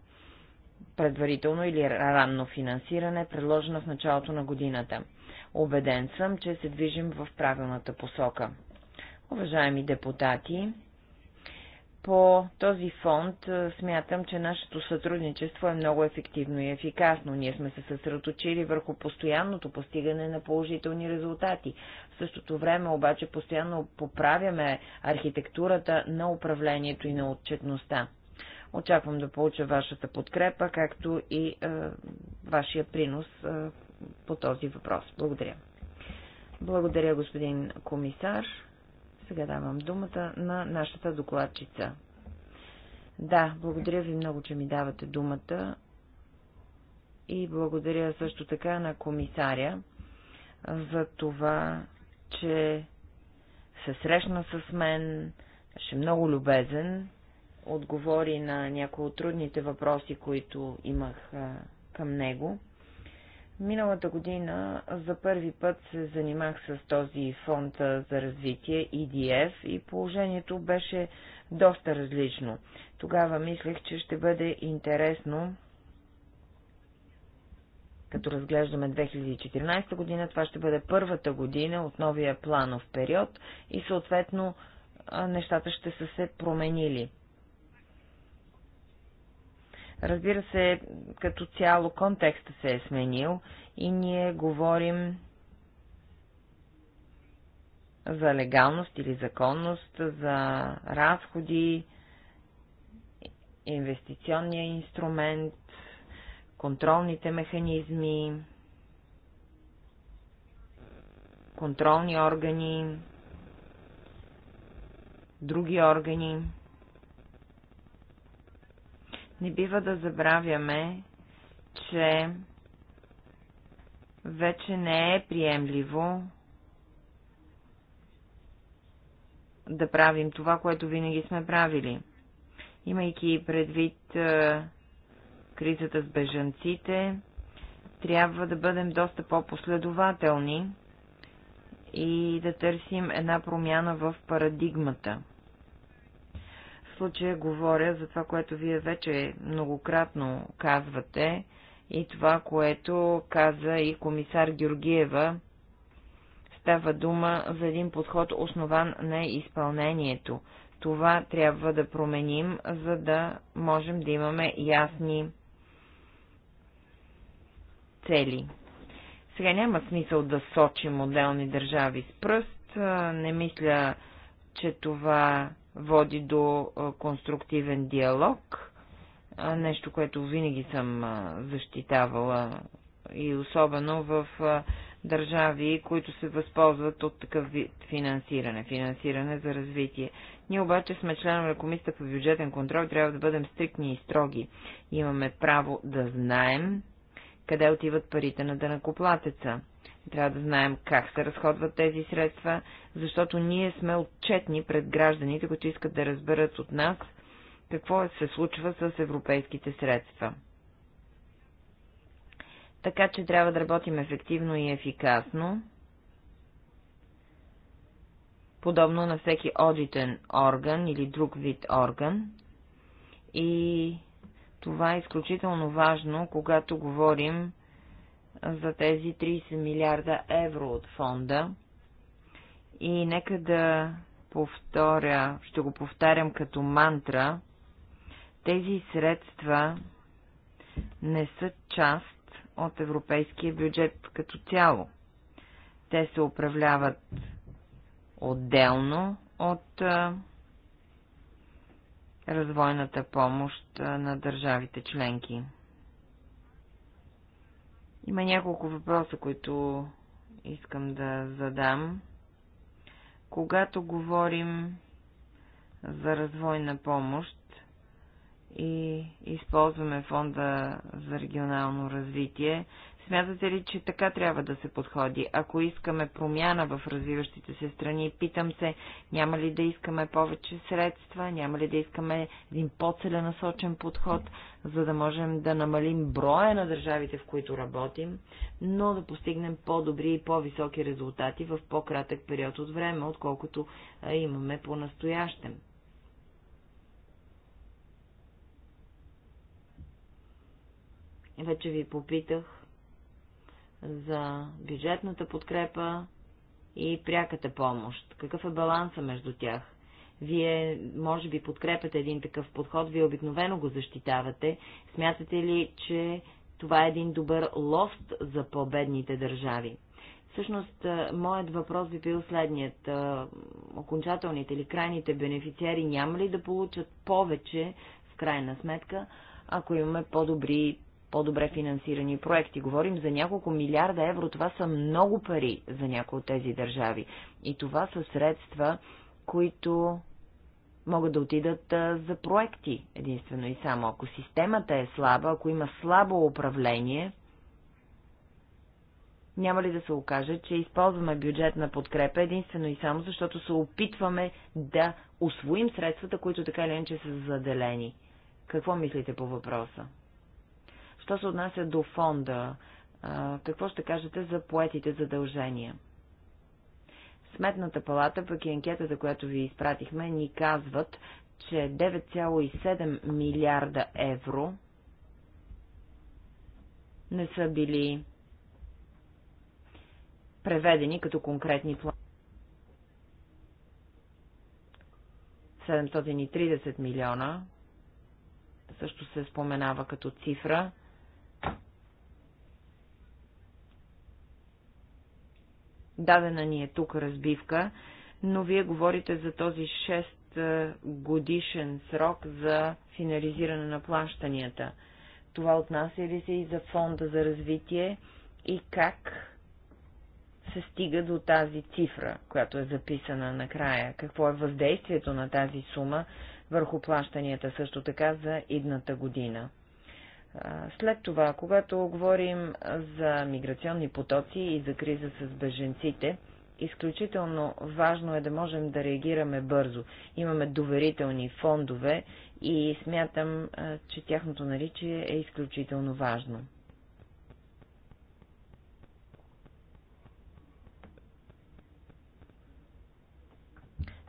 предварително или ранно финансиране, предложена в началото на годината. Обеден съм, че се движим в правилната посока. Уважаеми депутати, по този фонд смятам, че нашето сътрудничество е много ефективно и ефикасно. Ние сме се съсредоточили върху постоянното постигане на положителни резултати. В същото време обаче постоянно поправяме архитектурата на управлението и на отчетността. Очаквам да получа вашата подкрепа, както и е, вашия принос е, по този въпрос. Благодаря. Благодаря, господин комисар. Сега давам думата на нашата докладчица. Да, благодаря ви много, че ми давате думата и благодаря също така на комисаря за това, че се срещна с мен, беше много любезен отговори на някои от трудните въпроси, които имах към него. Миналата година за първи път се занимах с този фонд за развитие, EDF, и положението беше доста различно. Тогава мислех, че ще бъде интересно, като разглеждаме 2014 година, това ще бъде първата година от новия планов период и съответно нещата ще са се променили. Разбира се, като цяло контекста се е сменил и ние говорим за легалност или законност, за разходи, инвестиционния инструмент, контролните механизми, контролни органи, други органи. Не бива да забравяме, че вече не е приемливо да правим това, което винаги сме правили. Имайки предвид е, кризата с бежанците, трябва да бъдем доста по-последователни и да търсим една промяна в парадигмата – случая говоря за това, което вие вече многократно казвате и това, което каза и комисар Георгиева. Става дума за един подход, основан на изпълнението. Това трябва да променим, за да можем да имаме ясни цели. Сега няма смисъл да сочим отделни държави с пръст. Не мисля, че това води до конструктивен диалог, нещо, което винаги съм защитавала и особено в държави, които се възползват от такъв вид финансиране, финансиране за развитие. Ние обаче сме членове на комисията по бюджетен контрол, трябва да бъдем стрикни и строги. Имаме право да знаем къде отиват парите на дънакоплатеца. Трябва да знаем как се разходват тези средства, защото ние сме отчетни пред гражданите, които искат да разберат от нас какво е- се случва с европейските средства. Така че трябва да работим ефективно и ефикасно, подобно на всеки одитен орган или друг вид орган. И това е изключително важно, когато говорим за тези 30 милиарда евро от фонда. И нека да повторя, ще го повтарям като мантра, тези средства не са част от европейския бюджет като цяло. Те се управляват отделно от развойната помощ на държавите членки. Има няколко въпроса, които искам да задам. Когато говорим за развойна помощ и използваме фонда за регионално развитие, Смятате ли, че така трябва да се подходи? Ако искаме промяна в развиващите се страни, питам се, няма ли да искаме повече средства, няма ли да искаме един по-целенасочен подход, за да можем да намалим броя на държавите, в които работим, но да постигнем по-добри и по-високи резултати в по-кратък период от време, отколкото имаме по-настоящем. Вече ви попитах за бюджетната подкрепа и пряката помощ? Какъв е баланса между тях? Вие, може би, подкрепяте един такъв подход, вие обикновено го защитавате. Смятате ли, че това е един добър лост за по-бедните държави? Всъщност, моят въпрос би бил следният. Окончателните или крайните бенефициари няма ли да получат повече, в крайна сметка, ако имаме по-добри по-добре финансирани проекти. Говорим за няколко милиарда евро. Това са много пари за някои от тези държави. И това са средства, които могат да отидат за проекти единствено и само. Ако системата е слаба, ако има слабо управление, няма ли да се окаже, че използваме бюджетна подкрепа единствено и само, защото се опитваме да освоим средствата, които така или иначе са заделени? Какво мислите по въпроса? Що се отнася до фонда? Какво ще кажете за поетите задължения? Сметната палата, пък и анкетата, която ви изпратихме, ни казват, че 9,7 милиарда евро не са били преведени като конкретни плани. 730 милиона също се споменава като цифра, Дадена ни е тук разбивка, но вие говорите за този 6 годишен срок за финализиране на плащанията. Това отнася ли се и за фонда за развитие и как се стига до тази цифра, която е записана накрая? Какво е въздействието на тази сума върху плащанията също така за идната година? След това, когато говорим за миграционни потоци и за криза с беженците, изключително важно е да можем да реагираме бързо. Имаме доверителни фондове и смятам, че тяхното наличие е изключително важно.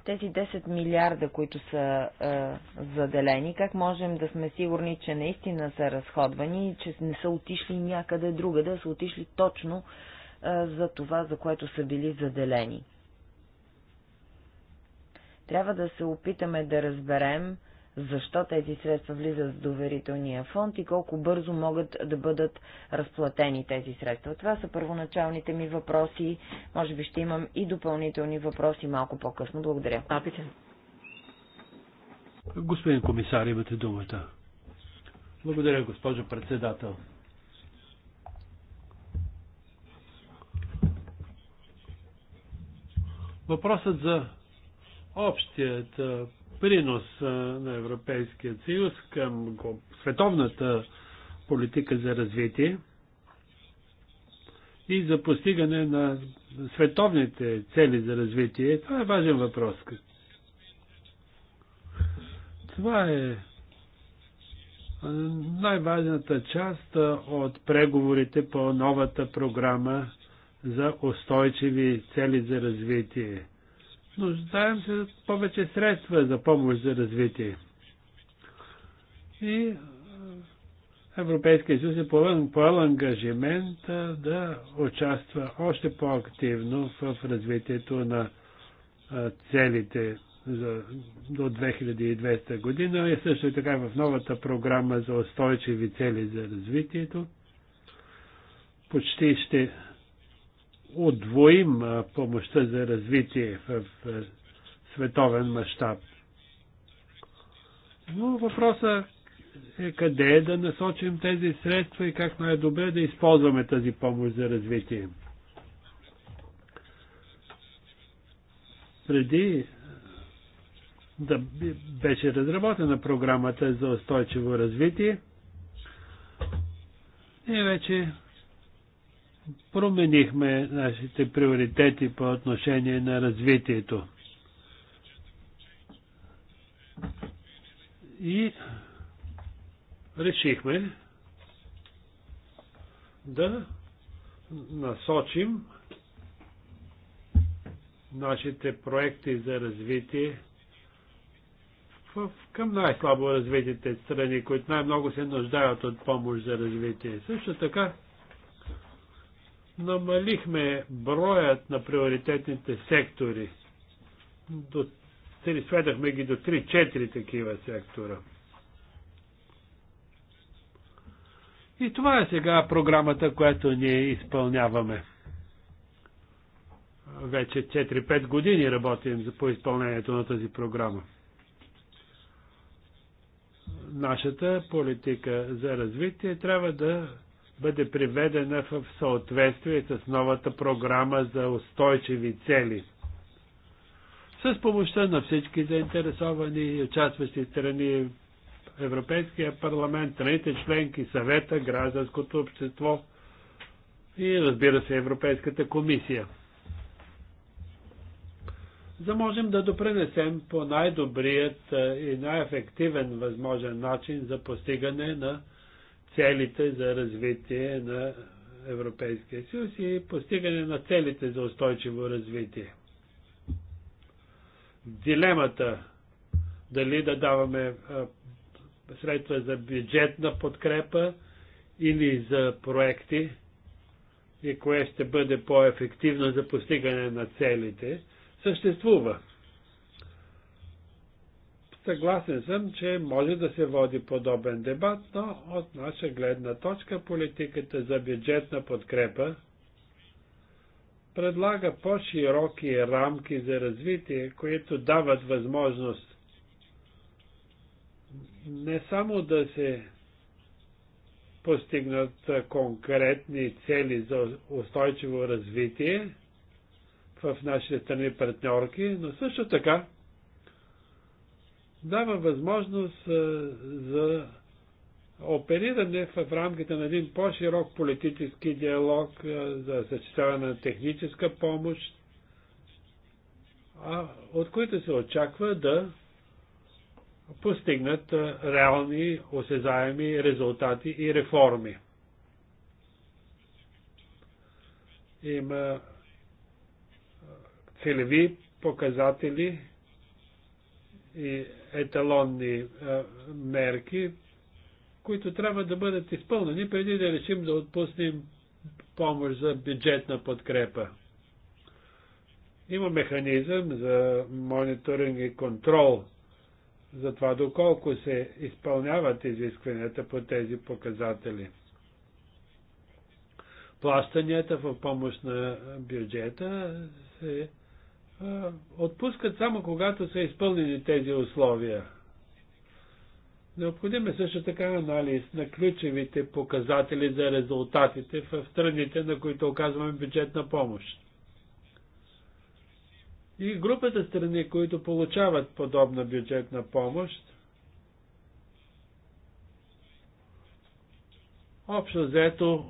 тези 10 милиарда, които са е, заделени, как можем да сме сигурни, че наистина са разходвани и че не са отишли някъде друга, да са отишли точно е, за това, за което са били заделени? Трябва да се опитаме да разберем, защо тези средства влизат в доверителния фонд и колко бързо могат да бъдат разплатени тези средства. Това са първоначалните ми въпроси. Може би ще имам и допълнителни въпроси малко по-късно. Благодаря. Апите. Господин комисар, имате думата. Благодаря, госпожо председател. Въпросът за общият принос на Европейския съюз към световната политика за развитие и за постигане на световните цели за развитие. Това е важен въпрос. Това е най-важната част от преговорите по новата програма за устойчиви цели за развитие. Нуждаем се от повече средства за помощ за развитие. И Европейския съюз е поел ангажимент да участва още по-активно в развитието на целите за, до 2200 година и също така в новата програма за устойчиви цели за развитието. Почти ще удвоим помощта за развитие в световен мащаб. Но въпросът е къде е да насочим тези средства и как най-добре да използваме тази помощ за развитие. Преди да беше разработена програмата за устойчиво развитие, ние вече променихме нашите приоритети по отношение на развитието. И решихме да насочим нашите проекти за развитие в, към най-слабо развитите страни, които най-много се нуждаят от помощ за развитие. Също така намалихме броят на приоритетните сектори. До, сведахме ги до 3-4 такива сектора. И това е сега програмата, която ние изпълняваме. Вече 4-5 години работим за по изпълнението на тази програма. Нашата политика за развитие трябва да бъде приведена в съответствие с новата програма за устойчиви цели. С помощта на всички заинтересовани и участващи страни, Европейския парламент, страните членки, съвета, гражданското общество и разбира се Европейската комисия. За можем да допренесем по най-добрият и най-ефективен възможен начин за постигане на целите за развитие на Европейския съюз и постигане на целите за устойчиво развитие. Дилемата дали да даваме средства за бюджетна подкрепа или за проекти и кое ще бъде по-ефективно за постигане на целите, съществува. Съгласен съм, че може да се води подобен дебат, но от наша гледна точка политиката за бюджетна подкрепа предлага по-широки рамки за развитие, които дават възможност не само да се постигнат конкретни цели за устойчиво развитие в нашите страни партньорки, но също така дава възможност за опериране в рамките на един по-широк политически диалог за съчетаване на техническа помощ, а от които се очаква да постигнат реални, осезаеми резултати и реформи. Има целеви показатели, и еталонни е, мерки, които трябва да бъдат изпълнени преди да решим да отпуснем помощ за бюджетна подкрепа. Има механизъм за мониторинг и контрол за това доколко се изпълняват изискванията по тези показатели. Плащанията в помощ на бюджета се отпускат само когато са изпълнени тези условия. Необходим е също така анализ на ключевите показатели за резултатите в страните, на които оказваме бюджетна помощ. И групата страни, които получават подобна бюджетна помощ, общо взето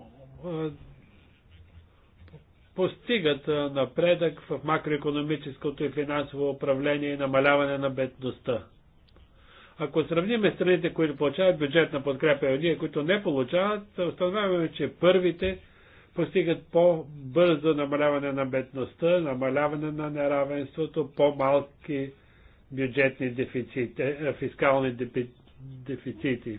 постигат напредък в макроекономическото и финансово управление и намаляване на бедността. Ако сравним страните, които получават бюджетна подкрепа и ние, които не получават, установяваме, че първите постигат по-бързо намаляване на бедността, намаляване на неравенството, по-малки бюджетни дефицити, е, фискални дефицити,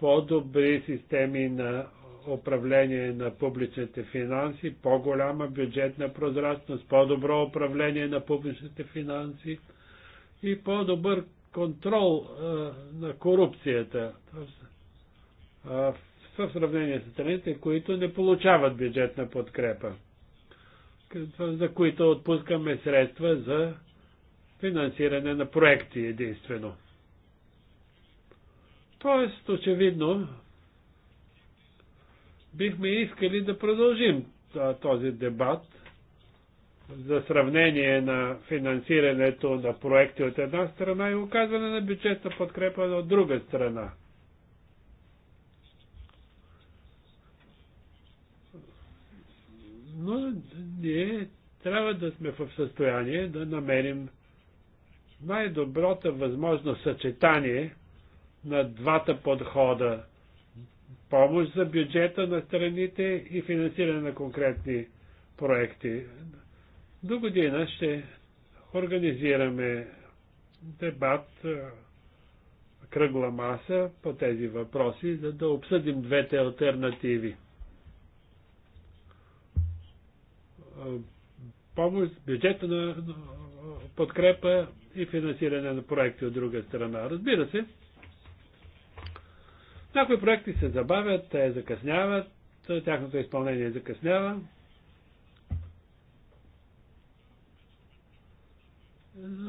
по-добри системи на управление на публичните финанси, по-голяма бюджетна прозрачност, по-добро управление на публичните финанси и по-добър контрол а, на корупцията а, в сравнение с страните, които не получават бюджетна подкрепа, за които отпускаме средства за финансиране на проекти единствено. Тоест, очевидно, бихме искали да продължим този дебат за сравнение на финансирането на проекти от една страна и оказване на бюджетна подкрепа от друга страна. Но ние трябва да сме в състояние да намерим най-доброто възможно съчетание на двата подхода помощ за бюджета на страните и финансиране на конкретни проекти. До година ще организираме дебат, кръгла маса по тези въпроси, за да обсъдим двете альтернативи. Помощ, бюджета на подкрепа и финансиране на проекти от друга страна. Разбира се, някои проекти се забавят, те закъсняват, тяхното изпълнение закъснява.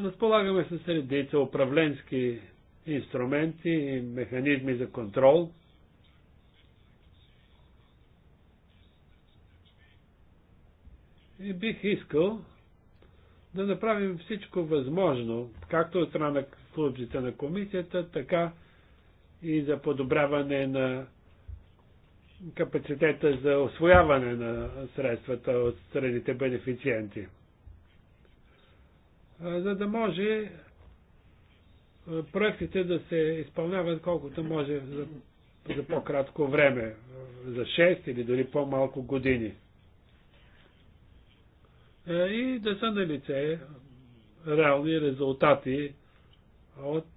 Разполагаме с редица управленски инструменти и механизми за контрол. И бих искал да направим всичко възможно, както от страна на службите на комисията, така и за подобряване на капацитета за освояване на средствата от средите бенефициенти. За да може проектите да се изпълняват колкото може за, за по-кратко време, за 6 или дори по-малко години. И да са на лице реални резултати от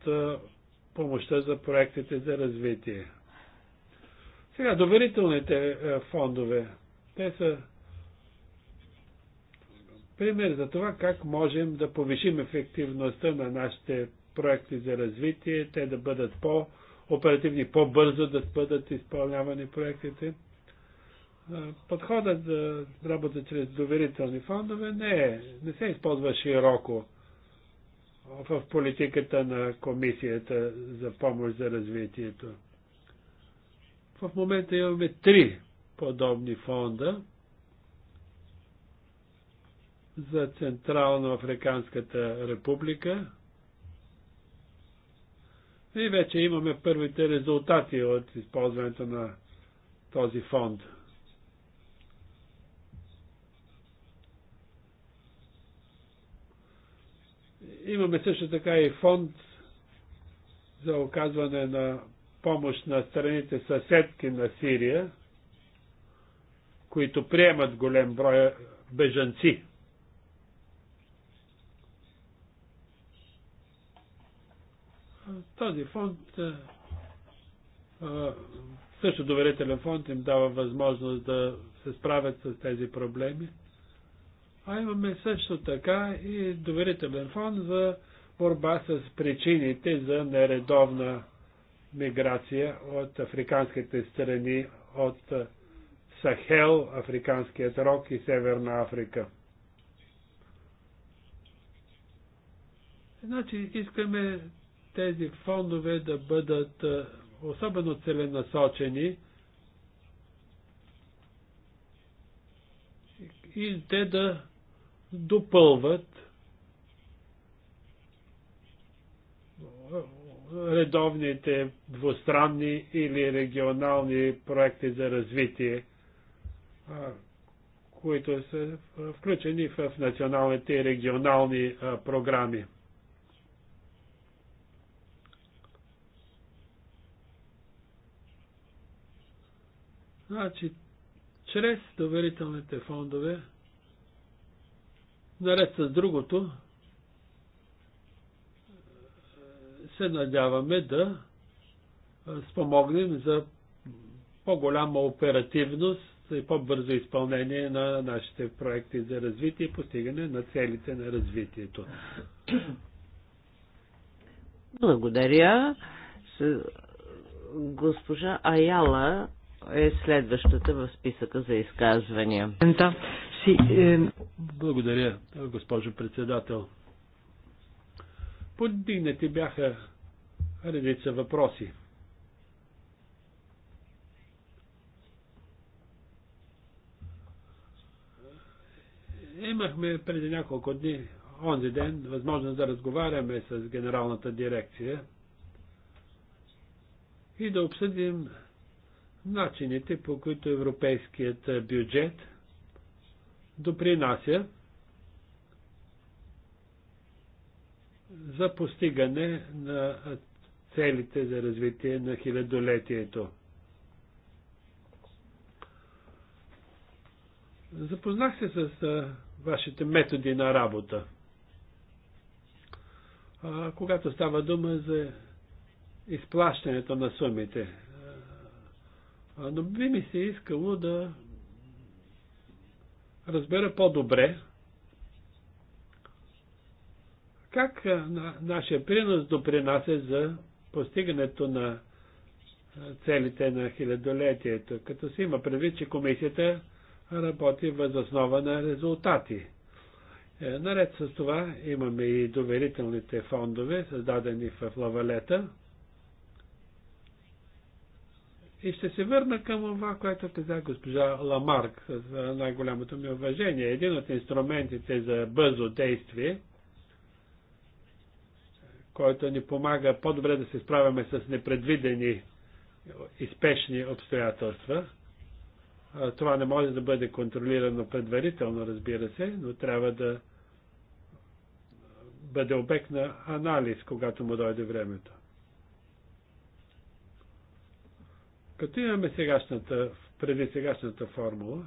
помощта за проектите за развитие. Сега, доверителните е, фондове, те са пример за това как можем да повишим ефективността на нашите проекти за развитие, те да бъдат по-оперативни, по-бързо да бъдат изпълнявани проектите. Е, подходът за работа чрез доверителни фондове не е, не се използва широко в политиката на Комисията за помощ за развитието. В момента имаме три подобни фонда за Централно Африканската република. И вече имаме първите резултати от използването на този фонд – Имаме също така и фонд за оказване на помощ на страните съседки на Сирия, които приемат голем брой бежанци. Този фонд, е, е, също доверителен фонд, им дава възможност да се справят с тези проблеми а имаме също така и доверителен фонд за борба с причините за нередовна миграция от африканските страни, от Сахел, Африканският рок и Северна Африка. Значи искаме тези фондове да бъдат е, особено целенасочени и те да допълват редовните двустранни или регионални проекти за развитие, които са включени в националните и регионални програми. Значи, чрез доверителните фондове Наред с другото, се надяваме да спомогнем за по-голяма оперативност и по-бързо изпълнение на нашите проекти за развитие и постигане на целите на развитието. Благодаря. Госпожа Аяла е следващата в списъка за изказвания. Си, е... Благодаря, госпожо председател. Подигнати бяха редица въпроси. Имахме преди няколко дни, онзи ден, възможност да разговаряме с генералната дирекция и да обсъдим начините, по които европейският бюджет – допринася за постигане на целите за развитие на хилядолетието. Запознах се с вашите методи на работа. А, когато става дума за изплащането на сумите. А, но би ми се искало да разбера по-добре как на, нашия принос допринася за постигането на целите на хилядолетието, като се има предвид, че комисията работи въз основа на резултати. Е, наред с това имаме и доверителните фондове, създадени в Лавалета – и ще се върна към това, което каза госпожа Ламарк, с най-голямото ми уважение. Един от инструментите за бързо действие, който ни помага по-добре да се справяме с непредвидени и спешни обстоятелства. Това не може да бъде контролирано предварително, разбира се, но трябва да бъде обект на анализ, когато му дойде времето. Като имаме сегашната, преди сегашната формула,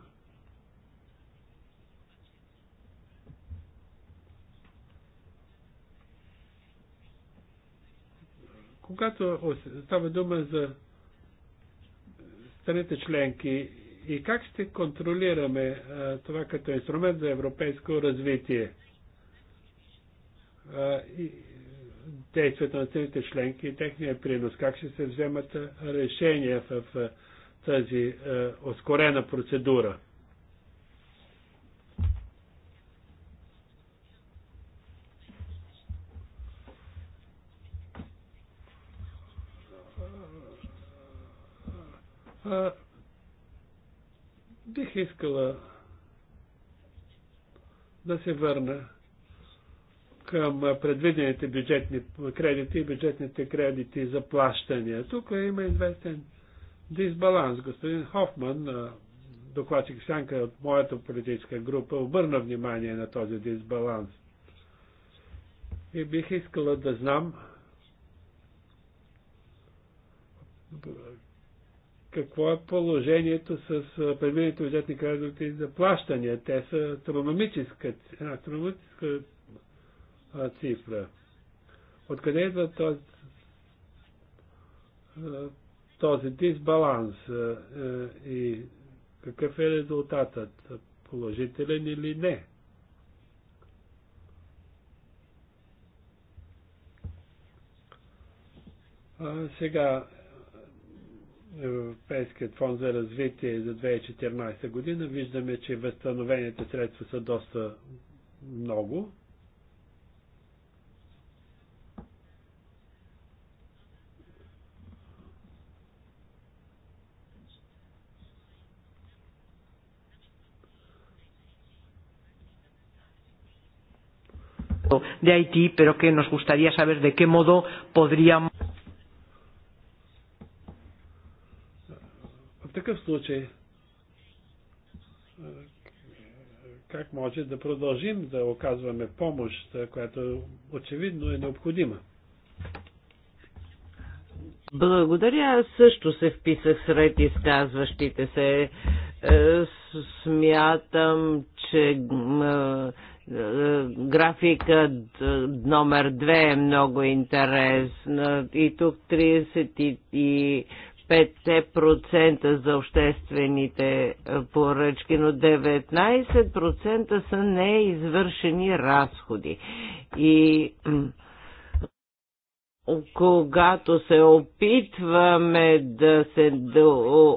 когато става дума за страните членки и как ще контролираме а, това като инструмент за европейско развитие. А, и, действията на страните членки и техния принос, как ще се вземат решения в тази е, ускорена процедура. А, е, е, бих искала да се върна към предвидените бюджетни кредити и бюджетните кредити за плащания. Тук има известен дисбаланс. Господин Хофман, докладчик Сянка от моята политическа група, обърна внимание на този дисбаланс. И бих искала да знам какво е положението с предвидените бюджетни кредити за плащания. Те са астрономическа, астрономическа цифра. Откъде идва този, този дисбаланс е, и какъв е резултатът? Положителен или не? Сега Европейският фонд за развитие за 2014 година виждаме, че възстановените средства са доста много. de Haití, pero que nos gustaría saber de qué modo podríamos. В такъв случай, как може да продължим да оказваме помощ, която очевидно е необходима? Благодаря. също се вписах сред изказващите се. Е, смятам, че графика номер 2 е много интересна и тук 35% за обществените поръчки, но 19% са неизвършени разходи. И когато се опитваме да се да,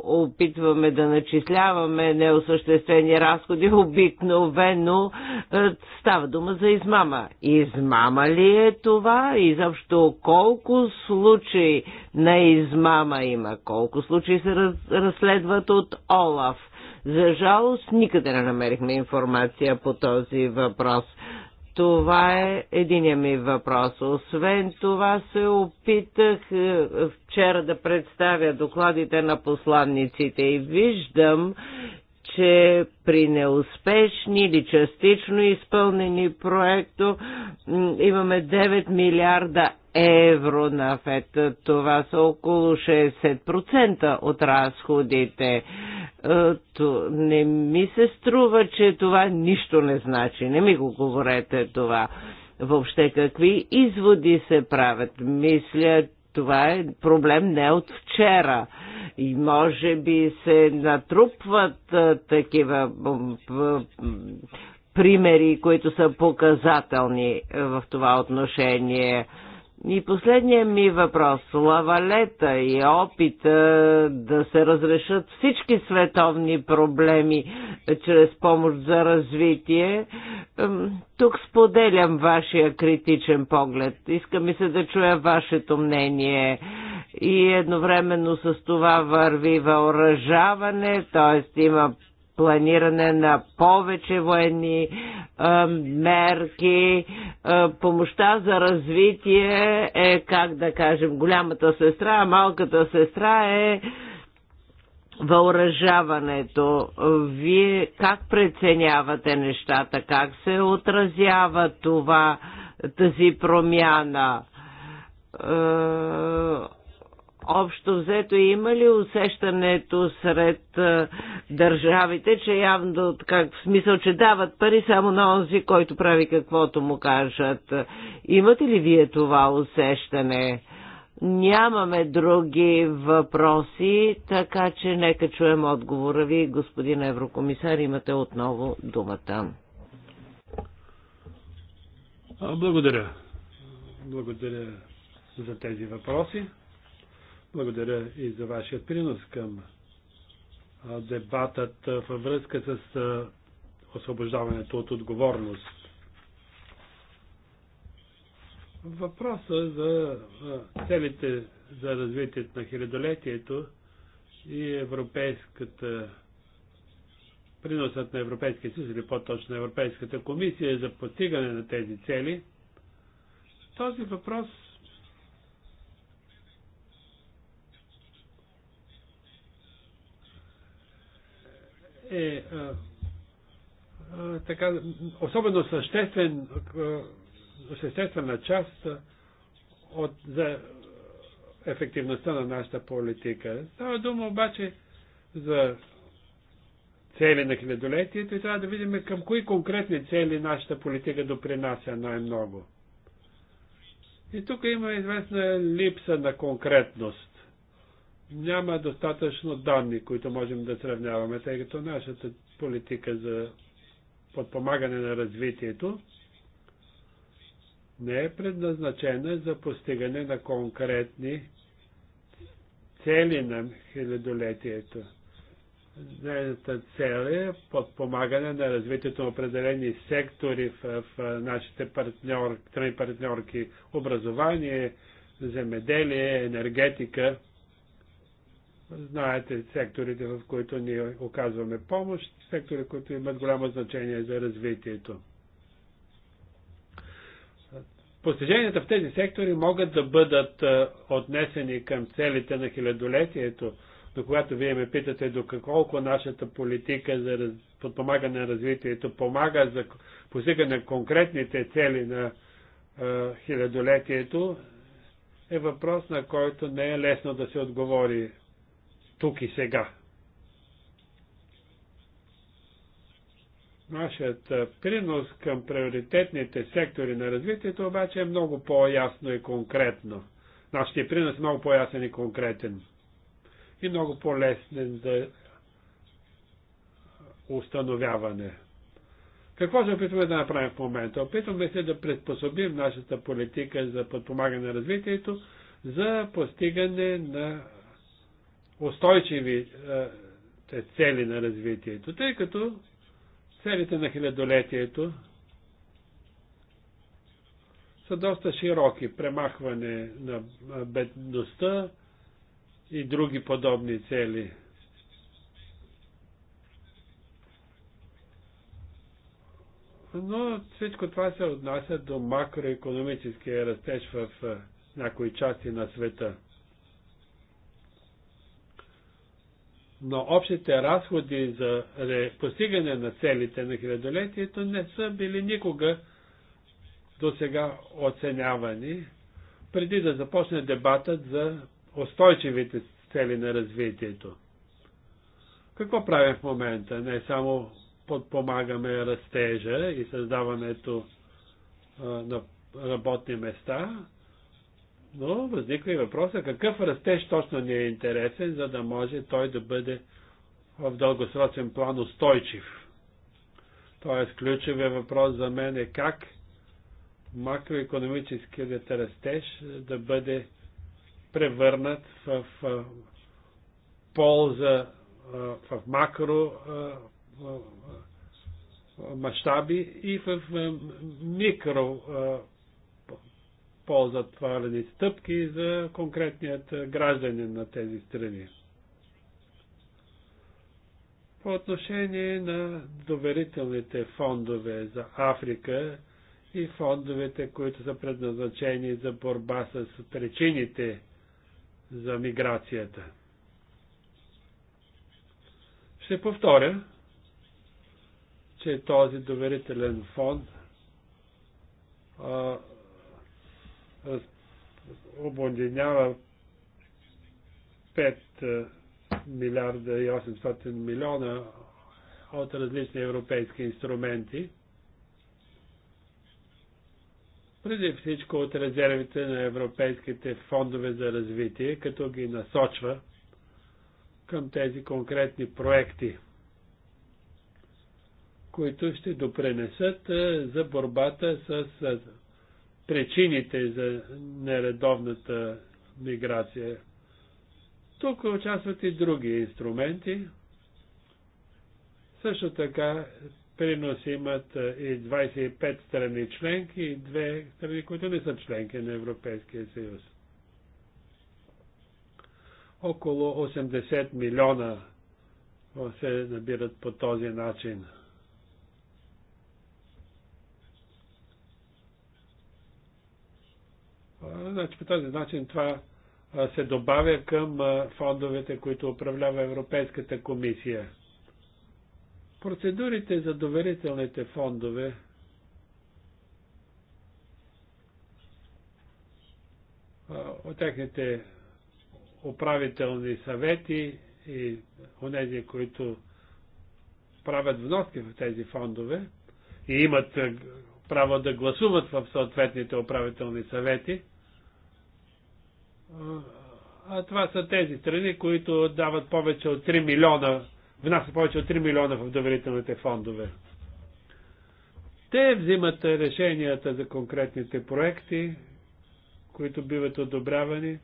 опитваме да начисляваме неосъществени разходи, обикновено е, става дума за измама. Измама ли е това? И защо, колко случаи на измама има? Колко случаи се раз, разследват от Олаф? За жалост никъде не намерихме информация по този въпрос. Това е единия ми въпрос. Освен това се опитах е, вчера да представя докладите на посланниците и виждам, че при неуспешни или частично изпълнени проекто имаме 9 милиарда евро на ФЕД. Това са около 60% от разходите. Е, не ми се струва, че това нищо не значи. Не ми го говорете това. Въобще какви изводи се правят? Мисля, това е проблем не от вчера. И може би се натрупват е, такива примери, които са показателни е, в това отношение. И последният ми въпрос. Лавалета и опита да се разрешат всички световни проблеми е, чрез помощ за развитие. Тук споделям вашия критичен поглед. Иска ми се да чуя вашето мнение. И едновременно с това върви въоръжаване, т.е. има планиране на повече военни а, е, мерки. А, е, помощта за развитие е, как да кажем, голямата сестра, а малката сестра е въоръжаването. Вие как преценявате нещата? Как се отразява това, тази промяна? Е, общо взето има ли усещането сред а, държавите, че явно, как, в смисъл, че дават пари само на онзи, който прави каквото му кажат. Имате ли вие това усещане? Нямаме други въпроси, така че нека чуем отговора ви. Господин Еврокомисар, имате отново думата. Благодаря. Благодаря за тези въпроси. Благодаря и за вашия принос към дебатът във връзка с освобождаването от отговорност. Въпроса за целите за развитието на хилядолетието и европейската приносът на Европейския съюз или по-точно Европейската комисия за постигане на тези цели, този въпрос Е, е така, особено съществен, е, съществена част от, за ефективността на нашата политика. Става дума обаче за цели на хилядолетието и трябва да видим към кои конкретни цели нашата политика допринася най-много. И тук има известна липса на конкретност няма достатъчно данни, които можем да сравняваме, тъй като нашата политика за подпомагане на развитието не е предназначена за постигане на конкретни цели на хилядолетието. Нейната цел е подпомагане на развитието на определени сектори в, в нашите партньор, партньорки образование, земеделие, енергетика – Знаете секторите, в които ние оказваме помощ, сектори, които имат голямо значение за развитието. Постиженията в тези сектори могат да бъдат е, отнесени към целите на хилядолетието, но когато вие ме питате до колко нашата политика за подпомагане на развитието помага за постигане на конкретните цели на е, хилядолетието, е въпрос, на който не е лесно да се отговори тук и сега. Нашият принос към приоритетните сектори на развитието обаче е много по-ясно и конкретно. Нашият принос е много по-ясен и конкретен. И много по лесен за установяване. Какво се опитваме да направим в момента? Опитваме се да приспособим нашата политика за подпомагане на развитието за постигане на устойчиви е, цели на развитието, тъй като целите на хилядолетието са доста широки. Премахване на бедността и други подобни цели. Но всичко това се отнася до макроекономическия растеж в някои части на света. но общите разходи за постигане на целите на хилядолетието не са били никога до сега оценявани, преди да започне дебатът за устойчивите цели на развитието. Какво правим в момента? Не само подпомагаме растежа и създаването на работни места, но възниква и въпроса какъв растеж точно ни е интересен, за да може той да бъде в дългосрочен план устойчив. Тоест ключовия е въпрос за мен е как макроекономическият растеж да бъде превърнат в полза в макро мащаби и в микро ползват правилни стъпки за конкретният гражданин на тези страни. По отношение на доверителните фондове за Африка и фондовете, които са предназначени за борба с причините за миграцията. Ще повторя, че този доверителен фонд обединява 5 милиарда и 800 милиона от различни европейски инструменти. Преди всичко от резервите на европейските фондове за развитие, като ги насочва към тези конкретни проекти, които ще допренесат за борбата с причините за нередовната миграция. Тук участват и други инструменти. Също така принос имат и 25 страни членки и две страни, които не са членки на Европейския съюз. Около 80 милиона се набират по този начин – Значи по този начин това се добавя към фондовете, които управлява Европейската комисия. Процедурите за доверителните фондове от техните управителни съвети и онези, които правят вноски в тези фондове и имат право да гласуват в съответните управителни съвети. А това са тези страни, които дават повече от 3 милиона, внасят повече от 3 милиона в доверителните фондове. Те взимат решенията за конкретните проекти, които биват одобрявани.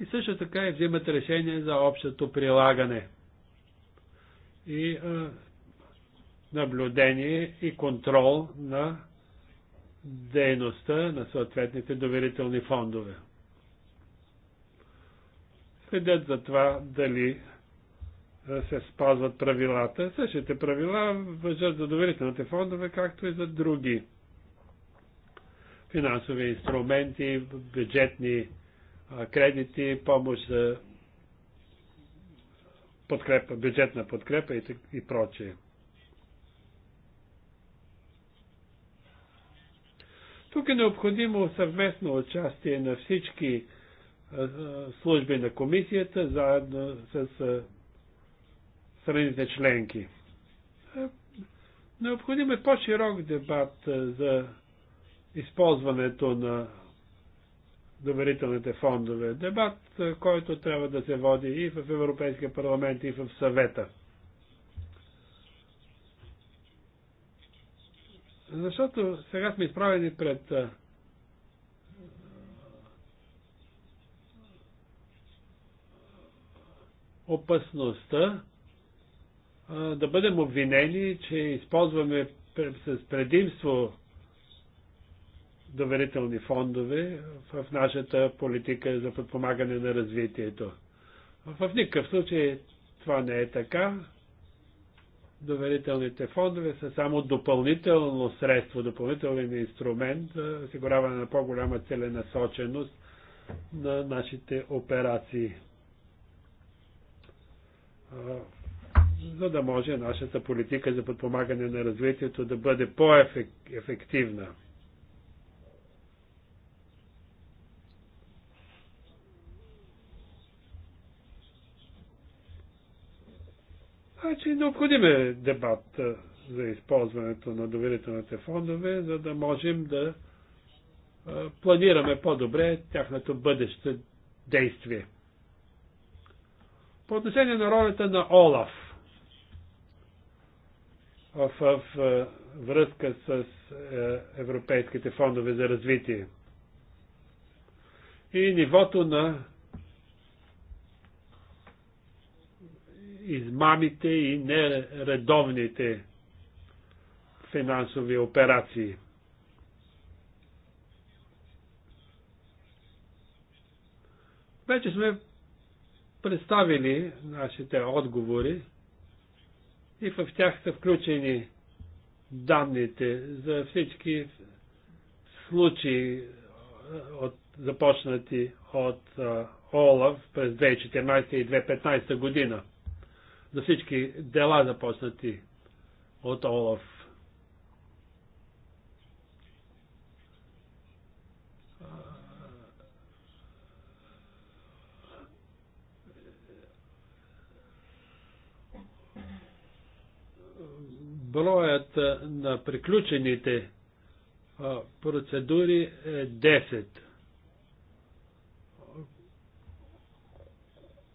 И също така и взимат решение за общото прилагане. И а, наблюдение и контрол на дейността на съответните доверителни фондове. Следят за това дали се спазват правилата. Същите правила въжат за доверителните фондове, както и за други финансови инструменти, бюджетни кредити, помощ за подкрепа, бюджетна подкрепа и, прочее. Тук е необходимо съвместно участие на всички служби на комисията, заедно с страните членки. Необходим е по-широк дебат за използването на доверителните фондове. Дебат, който трябва да се води и в Европейския парламент, и в съвета. Защото сега сме изправени пред опасността да бъдем обвинени, че използваме с предимство доверителни фондове в нашата политика за подпомагане на развитието. В никакъв случай това не е така доверителните фондове са само допълнително средство, допълнителен инструмент за осигуряване на по-голяма целенасоченост на нашите операции, за да може нашата политика за подпомагане на развитието да бъде по-ефективна. -ефек Значи необходим е дебат за използването на доверителните фондове, за да можем да планираме по-добре тяхното бъдеще действие. По отношение на ролята на Олаф в, в, в връзка с е, европейските фондове за развитие и нивото на измамите и нередовните финансови операции. Вече сме представили нашите отговори и в тях са включени данните за всички случаи, от, започнати от Олаф ОЛАВ през 2014 и 2015 година за всички дела започнати от Олаф. Броят на приключените процедури е 10.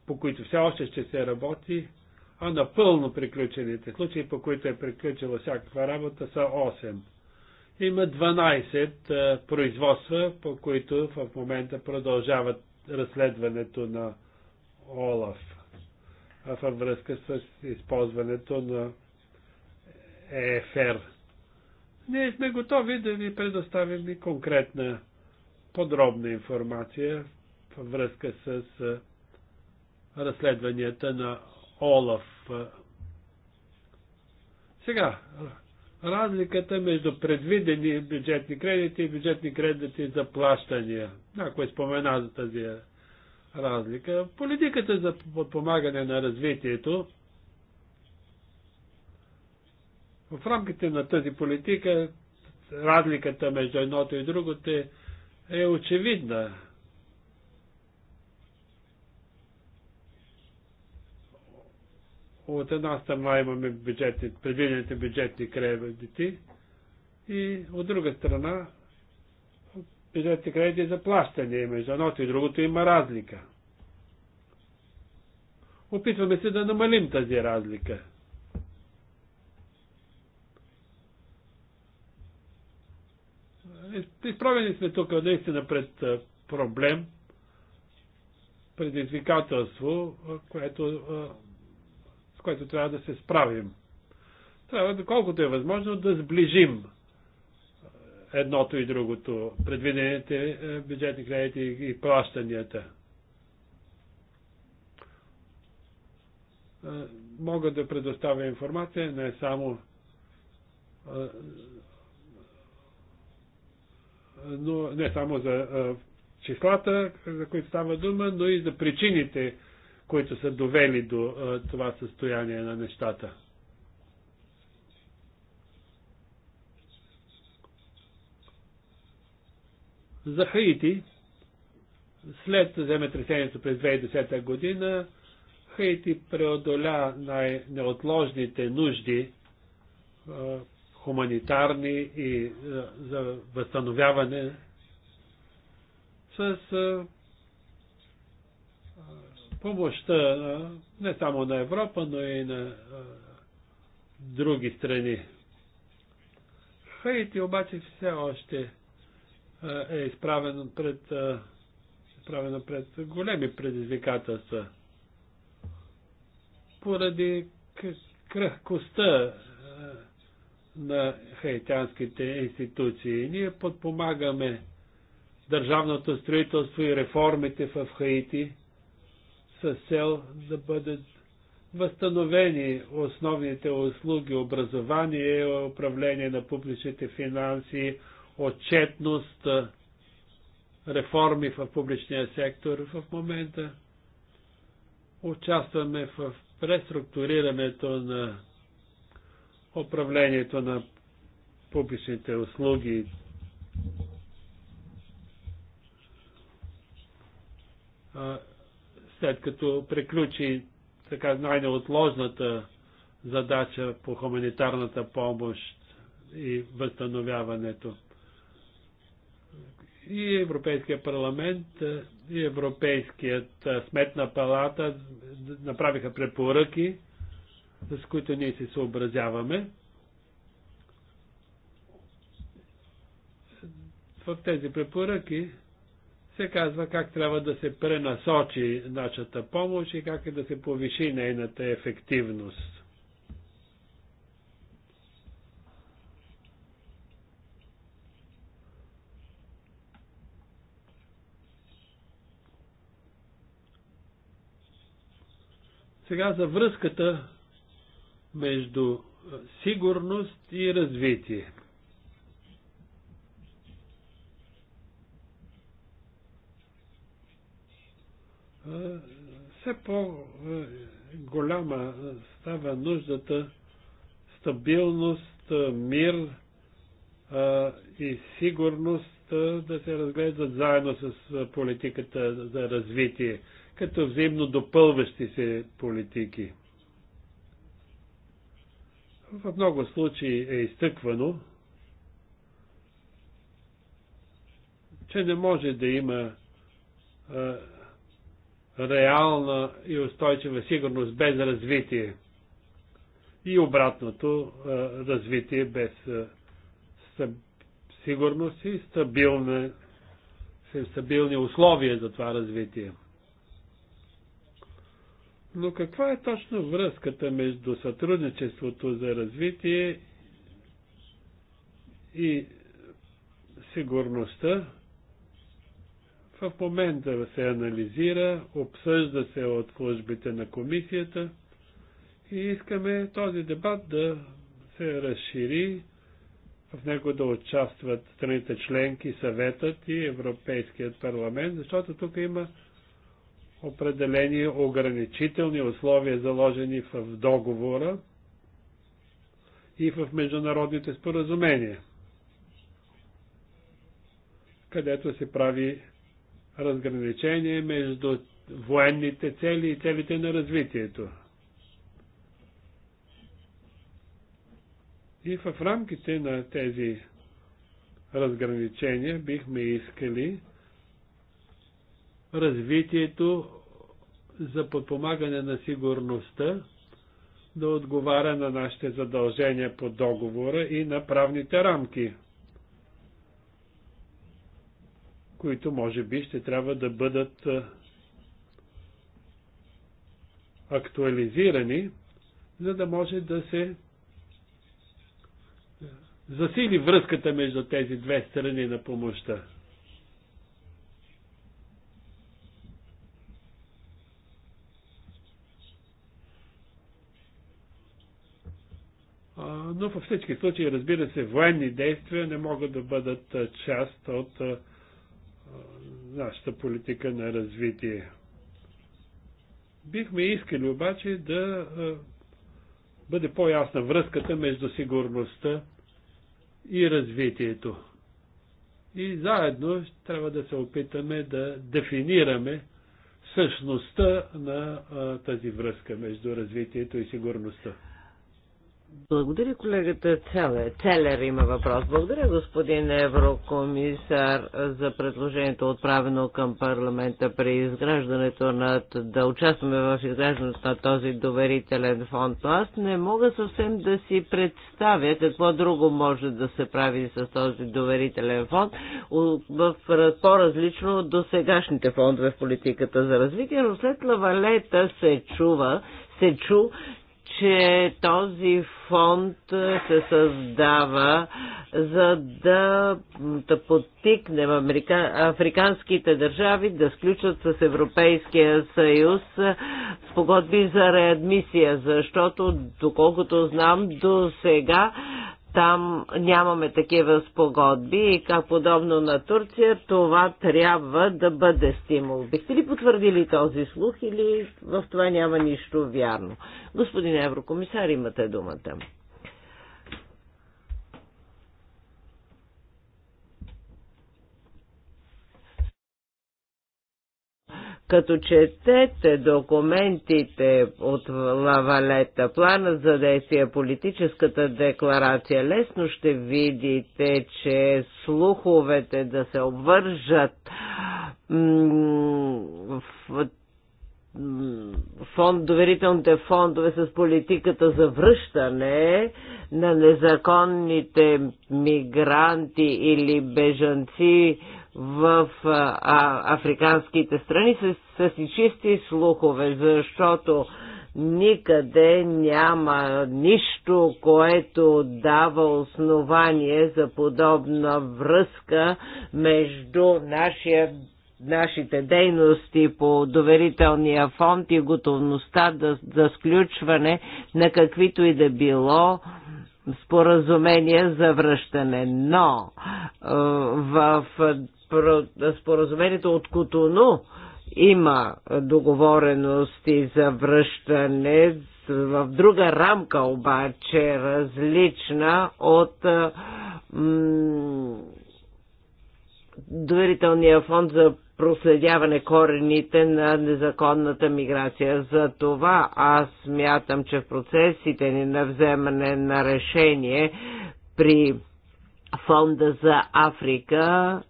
по които все още ще се работи а напълно приключените случаи, по които е приключила всякаква работа, са 8. Има 12 производства, по които в момента продължават разследването на ОЛАФ във връзка с използването на ЕФР. Ние сме готови да ви предоставим и конкретна, подробна информация във връзка с разследванията на Олаф. Сега, разликата между предвидени бюджетни кредити и бюджетни кредити за плащания. Някой спомена за тази разлика. Политиката за подпомагане на развитието в рамките на тази политика разликата между едното и другото е, е очевидна. От една страна имаме бюджетни, предвидените бюджетни кредити и от друга страна бюджетни кредити за плащане. Между едното и другото има разлика. Опитваме се да намалим тази разлика. изправени сме тук наистина пред проблем, предизвикателство, което което трябва да се справим. Трябва, доколкото е възможно, да сближим е, едното и другото, предвидените е, бюджетни кредити и плащанията. Е, мога да предоставя информация не само но не само за числата, за които става дума, но и за причините, които са довели до това състояние на нещата. За Хаити, след земетресението през 2010 година, Хаити преодоля най-неотложните нужди, хуманитарни и за възстановяване с помощта не само на Европа, но и на други страни. Хаити обаче все още е изправено пред, изправено пред големи предизвикателства. Поради кръхкостта на хаитянските институции. Ние подпомагаме държавното строителство и реформите в Хаити – с цел да бъдат възстановени основните услуги, образование, управление на публичните финанси, отчетност, реформи в публичния сектор. В момента участваме в преструктурирането на управлението на публичните услуги. А, след като приключи така най-неотложната задача по хуманитарната помощ и възстановяването. И Европейския парламент, и Европейският сметна палата направиха препоръки, с които ние се съобразяваме. В тези препоръки се казва как трябва да се пренасочи нашата помощ и как е да се повиши нейната ефективност. Сега за връзката между сигурност и развитие. все по-голяма става нуждата стабилност, мир и сигурност да се разглеждат заедно с политиката за развитие, като взаимно допълващи се политики. В много случаи е изтъквано, че не може да има реална и устойчива сигурност без развитие и обратното е, развитие без е, сигурност и стабилни, стабилни условия за това развитие. Но каква е точно връзката между сътрудничеството за развитие и сигурността в момента се анализира, обсъжда се от службите на комисията и искаме този дебат да се разшири, в него да участват страните членки, съветът и Европейският парламент, защото тук има определени ограничителни условия, заложени в договора и в международните споразумения, където се прави разграничение между военните цели и целите на развитието. И в рамките на тези разграничения бихме искали развитието за подпомагане на сигурността да отговаря на нашите задължения по договора и на правните рамки – които може би ще трябва да бъдат актуализирани, за да може да се засили връзката между тези две страни на помощта. но във всички случаи, разбира се, военни действия не могат да бъдат част от нашата политика на развитие. Бихме искали обаче да бъде по-ясна връзката между сигурността и развитието. И заедно трябва да се опитаме да дефинираме същността на а, тази връзка между развитието и сигурността. Благодаря колегата Целер. Целер има въпрос. Благодаря господин еврокомисар за предложението отправено към парламента при изграждането на да участваме в изграждането на този доверителен фонд. Но аз не мога съвсем да си представя какво друго може да се прави с този доверителен фонд в по-различно от досегашните фондове в политиката за развитие, но след лавалета се чува, се чу, че този фонд се създава за да, да подтикне Америка, африканските държави да сключат с Европейския съюз спогодби за реадмисия, защото, доколкото знам, до сега там нямаме такива спогодби и как подобно на Турция, това трябва да бъде стимул. Бихте ли потвърдили този слух или в това няма нищо вярно? Господин Еврокомисар, имате думата. Като четете документите от Лавалета, плана за действие, политическата декларация, лесно ще видите, че слуховете да се обвържат в фонд, доверителните фондове с политиката за връщане на незаконните мигранти или бежанци в а, африканските страни с с чисти слухове, защото никъде няма нищо, което дава основание за подобна връзка между нашия нашите дейности по доверителния фонд и готовността да, за сключване на каквито и да било споразумение за връщане. Но в споразумението от Котоно има договорености за връщане в друга рамка обаче, различна от доверителния фонд за проследяване корените на незаконната миграция. За това аз мятам, че в процесите ни на вземане на решение при фонда за Африка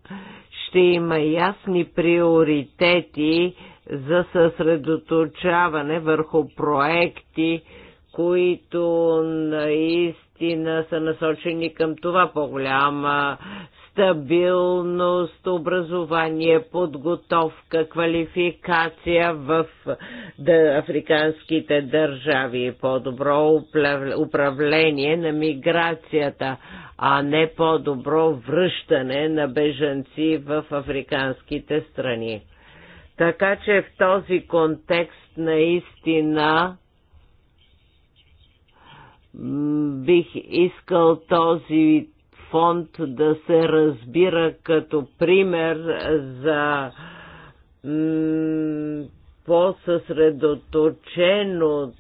ще има ясни приоритети за съсредоточаване върху проекти, които наистина са насочени към това по-голяма стабилност, образование, подготовка, квалификация в африканските държави, по-добро управление на миграцията, а не по-добро връщане на бежанци в африканските страни. Така че в този контекст наистина бих искал този фонд да се разбира като пример за по-съсредоточеното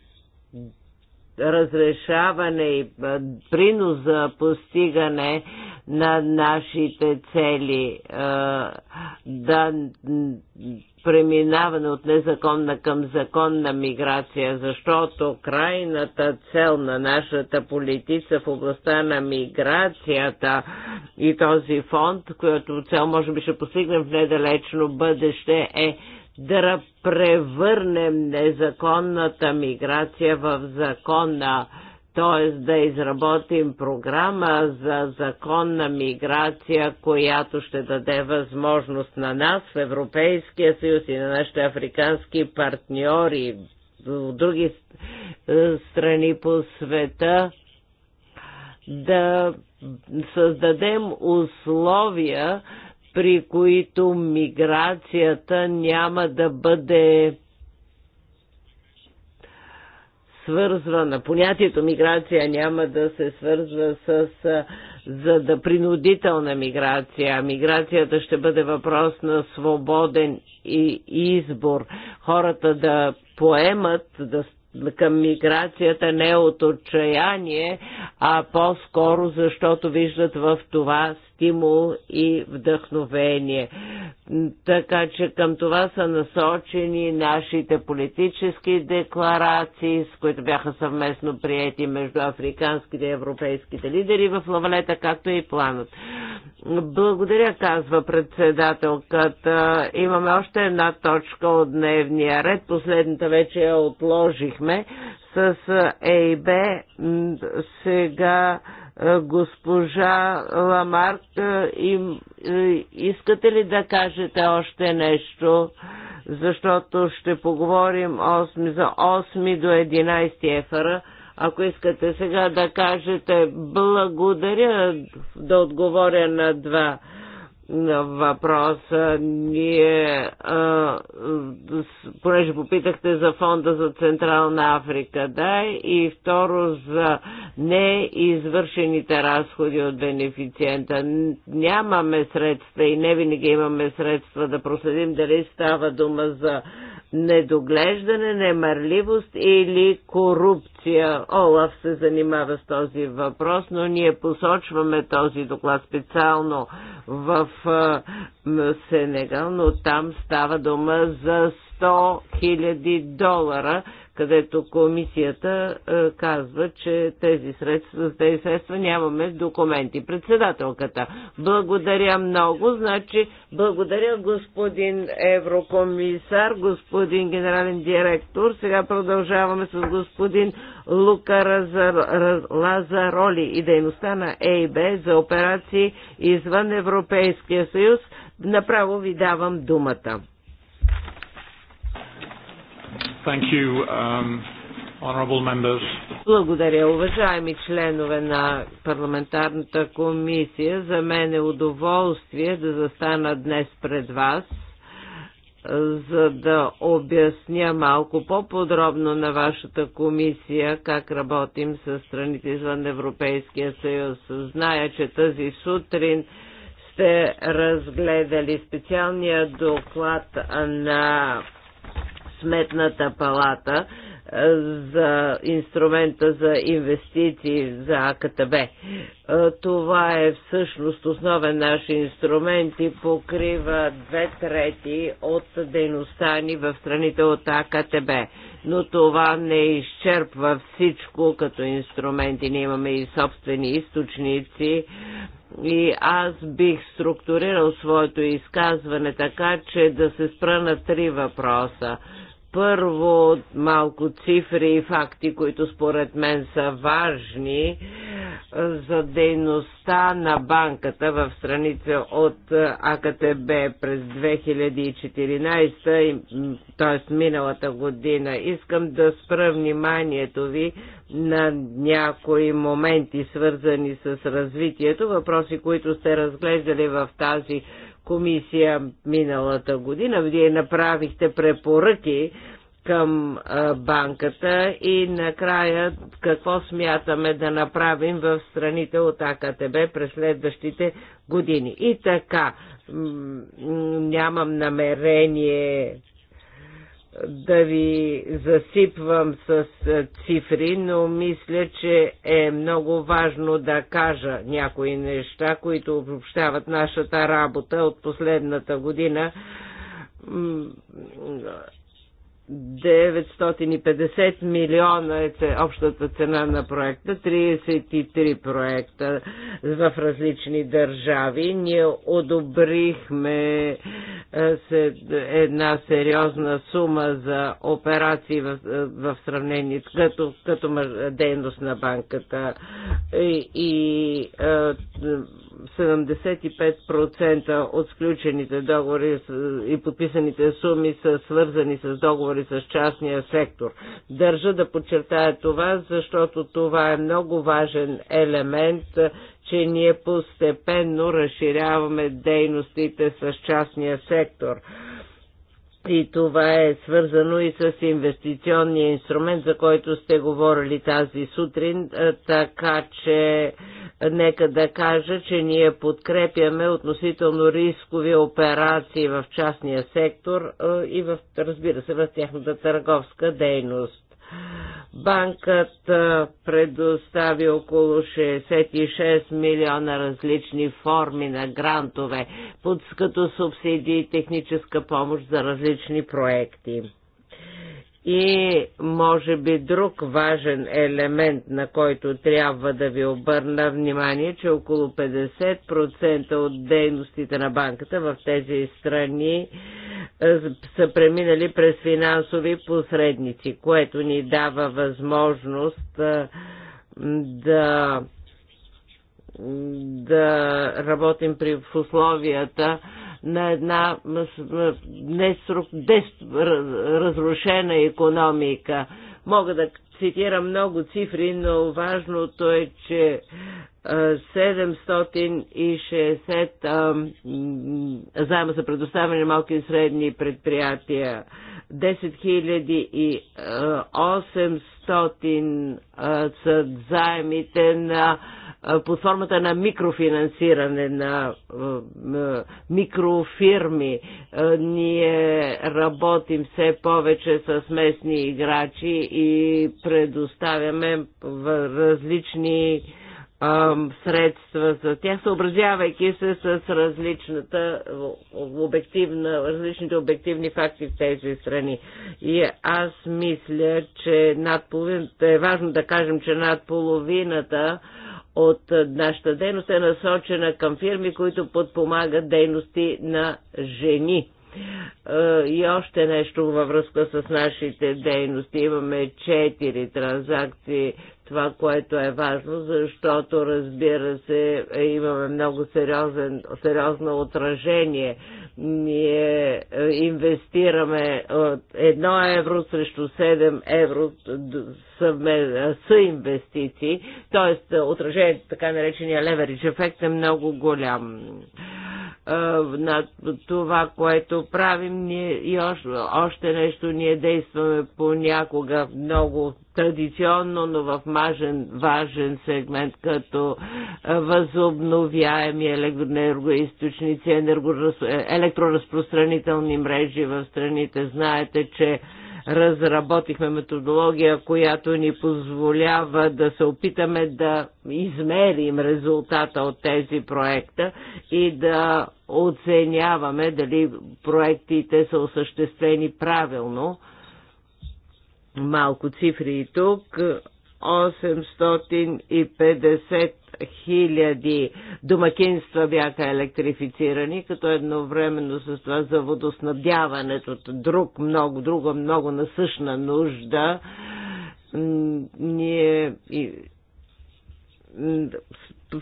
разрешаване и принос за постигане на нашите цели, да преминаване от незаконна към законна миграция, защото крайната цел на нашата политика в областта на миграцията и този фонд, който цел може би ще постигнем в недалечно бъдеще, е да превърнем незаконната миграция в законна, т.е. да изработим програма за законна миграция, която ще даде възможност на нас в Европейския съюз и на нашите африкански партньори в други е, страни по света да създадем условия при които миграцията няма да бъде свързвана, понятието миграция няма да се свързва с за да принудителна миграция. Миграцията ще бъде въпрос на свободен и избор. Хората да поемат да, към миграцията не от отчаяние, а по-скоро защото виждат в това стимул и вдъхновение. Така че към това са насочени нашите политически декларации, с които бяха съвместно приети между африканските и европейските лидери в Лавалета, както и планът. Благодаря, казва председателката. Имаме още една точка от дневния ред. Последната вече я отложихме с ЕИБ. Сега е, госпожа Ламарк, е, им, е, искате ли да кажете още нещо? Защото ще поговорим 8, за 8 до 11 ефара. Ако искате сега да кажете благодаря, да отговоря на два на въпроса. Ние, а, понеже попитахте за фонда за Централна Африка, да, и второ за неизвършените разходи от бенефициента. Нямаме средства и не винаги имаме средства да проследим дали става дума за недоглеждане, немарливост или корупция. Олаф се занимава с този въпрос, но ние посочваме този доклад специално в Сенегал, но там става дума за 100 000 долара, където комисията е, казва, че тези средства, за тези средства нямаме документи. Председателката, благодаря много, значи благодаря господин еврокомисар, господин генерален директор. Сега продължаваме с господин Лука Лазароли и дейността на ЕИБ за операции извън Европейския съюз. Направо ви давам думата. Thank you, um, honorable members. Благодаря, уважаеми членове на парламентарната комисия. За мен е удоволствие да застана днес пред вас за да обясня малко по-подробно на вашата комисия как работим с страните извън Европейския съюз. Зная, че тази сутрин сте разгледали специалния доклад на Сметната палата за инструмента за инвестиции за АКТБ. Е, това е всъщност основен наш инструмент и покрива две трети от дейността ни в страните от АКТБ. Но това не изчерпва всичко като инструменти. Ние имаме и собствени източници и аз бих структурирал своето изказване така, че да се спра на три въпроса. Първо малко цифри и факти, които според мен са важни е, за дейността на банката в страница от е, АКТБ през 2014, т.е. миналата година. Искам да спра вниманието ви на някои моменти, свързани с развитието, въпроси, които сте разглеждали в тази комисия миналата година. Вие направихте препоръки към банката и накрая какво смятаме да направим в страните от АКТБ през следващите години. И така, нямам намерение да ви засипвам с е, цифри, но мисля, че е много важно да кажа някои неща, които обобщават нашата работа от последната година 950 милиона е общата цена на проекта, 33 проекта в различни държави. Ние одобрихме е, една сериозна сума за операции в, е, в сравнение като, като дейност на банката и, и 75% е, от сключените договори и подписаните суми са свързани с договори договори с частния сектор. Държа да подчертая това, защото това е много важен елемент, че ние постепенно разширяваме дейностите с частния сектор и това е свързано и с инвестиционния инструмент, за който сте говорили тази сутрин, така че нека да кажа, че ние подкрепяме относително рискови операции в частния сектор и в, разбира се, в тяхната търговска дейност. Банкът предостави около 66 милиона различни форми на грантове, под като субсидии и техническа помощ за различни проекти. И може би друг важен елемент, на който трябва да ви обърна внимание, че около 50% от дейностите на банката в тези страни е, са преминали през финансови посредници, което ни дава възможност е, да да работим при, в условията на една разрушена економика. Мога да цитирам много цифри, но важното е, че 760 заема за предоставяне на малки и средни предприятия, 10 са заемите на под формата на микрофинансиране на микрофирми. Ние работим все повече с местни играчи и предоставяме различни средства за тях, съобразявайки се с различната обективна, различните обективни факти в тези страни. И аз мисля, че над половината, е важно да кажем, че над половината от нашата дейност е насочена към фирми, които подпомагат дейности на жени е, и още нещо във връзка с нашите дейности. Имаме четири транзакции. Това, което е важно, защото, разбира се, е, имаме много сериозен, сериозно отражение. Ние е, инвестираме от едно евро срещу 7 евро са инвестиции, т.е. отражението, така наречения леверидж ефект е много голям на това, което правим. Ние и още, още нещо ние действаме понякога много традиционно, но в мажен, важен сегмент, като възобновяеми енергоисточници, електроразпространителни мрежи в страните. Знаете, че Разработихме методология, която ни позволява да се опитаме да измерим резултата от тези проекта и да оценяваме дали проектите са осъществени правилно. Малко цифри и тук. 850 хиляди домакинства бяха електрифицирани, като едновременно с това за водоснабдяването, друг много, друга много насъщна нужда, ние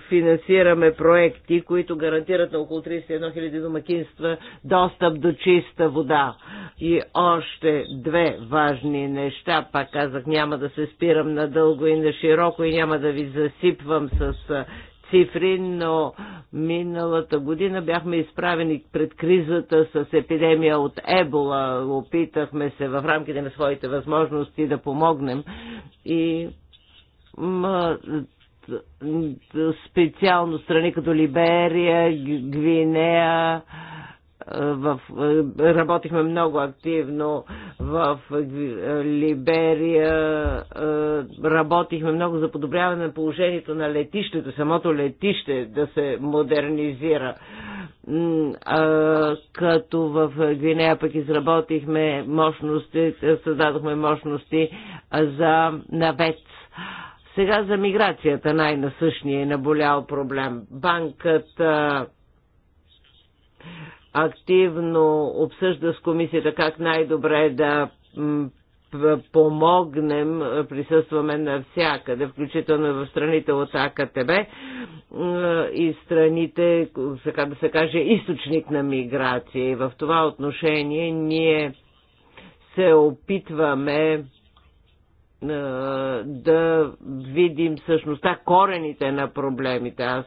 финансираме проекти, които гарантират на около 31 000 домакинства достъп до чиста вода. И още две важни неща, пак казах, няма да се спирам надълго и на широко и няма да ви засипвам с цифри, но миналата година бяхме изправени пред кризата с епидемия от ебола. Опитахме се в рамките на своите възможности да помогнем и специално страни като Либерия, Гвинея, в, работихме много активно в Либерия, работихме много за подобряване на положението на летището, самото летище да се модернизира. Като в Гвинея пък изработихме мощности, създадохме мощности за навец сега за миграцията най-насъщния е наболял проблем. Банката активно обсъжда с комисията как най-добре да помогнем, присъстваме навсякъде, включително в страните от АКТБ и страните, така да се каже, източник на миграция. И в това отношение ние се опитваме е, да видим същността, корените на проблемите. Аз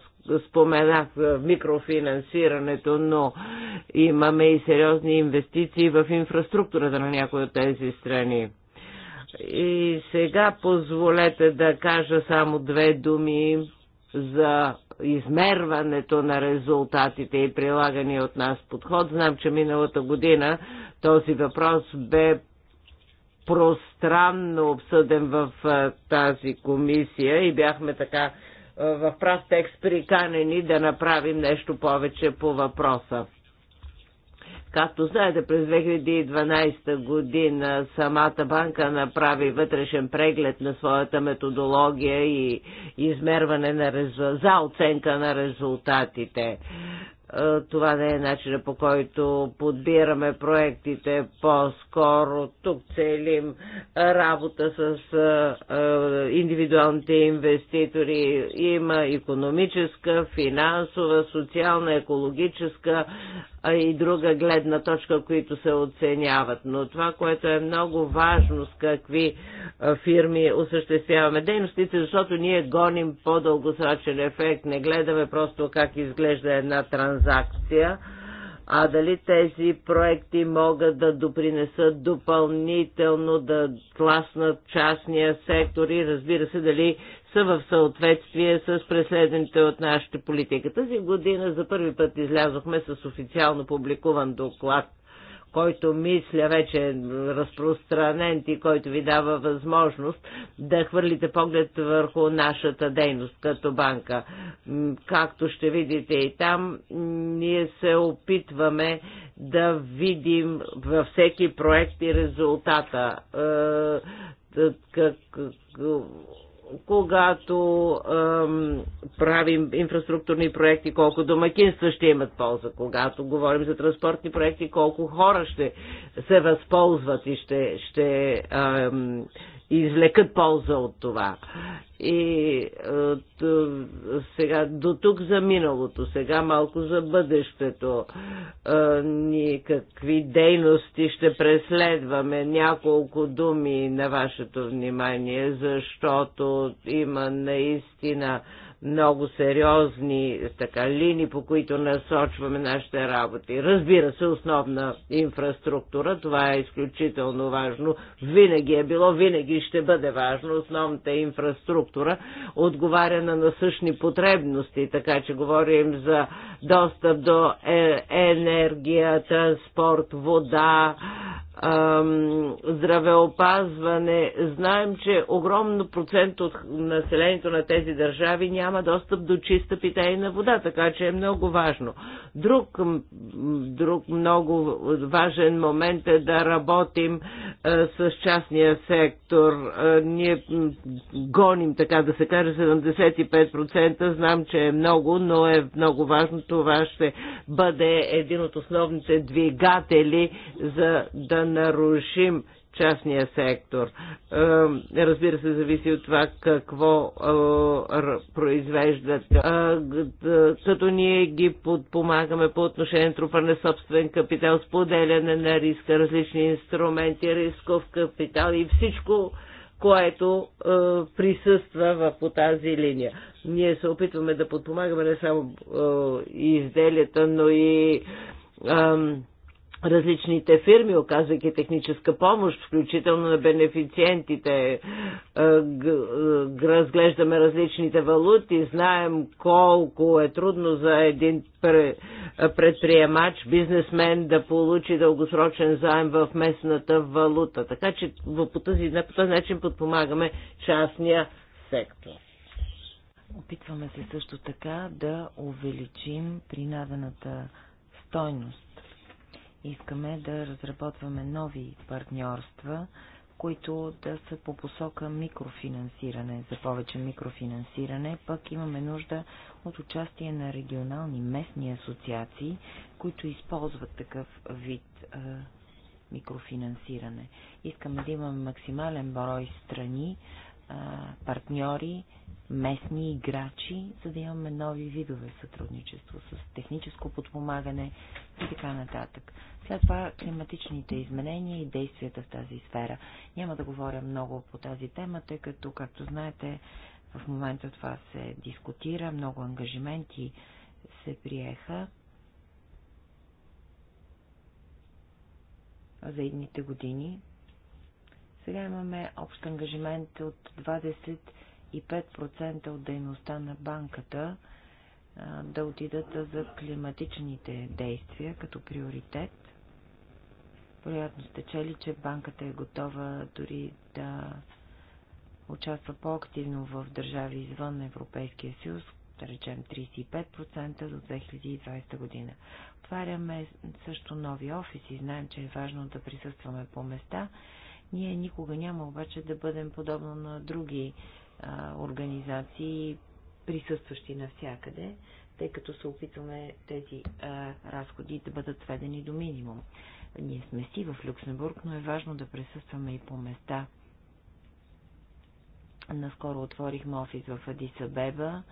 споменах е, микрофинансирането, но имаме и сериозни инвестиции в инфраструктурата на някои от тези страни. И сега позволете да кажа само две думи за измерването на резултатите и прилагани от нас подход. Знам, че миналата година този въпрос бе пространно обсъден в тази комисия и бяхме така в прав текст приканени да направим нещо повече по въпроса. Както знаете, през 2012 година самата банка направи вътрешен преглед на своята методология и измерване на резу... за оценка на резултатите. Е, това не е начина по който подбираме проектите, по-скоро тук целим работа с е, е, индивидуалните инвеститори. Има економическа, финансова, социална, екологическа и друга гледна точка, които се оценяват. Но това, което е много важно с какви фирми осъществяваме дейностите, защото ние гоним по-дългосрочен ефект, не гледаме просто как изглежда една транзакция транзакция, а дали тези проекти могат да допринесат допълнително, да тласнат частния сектор и разбира се дали са в съответствие с преследваните от нашите политика. Тази година за първи път излязохме с официално публикуван доклад който мисля вече е разпространен и който ви дава възможност да хвърлите поглед върху нашата дейност като банка. Както ще видите и там, ние се опитваме да видим във всеки проект и резултата. Е, как, когато ем, правим инфраструктурни проекти, колко домакинства ще имат полза, когато говорим за транспортни проекти, колко хора ще се възползват и ще, ще ем, извлекат полза от това. И е, сега, до тук за миналото, сега малко за бъдещето. Е, Ние какви дейности ще преследваме? Няколко думи на вашето внимание, защото има наистина много сериозни така, линии, по които насочваме нашите работи. Разбира се, основна инфраструктура, това е изключително важно. Винаги е било, винаги ще бъде важно. Основната инфраструктура отговаря на насъщни потребности, така че говорим за достъп до е, енергия, транспорт, вода, здравеопазване. Знаем, че огромно процент от населението на тези държави няма достъп до чиста питейна вода, така че е много важно. Друг, друг много важен момент е да работим с частния сектор. Ние гоним, така да се каже, 75%. Знам, че е много, но е много важно. Това ще бъде един от основните двигатели за да нарушим частния сектор. Разбира се, зависи от това какво произвеждат. Като ние ги подпомагаме по отношение на трупа на собствен капитал, споделяне на риска, различни инструменти, рисков капитал и всичко, което присъства в, по тази линия. Ние се опитваме да подпомагаме не само изделията, но и различните фирми, оказвайки техническа помощ, включително на бенефициентите. Е, е, разглеждаме различните валути, знаем колко е трудно за един предприемач, бизнесмен да получи дългосрочен заем в местната валута. Така че по този, по този начин подпомагаме частния сектор. Опитваме се също така да увеличим принадената стойност Искаме да разработваме нови партньорства, които да са по посока микрофинансиране, за повече микрофинансиране, пък имаме нужда от участие на регионални местни асоциации, които използват такъв вид е, микрофинансиране. Искаме да имаме максимален брой страни, е, партньори местни играчи, за да имаме нови видове сътрудничество с техническо подпомагане и така нататък. След това климатичните изменения и действията в тази сфера. Няма да говоря много по тази тема, тъй като, както знаете, в момента това се дискутира, много ангажименти се приеха за едните години. Сега имаме общ ангажимент от 20 5% от дейността на банката да отидат за климатичните действия като приоритет. Вероятно сте чели, че банката е готова дори да участва по-активно в държави извън Европейския съюз, да речем 35% до 2020 година. Отваряме също нови офиси, знаем, че е важно да присъстваме по места. Ние никога няма обаче да бъдем подобно на други а, организации, присъстващи навсякъде, тъй като се опитваме тези а, разходи да бъдат сведени до минимум. Ние сме си в Люксембург, но е важно да присъстваме и по места. Наскоро отворихме офис в Адисабеба,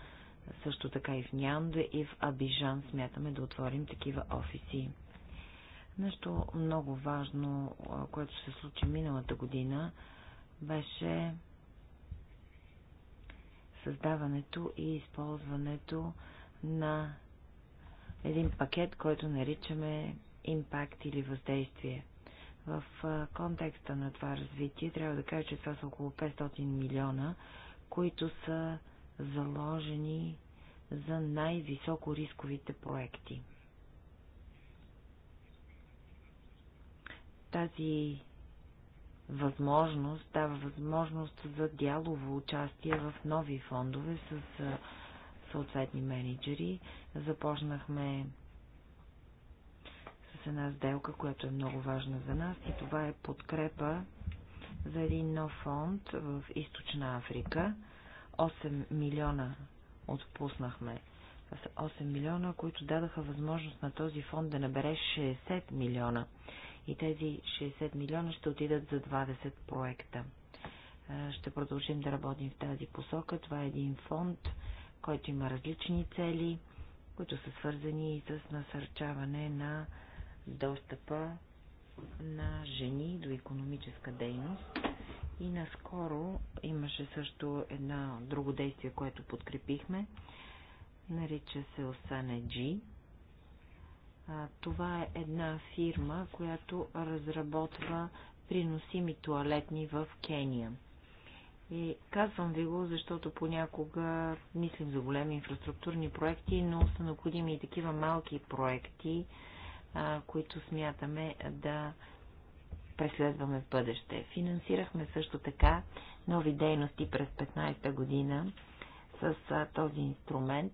също така и в Нянде и в Абижан смятаме да отворим такива офиси. Нещо много важно, което се случи миналата година, беше създаването и използването на един пакет, който наричаме импакт или въздействие. В контекста на това развитие трябва да кажа, че това са около 500 милиона, които са заложени за най-високо рисковите проекти. Тази възможност, дава възможност за дялово участие в нови фондове с съответни менеджери. Започнахме с една сделка, която е много важна за нас и това е подкрепа за един нов фонд в Източна Африка. 8 милиона отпуснахме. 8 милиона, които дадаха възможност на този фонд да набере 60 милиона и тези 60 милиона ще отидат за 20 проекта. Ще продължим да работим в тази посока. Това е един фонд, който има различни цели, които са свързани и с насърчаване на достъпа на жени до економическа дейност. И наскоро имаше също едно друго действие, което подкрепихме. Нарича се Осана Джи. Това е една фирма, която разработва приносими туалетни в Кения. И казвам ви го, защото понякога мислим за големи инфраструктурни проекти, но са необходими и такива малки проекти, които смятаме да преследваме в бъдеще. Финансирахме също така нови дейности през 15-та година с този инструмент.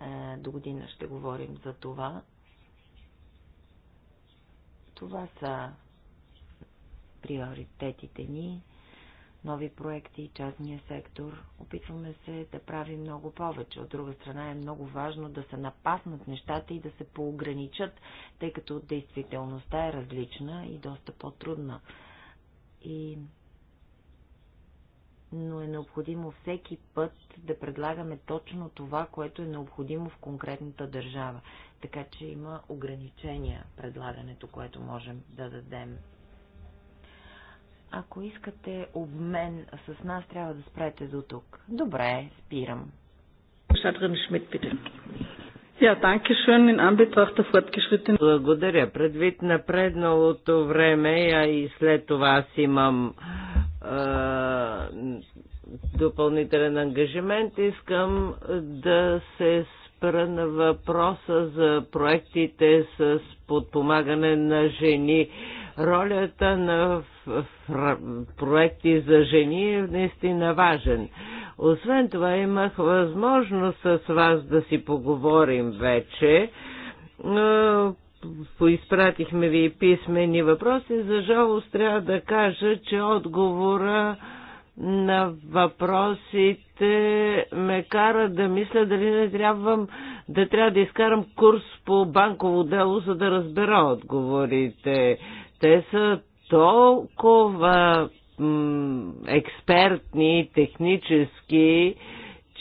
Е, до година ще говорим за това. Това са приоритетите ни, нови проекти, частния сектор. Опитваме се да правим много повече. От друга страна е много важно да се напаснат нещата и да се поограничат, тъй като действителността е различна и доста по-трудна. И но е необходимо всеки път да предлагаме точно това, което е необходимо в конкретната държава. Така че има ограничения предлагането, което можем да дадем. Ако искате обмен с нас, трябва да спрете до тук. Добре, спирам. Благодаря. Предвид напредналото време, а и след това аз имам допълнителен ангажимент. Искам да се спра на въпроса за проектите с подпомагане на жени. Ролята на проекти за жени е наистина важен. Освен това имах възможност с вас да си поговорим вече поизпратихме ви писмени въпроси. За жалост трябва да кажа, че отговора на въпросите ме кара да мисля дали не трябвам да трябва да изкарам курс по банково дело, за да разбера отговорите. Те са толкова експертни, технически,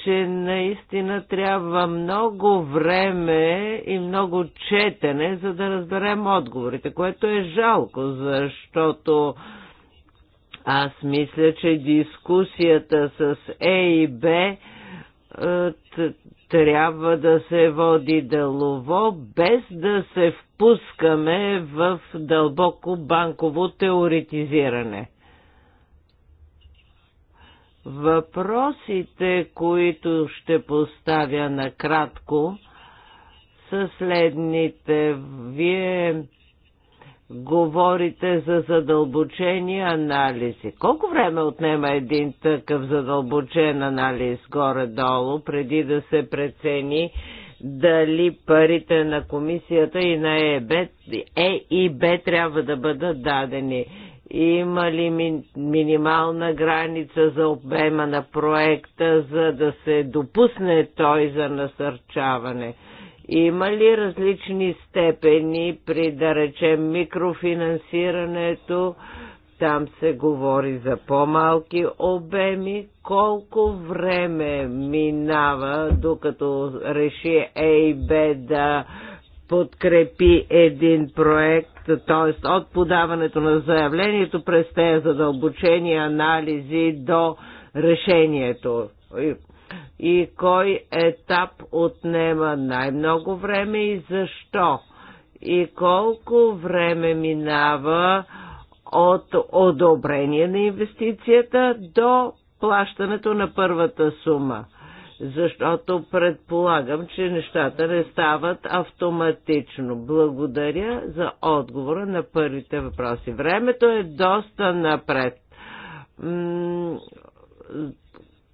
че наистина трябва много време и много четене, за да разберем отговорите, което е жалко, защото аз мисля, че дискусията с Е и Б е, трябва да се води делово, без да се впускаме в дълбоко банково теоретизиране. Въпросите, които ще поставя накратко, са следните. Вие говорите за задълбочени анализи. Колко време отнема един такъв задълбочен анализ горе-долу, преди да се прецени дали парите на комисията и на ЕБ, Е и Б трябва да бъдат дадени? Има ли ми, минимална граница за обема на проекта, за да се допусне той за насърчаване? Има ли различни степени при, да речем, микрофинансирането? Там се говори за по-малки обеми. Колко време минава, докато реши ЕИБ да подкрепи един проект т.е. от подаването на заявлението през тези задълбочени анализи до решението и кой етап отнема най-много време и защо и колко време минава от одобрение на инвестицията до плащането на първата сума защото предполагам, че нещата не стават автоматично. Благодаря за отговора на първите въпроси. Времето е доста напред.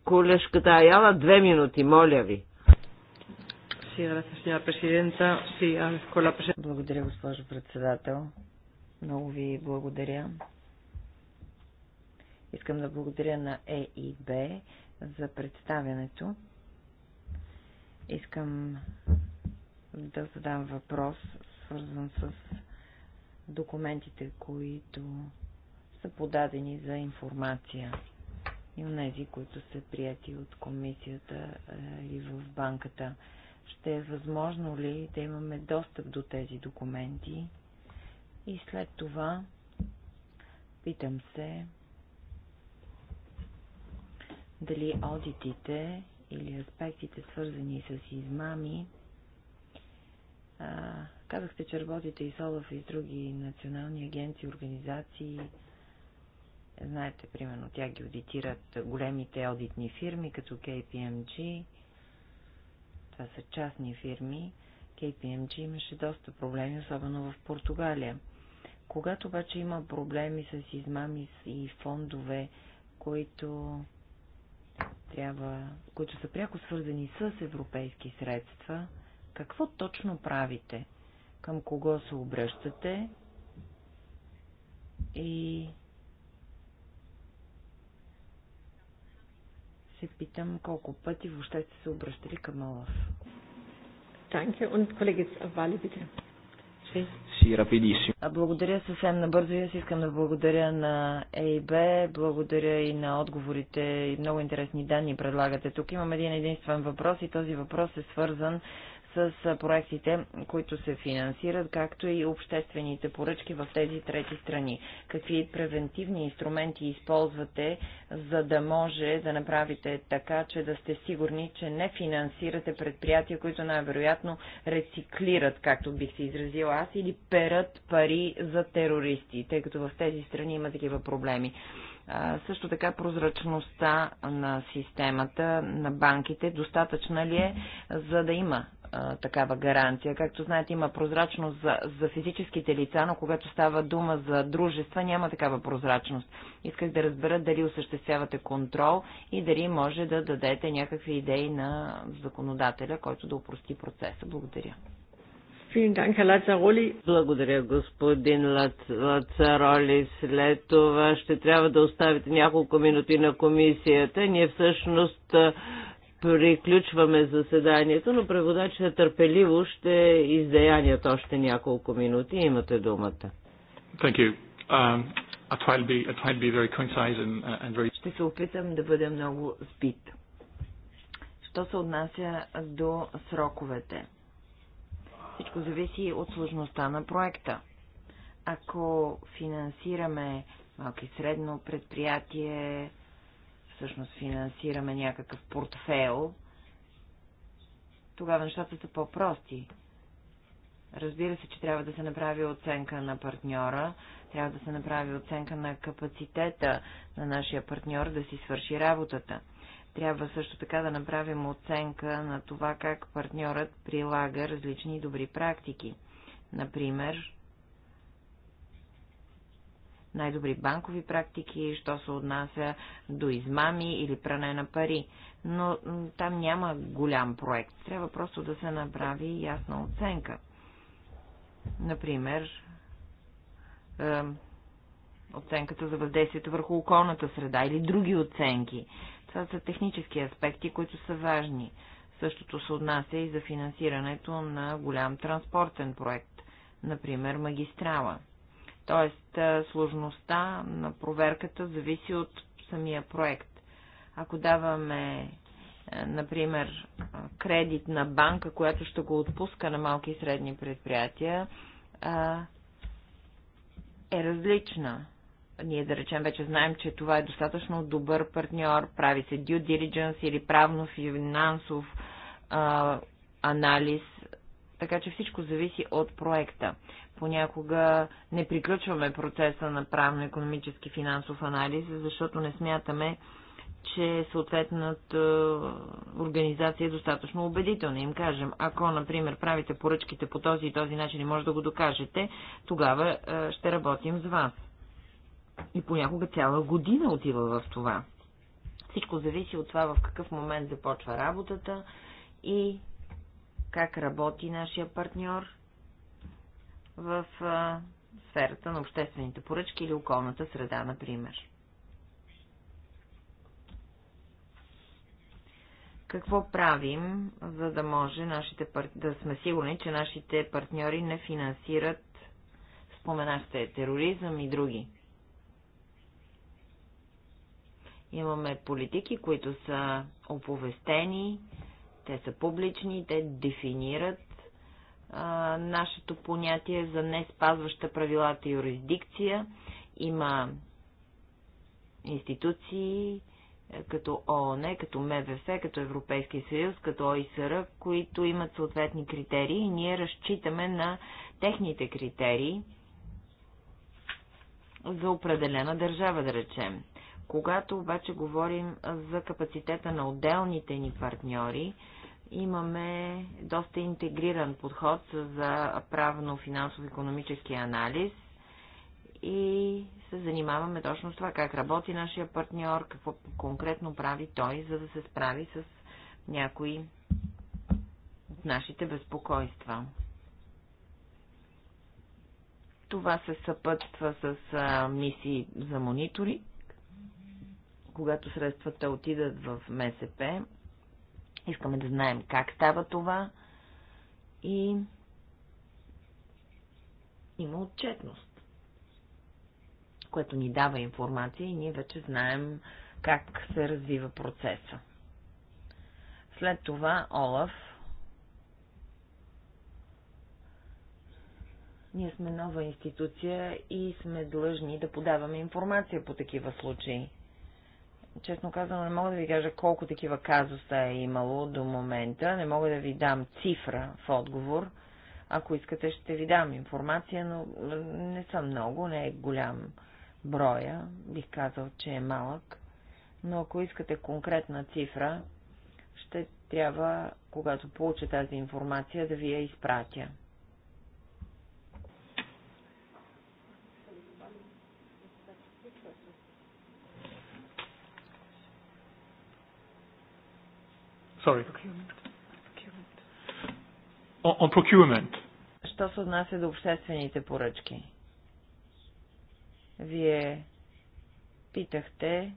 Колешката Аяла, две минути, моля ви. Ah, благодаря, госпожо председател. Много ви благодаря. Искам да благодаря на ЕИБ за представянето. Искам да задам въпрос, свързан с документите, които са подадени за информация и тези, които са прияти от комисията е, и в банката. Ще е възможно ли да имаме достъп до тези документи? И след това питам се дали одитите или аспектите, свързани с измами. А, казахте, че работите и с ОЛАФ и с други национални агенции, организации. Знаете, примерно, тя ги аудитират големите аудитни фирми, като KPMG. Това са частни фирми. KPMG имаше доста проблеми, особено в Португалия. Когато обаче има проблеми с измами и фондове, които трябва, които са пряко свързани с европейски средства, какво точно правите, към кого се обръщате и се питам колко пъти въобще сте се обръщали към Олаф. Danke und Kollege Wali, bitte си. Си, рапидисимо. Благодаря съвсем набързо и аз искам да благодаря на ЕИБ, благодаря и на отговорите и много интересни данни предлагате. Тук имам един единствен въпрос и този въпрос е свързан с проектите, които се финансират, както и обществените поръчки в тези трети страни. Какви превентивни инструменти използвате, за да може да направите така, че да сте сигурни, че не финансирате предприятия, които най-вероятно рециклират, както бих се изразила аз, или перат пари за терористи, тъй като в тези страни има такива проблеми. Също така прозрачността на системата, на банките, достатъчна ли е, за да има а, такава гаранция. Както знаете, има прозрачност за, за физическите лица, но когато става дума за дружества, няма такава прозрачност. Исках да разбера дали осъществявате контрол и дали може да дадете някакви идеи на законодателя, който да упрости процеса. Благодаря. Благодаря, господин Лацароли. След това ще трябва да оставите няколко минути на комисията. Ние всъщност приключваме заседанието, но преводачът търпеливо ще издеянят още няколко минути. Имате думата. Thank you. Um, uh, Ще се опитам да бъда много сбит. Що се отнася до сроковете? Всичко зависи от сложността на проекта. Ако финансираме малки средно предприятие, всъщност финансираме някакъв портфел, тогава нещата са по-прости. Разбира се, че трябва да се направи оценка на партньора, трябва да се направи оценка на капацитета на нашия партньор да си свърши работата. Трябва също така да направим оценка на това как партньорът прилага различни добри практики. Например, най-добри банкови практики, що се отнася до измами или пране на пари. Но там няма голям проект. Трябва просто да се направи ясна оценка. Например, е, оценката за въздействието върху околната среда или други оценки. Това са технически аспекти, които са важни. Същото се отнася и за финансирането на голям транспортен проект, например магистрала. Тоест, сложността на проверката зависи от самия проект. Ако даваме, например, кредит на банка, която ще го отпуска на малки и средни предприятия, е различна. Ние да речем вече знаем, че това е достатъчно добър партньор, прави се due diligence или правно-финансов анализ, така че всичко зависи от проекта. Понякога не приключваме процеса на правно-економически финансов анализ, защото не смятаме, че съответната е, организация е достатъчно убедителна. Им кажем, ако, например, правите поръчките по този и този начин и може да го докажете, тогава е, ще работим с вас. И понякога цяла година отива в това. Всичко зависи от това в какъв момент започва работата и как работи нашия партньор в а, сферата на обществените поръчки или околната среда, например. Какво правим, за да може нашите пар... да сме сигурни, че нашите партньори не финансират споменахте тероризъм и други? Имаме политики, които са оповестени, те са публични, те дефинират а, нашето понятие за не спазваща правилата юрисдикция. Има институции е, като ООН, като МВФ, като Европейски съюз, като ОИСР, които имат съответни критерии и ние разчитаме на техните критерии за определена държава, да речем. Когато обаче говорим за капацитета на отделните ни партньори, имаме доста интегриран подход за правно-финансово-економически анализ и се занимаваме точно с това, как работи нашия партньор, какво конкретно прави той, за да се справи с някои от нашите безпокойства. Това се съпътства с а, мисии за мониторинг, когато средствата отидат в МСП, Искаме да знаем как става това и има отчетност, което ни дава информация и ние вече знаем как се развива процеса. След това Олаф Ние сме нова институция и сме длъжни да подаваме информация по такива случаи честно казано, не мога да ви кажа колко такива казуса е имало до момента. Не мога да ви дам цифра в отговор. Ако искате, ще ви дам информация, но е, не са много, не е голям броя. Бих казал, че е малък. Но ако искате конкретна цифра, ще трябва, когато получа тази информация, да ви я изпратя. Sorry. On procurement. Що се отнася до обществените поръчки? Вие питахте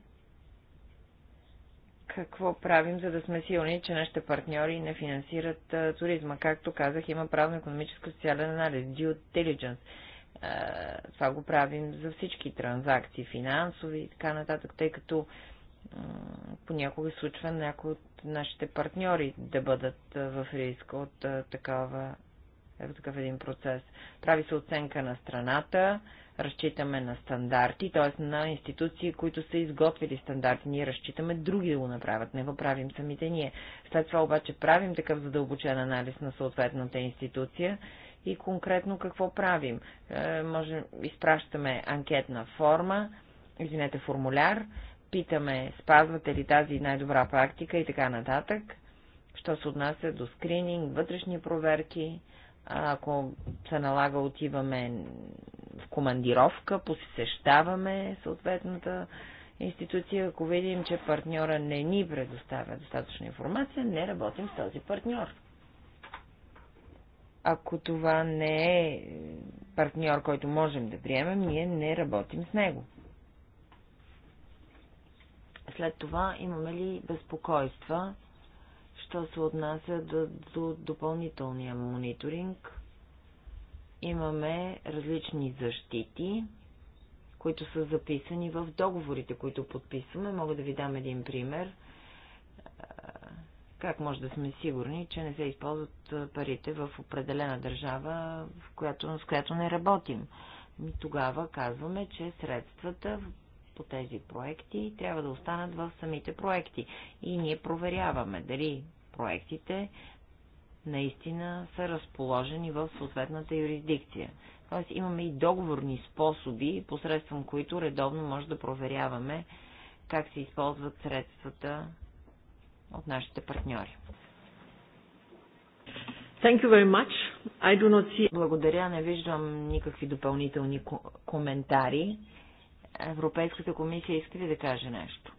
какво правим, за да сме силни, че нашите партньори не финансират а, туризма. Както казах, има правно-економическо социален анализ, due diligence. А, това го правим за всички транзакции, финансови и така нататък, тъй като понякога случва някои от нашите партньори да бъдат в риск от такава, е, такъв един процес. Прави се оценка на страната, разчитаме на стандарти, т.е. на институции, които са изготвили стандарти. Ние разчитаме други да го направят, не го правим самите ние. След това обаче правим такъв задълбочен анализ на съответната институция и конкретно какво правим. Е, може, изпращаме анкетна форма, извинете, формуляр, питаме, спазвате ли тази най-добра практика и така нататък, що се отнася до скрининг, вътрешни проверки, ако се налага отиваме в командировка, посещаваме съответната институция, ако видим, че партньора не ни предоставя достатъчна информация, не работим с този партньор. Ако това не е партньор, който можем да приемем, ние не работим с него след това имаме ли безпокойства, що се отнася до, до допълнителния мониторинг. Имаме различни защити, които са записани в договорите, които подписваме. Мога да ви дам един пример. Как може да сме сигурни, че не се използват парите в определена държава, в която, с която не работим? Ми тогава казваме, че средствата по тези проекти трябва да останат в самите проекти. И ние проверяваме дали проектите наистина са разположени в съответната юрисдикция. Тоест имаме и договорни способи, посредством които редовно може да проверяваме как се използват средствата от нашите партньори. Thank you very much. I do not see... Благодаря, не виждам никакви допълнителни коментари. Европейската комисия иска ли да каже нещо?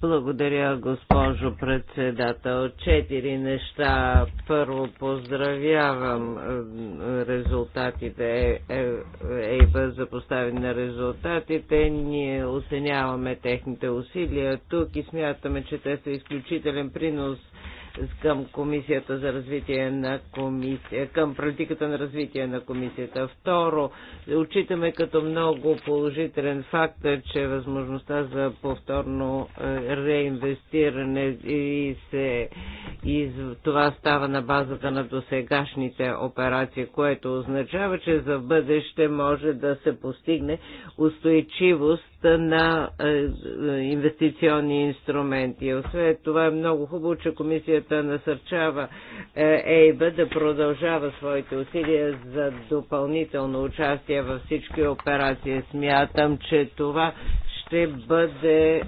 Благодаря, госпожо председател. Четири неща. Първо поздравявам е, резултатите, е, е, ЕИБ за поставяне на резултатите. Ние оценяваме техните усилия тук и смятаме, че те са изключителен принос към комисията за развитие на комисия, към политиката на развитие на комисията. Второ, отчитаме като много положителен факт, че възможността за повторно е, реинвестиране и, се, и това става на базата на досегашните операции, което означава, че за бъдеще може да се постигне устойчивост на е, е, инвестиционни инструменти. Освен това е много хубаво, че комисията насърчава Ейба да продължава своите усилия за допълнително участие във всички операции. Смятам, че това ще бъде е,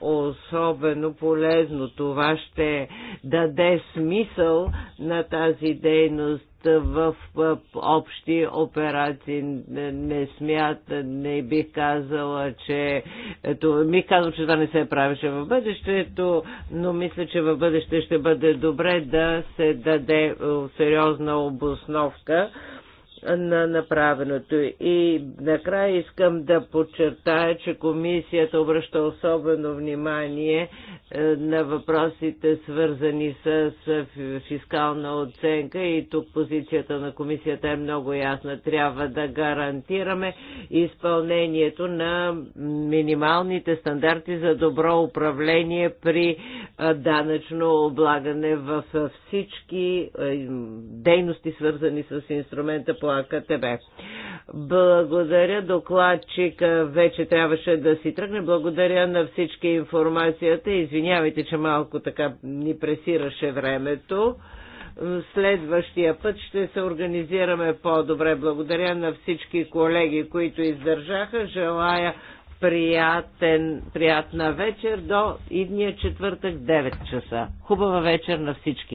особено полезно. Това ще даде смисъл на тази дейност в е, общи операции. Не смята, не бих казала, че... Ето, ми казвам, че това не се правеше в бъдещето, но мисля, че в бъдеще ще бъде добре да се даде е, сериозна обосновка на направеното. И накрая искам да подчертая, че комисията обръща особено внимание е, на въпросите свързани с фискална оценка и тук позицията на комисията е много ясна. Трябва да гарантираме изпълнението на минималните стандарти за добро управление при е, данъчно облагане в всички е, дейности, свързани с инструмента по АКТБ. Благодаря Докладчик. Вече трябваше да си тръгне. Благодаря на всички информацията. Извинявайте, че малко така ни пресираше времето следващия път ще се организираме по-добре. Благодаря на всички колеги, които издържаха. Желая приятен, приятна вечер до идния четвъртък 9 часа. Хубава вечер на всички.